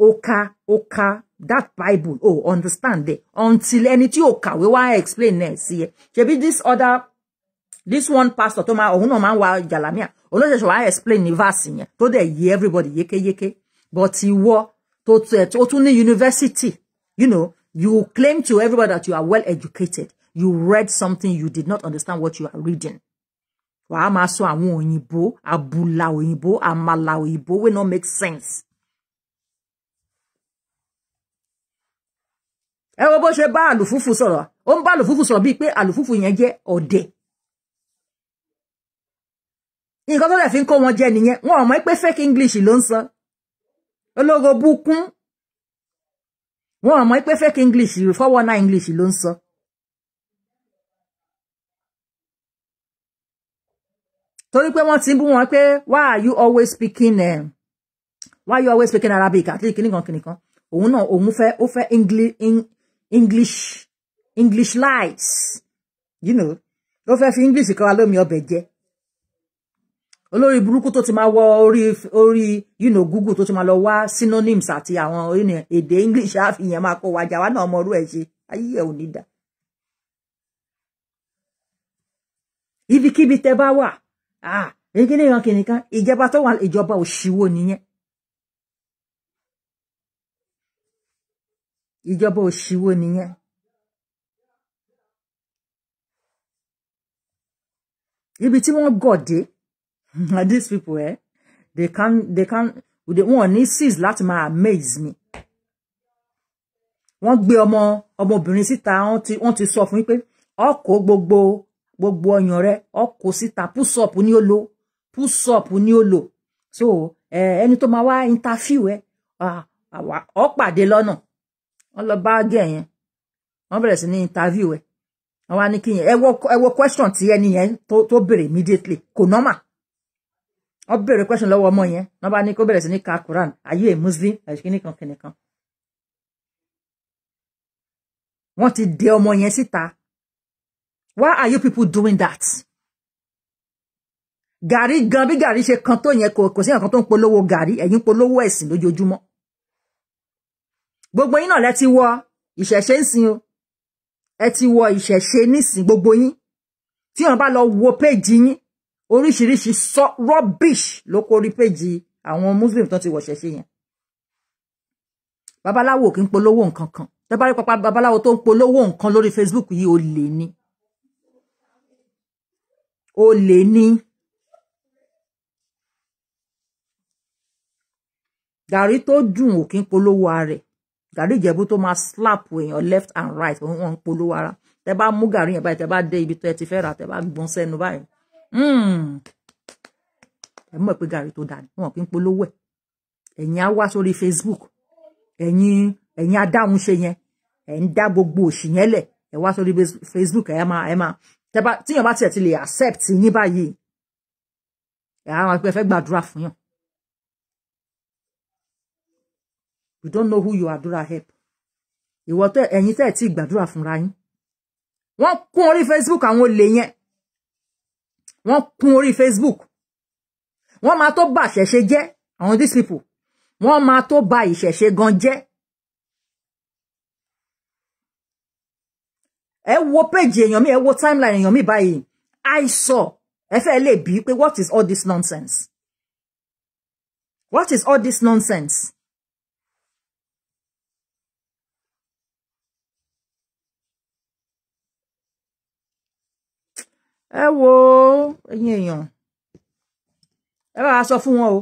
S1: ó ka ó ka that bible oh, understand it until ẹni tí ò kàwé wá explain ẹ̀ sí ẹ ṣebí this other this one pastor tó máa òun náà máa ń wa jàlámíà òun náà ṣẹ̀ṣẹ̀ wá explain ní verse yẹn tó dẹ̀ yé everybody yékéyéké but ìwọ tó tún ní yunifásitì you know you claim to everybody that you are well educated you read something you did not understand what you are reading wàá máa sọ àwọn òyìnbó àbùlà òyìnbó àmàlà òyìnbó wey no make sense. ẹ wo bó ṣe bá àlùfúfù sọ̀rọ̀ ó ń bá àlùfúfù sọ̀rọ̀ bíi pé àlùfúfù yẹn jẹ́ ọ̀dẹ̀ nǹkan tó dẹ̀ fi ń kó wọn jẹ nìyẹn wọn ò mọ̀ pé fake english ló ń sọ ológo bukún wọn ò mọ̀ pé fake english four one nine english ló ń sọ. So. torí pé wọ́n ti bú wọn pé why are you always speaking um, why are you always speaking Arabic àti kìnìkan kìnìkan òun náà òun fẹ́ ó fẹ́ English English English lies you know ó fẹ́ fi English kọ́ wa lómi ọbẹ̀ jẹ olórí burúkú tó ti máa wọ orí orí you know Google tó ti máa lọ wá synonyms àti àwọn èdè English àfihàn máa kó wájà wa náà ọmọ orú ẹ ṣe ayé ẹ ò ní dà ibikíbi tẹ bá wà ah ekele ìran kìnìkan ìjọba tó wà ìjọba òṣìwò nìyẹn ìjọba òṣìwò nìyẹn. ibi tí wọ́n gọ̀ these people eh, they can they can wọ́n ní cease láti máa amaze me wọ́n gbé ọmọ ọmọbìnrin síta wọ́n ti sọ fún mi pé ọkọ̀ gbogbo gbogbo ọyàn rẹ ọkọ síta push-up ni ó lò push ni ó lò so ẹni tó máa wá interview ẹ ọ pàdé lọ́nà wọ́n lọ bá gẹ̀ yẹn wọ́n bẹ̀rẹ̀ sí ní interview ẹ wọ́n wá ní kí ẹ wo question tí ẹni yẹn tó bèrè immediately kò nọ́mà wọ́n bèrè question lọ́wọ́ ọmọ yẹn wọ́n bá ní kó bẹ̀rẹ̀ sí ní ka Quran are you a Muslim àìsíkíní kan kìnìkan wọ́n ti dè ọmọ yẹn síta Why are you people doing that? Gàrí gan bí gàrí ṣe kan tó yẹn kò kò sí nǹkan tó ń polówó gàrí ẹ̀yin polówó ẹ̀sìn lójoojúmọ́. Gbogbo yín na lẹ ti wọ ìṣẹ̀ṣe ńsìn o. Ẹ ti wọ ìṣẹ̀ṣe nísìn gbogbo yín. Tí wọ́n bá lọ wo péjì yín oríṣiríṣi so rubbish ló kórí péjì àwọn Muslim tó ti wọ̀ ṣẹ̀ṣe yẹn. Babaláwo kì í polówó nǹkan kan. Tẹ́ bá rí pápá babaláwo tó ń polówó nǹkan lórí Facebook yìí ó lè ní. o lè ní. gàrí tó dùn ò kí ń polówó ara rẹ̀ gàrí ìjẹ̀bú tó máa slap èèyàn left and right òun wọn ń polówó ara tẹ bá mú gàrí yẹn báyìí tẹ bá dé ibi tó ẹ ti fẹ́ rà tẹ bá gbọ́n sẹ́nu báyìí hmm. ẹ mọ̀ pé gàrí tó dà ní wọn kí ń polówó ẹ̀ ẹ̀yin á wá sórí Facebook ẹ̀yin ẹ̀yin ṣe yẹn ẹ̀ ń dá gbogbo òṣì yẹn lẹ̀ ẹ̀ wá sórí Facebook ẹ̀ máa ẹ̀ máa tẹ́bá tíyàn bá tiẹ̀ ti lè accept yín báyìí ẹ̀hà wọn pé ẹ fẹ́ gbàdúrà fún yàn you don't know who your àdúrà help ìwọ tẹ ẹ̀yin tẹ́ ẹ̀ tí gbàdúrà fúnra yín wọ́n kún orí Facebook àwọn olè yẹn wọ́n kún orí Facebook wọ́n máa tó bà ṣẹ̀ṣẹ̀ jẹ́ àwọn these people wọ́n máa tó bà ìṣẹ̀ṣẹ̀ gan jẹ́ ẹ wo péjì èèyàn mi ẹ wo timeline èèyàn mi báyìí i saw ẹ fẹ́ lè bí pé what is all this nonsense what is all this nonsense. ẹ wo ẹ̀yin èèyàn ẹ bá sọ fún wọn o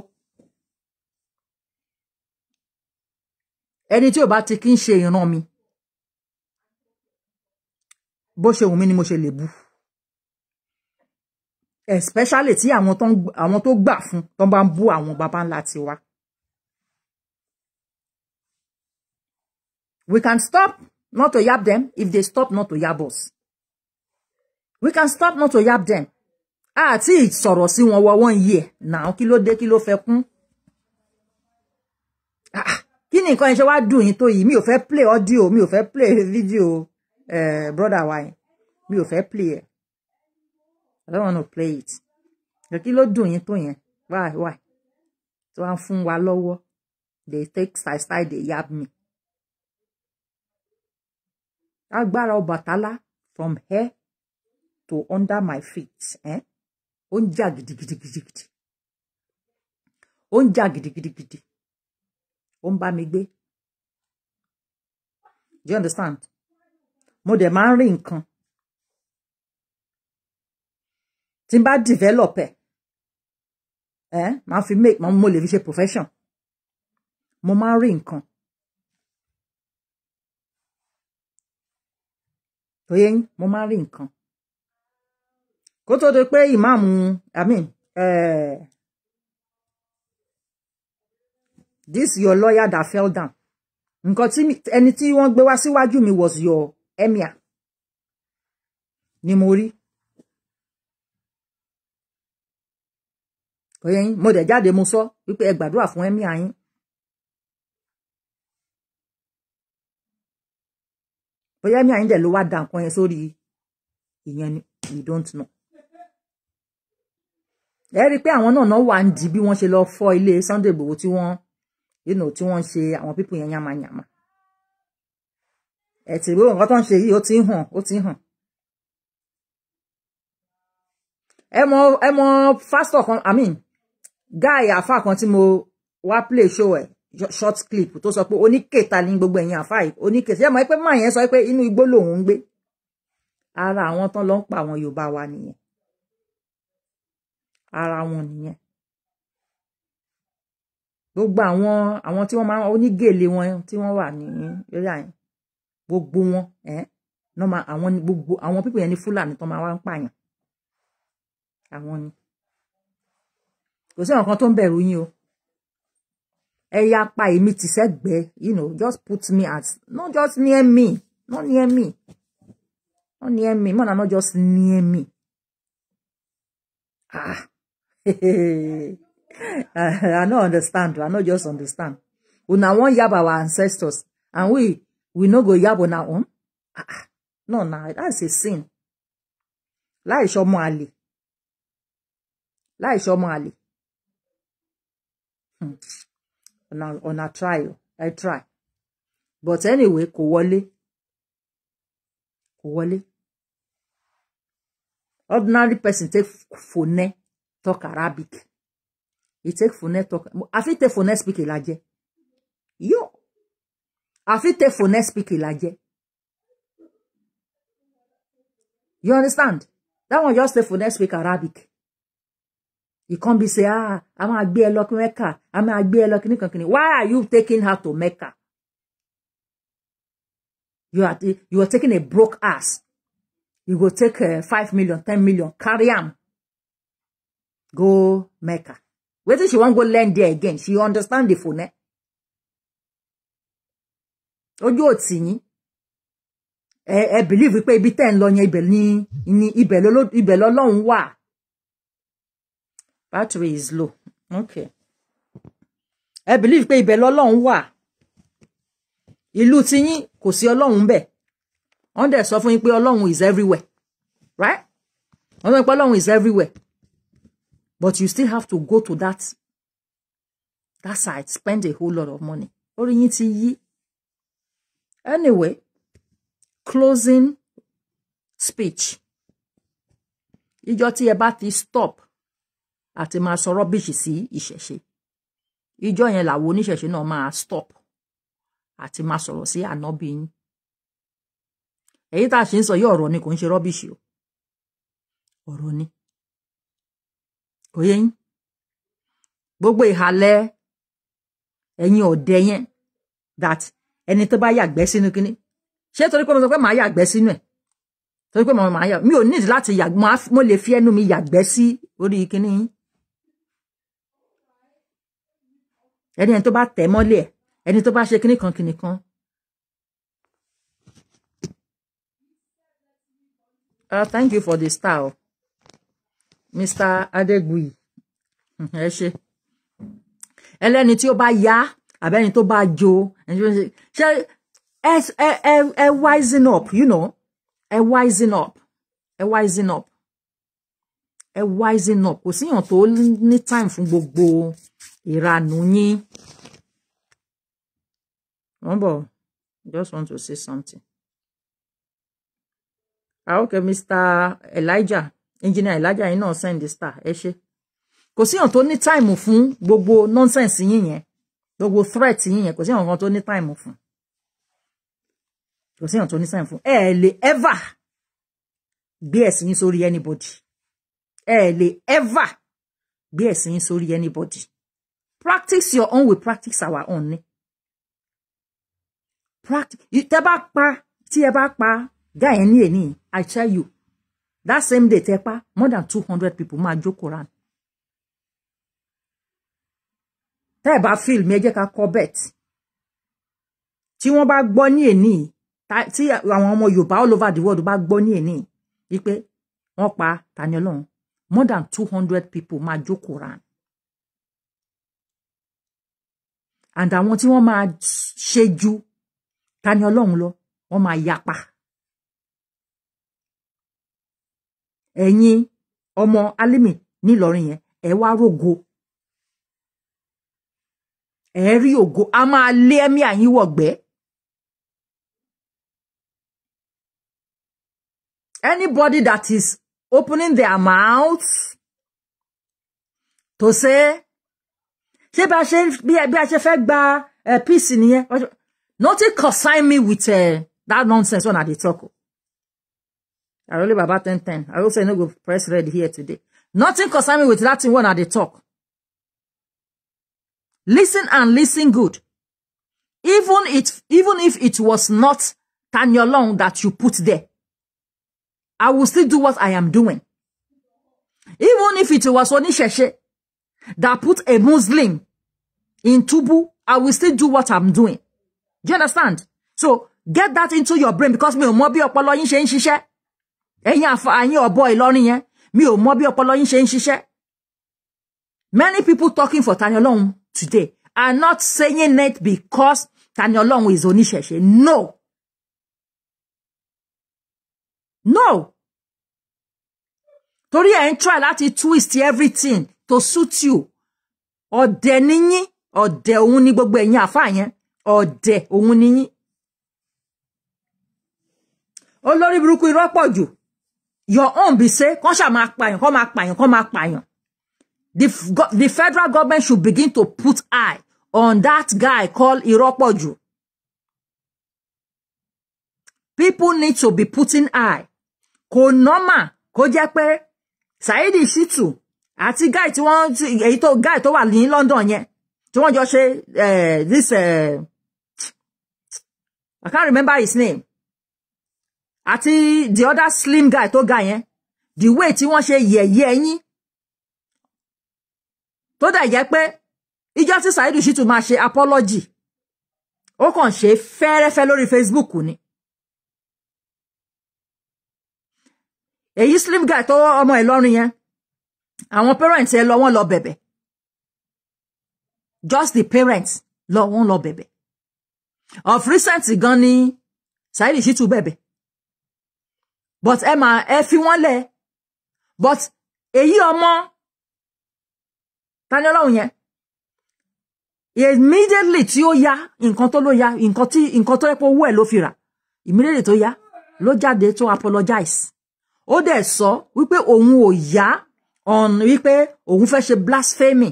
S1: ẹni tí ò bá ti kí ń ṣe ìran mi bó ṣe wù mí ni mo ṣe lè bu especially tí àwọn tó gbà fún tó bá ń bú àwọn baba ńlá tiwa. We can stop not to yab them if they stop not to yab us. We can stop not to yab them. Àti ìsọ̀rọ̀ sí wọn wọ one year now kí ló dé kí ló fẹ́ kún. Ah, ah, kí ni nǹkan ẹ̀ ṣe wá dùn yín tó yìí? Mi ò fẹ́ play audio, mi ò fẹ́ play video. Eh, brother wa yẹn mi ò fẹ́ play ẹ̀ I don't want to play it kí ló dùn yín tó yẹn why why tí wọ́n á fún wa lọ́wọ́ they take side side they yab me agbára Ọbàtálá from here to under my feet eh? ó ń jà gidigidigidi ó ń jà gidigidigidi ó ń ba mi gbé do you understand mo dẹ̀ máa ń rí nǹkan tí n bá develop ẹ̀ ẹ́ máa fi make mo lè fi ṣe profession mo máa ń rí nǹkan. tó yẹ yín mo máa ń rí nǹkan kó tó di pé ìmáàmù àmì eh, this your lawyer that fell down nǹkan tí ẹni tí wọ́n gbé wá síwájú mi was your Emia, ni mo rí oyè yín mo dẹ̀ jáde mo sọ wípé ẹ gbàdúrà fún emir yín bóyá emir yín dẹ̀ ló wá da nǹkan yẹn sórí ìyẹn ni we don't know ẹ rí i pé àwọn náà náà wà ń di bí wọ́n ṣe lọ fọ́ ilé Sunday Igboho tí wọ́n tí wọ́n ṣe àwọn pípò yẹn yàmàyàmà ẹ ti rí nǹkan tó ń ṣe yìí ó ti ń hàn ó ti ń hàn. ẹ mọ ẹ mọ pásítọ̀ kan i mean guy àáfà kan tí mo wá play show ẹ short clip tó sọ pé oníkèta ní gbogbo ẹ̀yìn àáfà yìí oníkèta ẹ mọ̀ pé máa yẹn sọ pé inú igbó lòun ń gbé ara àwọn tán ló ń pa àwọn Yorùbá wa nìyẹn ara wọn nìyẹn gbogbo àwọn àwọn tí wọ́n máa ń onígèlè wọn tí wọ́n wà ní eré àyìn gbogbo wọn nọ́mà àwọn ni gbogbo àwọn pípọ̀ yẹn ni fúlàní tó máa wá ń pààyàn àwọn ni kò sí àwọn kan tó ń bẹ̀rù yín o ẹ yá pa èmi tì sẹ́gbẹ̀ẹ́ you know just put me at not just near me not near me not near me more than not just near me ah I no understand I no just understand una wan yab our ancestors and we we no go yab on our own ah ah no na that's a sin láì ṣọmọ àlè láì ṣọmọ àlè ọ̀nà on a trial. i try but anyway kò wọlé ordinary person take phone talk Arabic he take phone talk i fit take phone speak Ilaje yo àfi tẹ phonespike la jẹ you understand that one just next phonespike arabic you come be say ah a máa gbé ẹ lọ kí mẹ́kà a máa gbé ẹ lọ why are you taking her to Mecca? you are you are taking a broke ass you go take uh, five million ten million carry am go Mecca. wetin she wan go learn there again she understand the phone. Eh? ojú òtì yín ẹ ẹ bìlíìfù pé ibi tẹ́ ń lọ yẹn ibẹ̀ ni ni ibẹ̀ lọ ibẹ̀ lọ́lọ́run wà battery is low okay ẹ bìlíìfù pé ibẹ̀ lọ́lọ́run wà ìlú tiyín kò sí ọlọ́run bẹ̀ wọ́n dẹ̀ sọ fún yín pé ọlọ́run is everywhere right wọ́n sọ pé ọlọ́run is everywhere but you still have to go to that that site spend a whole lot of money orí yín ti yí Anyway, closing speech. Ìjọ tí ẹ bá ti stop àti máa sọ rọ́bìṣì sí ìṣẹ̀ṣe. Ìjọ yẹn làwọn oníṣẹ̀ṣe náà máa stop àti máa sọ̀rọ̀ sí ànábì yín. Èyí tá a ṣe ń sọ yí ọ̀rọ̀ ni kò ń ṣe rọ́bìṣì o. Ọ̀rọ̀ ni. Kò Gbogbo ìhàlẹ̀ ẹ̀yin ọ̀dẹ̀ yẹn that ẹni tó bá yàgbẹ́ sínú kínní ṣé torí pé mo sọ pé màá yàgbẹ́ sínú ẹ̀ torí pé mo máa yà mi ò ní láti yàgbẹ́ mo lè fi ẹnu mi yàgbẹ́ sí orí kínní yín ẹni ẹni tó bá tẹ̀ mọ́lẹ̀ ẹni tó bá ṣe kínní kan kínní kan. Uh, thank you for the star o Mr. Adegbuyi ẹ ṣe ẹlẹ́ni tí ó bá yá àbẹ́ni tó bá jó ṣe ẹ ẹ ẹ wising up you know ẹ wising up ẹ wising up ẹ wising up kò síyàn tó ní time fún gbogbo ìranù yín. wọ́n bọ̀ just want to say something. Ah, okay, Mr. Elijah, engineer Elijah, yín náà send the star, ẹ ṣé. Kò síyàn tó ní time fún gbogbo nonsense yín yẹn gbogbo threat yín yẹn kò sí nǹkan tó ní time fún kò sí nǹkan tó ní time fún ẹ lè ever gbé ẹ̀sìn yín sórí anybody ẹ lè ever gbé ẹ̀sìn yín sórí anybody practice your own we practice our own ni practice tẹ bá pa tí ẹ bá pa guy ẹ ní èní i tell you that same day tẹ pa more than two hundred people máa jókòó round tá ẹ bá fíìl mi ẹ jẹ́ ká kọ bet tí wọ́n bá gbọ́ ní èní tí àwọn ọmọ Yorùbá all over the world bá gbọ́ ní èní wípé wọ́n pa Tani Olohun more than two hundred people máa jókòó ran and àwọn tí wọ́n máa ṣe ju Tani Olohun lọ wọ́n máa yapa ẹ̀yin ọmọ Alimi nílọrin yẹn ẹ wá rògo ẹ rí ògo a máa lé ẹ̀mí àyín wọ̀gbẹ́. Anybody that is opening their mouth to say ṣé bí a ṣe bí a ṣe fẹ́ gba peace nìyẹn nothing concern me with uh, that nonsense when I dey talk o. I only baba ten ten I also no go press red here today. Nothing concern me with that thing when I dey talk. Listen and listen good. Even it, even if it was not Tanyolong that you put there, I will still do what I am doing. Even if it was Onisheshe that put a Muslim in Tubu, I will still do what I'm doing. Do you understand? So get that into your brain because me ò mọ bí ọpọlọ yín ṣe ń ṣiṣẹ́. Ẹ̀yin àfa ẹ̀yin ọ̀bọ Ìlọrin yẹn, mi ò mọ bí ọpọlọ yín Many people talking for Tanyolong today. I'm not saying it because Tani Olohun is oníṣẹ̀ṣe. No. No. Torí ẹ̀ ń try láti twist everything to suit you. Ọ̀dẹ̀ ni yín, ọ̀dẹ̀ òun ni gbogbo ẹ̀yin àfáà yẹn. Ọ̀dẹ̀ òun ni yín. Olórí burúkú irọ́ pọ̀ jù. Your own be say, kán ṣáà máa pààyàn, kán máa pààyàn, kán máa pààyàn the, the federal government should begin to put eye on that guy called Iropoju. People need to be putting eye. Kò normal kó jẹ́ pé Saheed Shittu guy tí wọ́n èyí tó guy tó wà in London ye. tí wọ́n jọ ṣe eh, this uh, I can't remember his name Ati the other slim guy to guy ye. the way tí wọ́n ye ye ni tó dẹ̀ jẹ́ pé ìjọ tí Saheed Shittu máa ṣe apology ó kàn ṣe fẹ́rẹ́fẹ́ lórí Facebook ni. èyí slim guy tó ọmọ Ìlọrin yẹn àwọn parents ẹ lọ wọ́n lọ bẹ̀bẹ̀ just the parents lọ wọ́n lọ bẹ̀bẹ̀ of recent gan ni Saheed Shittu bẹ̀bẹ̀ but ẹ máa ẹ fi wọ́n lẹ̀ but èyí ọmọ ta ni ọlọ́run yẹn immediately tí ó yá nǹkan tó ló yá nǹkan tí nǹkan tó yẹ pé owó ẹ̀ ló fi rà immediately tó ya, ló jáde tó apologize ó dẹ̀ sọ wípé òun ò yá ọ̀n wípé òun fẹ́ ṣe blasphemy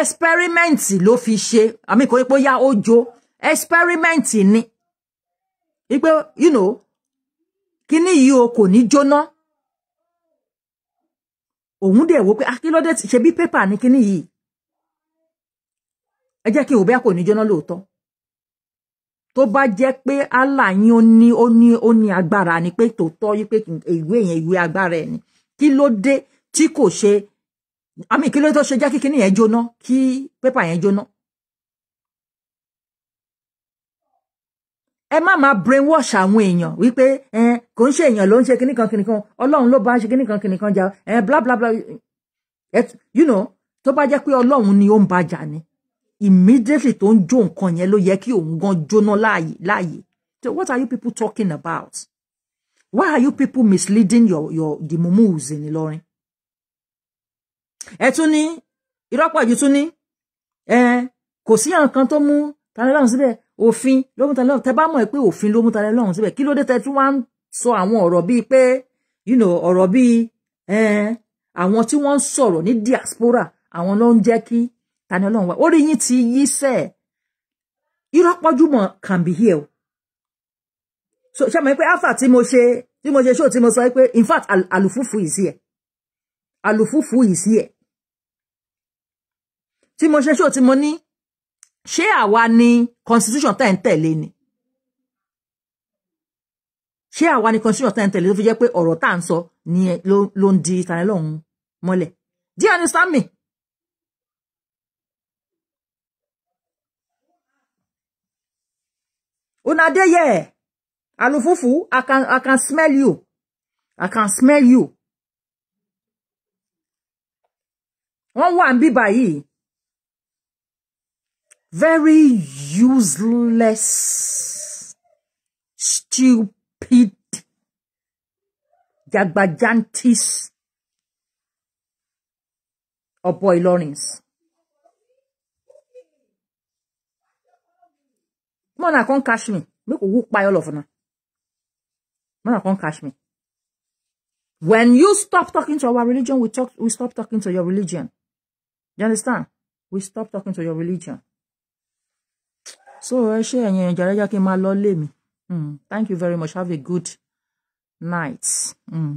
S1: experiment ló fi ṣe àmì kò yẹ pé ó ó jó experiment ni wípé you know kíní yìí o kò ní jóná òun dẹ̀ wò pé akílódé ah, ṣe bí pépà ní kíní yìí ẹ jẹ́ kí òbí àpò níjọ́nà lóòótọ́ tó bá jẹ́ pé Allah yín ó ní ó ní ó ní agbára ni pé tòótọ́ yí pé ìwé yẹn ìwé agbára ẹ̀ ni kí ló dé tí kò ṣe àmì kí ló dé tó ṣe jẹ́ kí kíní yẹn jóná kí pépà yẹn jóná ẹ má máa brainwash àwọn èèyàn wípé kò ń ṣe èèyàn ló ń ṣe kíníkan kíníkan ọlọ́run ló bá ń ṣe kíníkan kíníkan jà bla bla bla you know tó bá jẹ́ pé ọlọ́run ni ó ń bàjà ni immediately tó ń jó nǹkan yẹn ló yẹ kí òun gan jóná láàyè láàyè so what are you people talking about why are you people misleading your your the mumus in Ìlọrin ẹ tún ní irọ́pọ̀ jù tún ní kò sí nǹkan tó mú tani lọ́run síbẹ̀ òfin ló mú ta lọ́rùn tẹ bá mọ̀ pé òfin ló mú ta lọ́rùn síbẹ̀ kí ló dé tẹ tún wá ń sọ àwọn ọ̀rọ̀ bíi pé you know ọ̀rọ̀ bíi àwọn tí wọ́n ń sọ̀rọ̀ ní diaspora àwọn ló ń jẹ́ kí Tani Olohun wá orí yín ti yí sẹ́ irọ́ pọ́júmọ̀ can be here o so ṣe mọ̀ pé alpha tí mo ṣe tí mo ṣe show tí mo sọ pé in fact àlùfùfù is here àlùfùfù is here tí mo ṣe show tí mo ní ṣé àwa ni constitution tẹ́ ń tẹ̀lé ni ṣé àwa ni constitution tẹ́ ń tẹ̀lé ló fi jẹ́ pé ọ̀rọ̀ tá à ń sọ nìyẹn ló ń di ìtàn lọ́hùn mọ́lẹ̀ do you understand me? una dey here alufufu I can I can smell you I can smell you wọ́n wà ń bíbà yìí very useless, stupid, Jagbajantis or Boy Lawrence. Mona can't catch me. Make a walk by all of them. Mona can't catch me. When you stop talking to our religion, we talk. We stop talking to your religion. You understand? We stop talking to your religion. so ẹ ṣe ẹ̀yin ẹ̀jẹ̀ rẹ̀ jẹ́ kí n máa lọ lé mi hmm, thank you very much have a good night. Mm.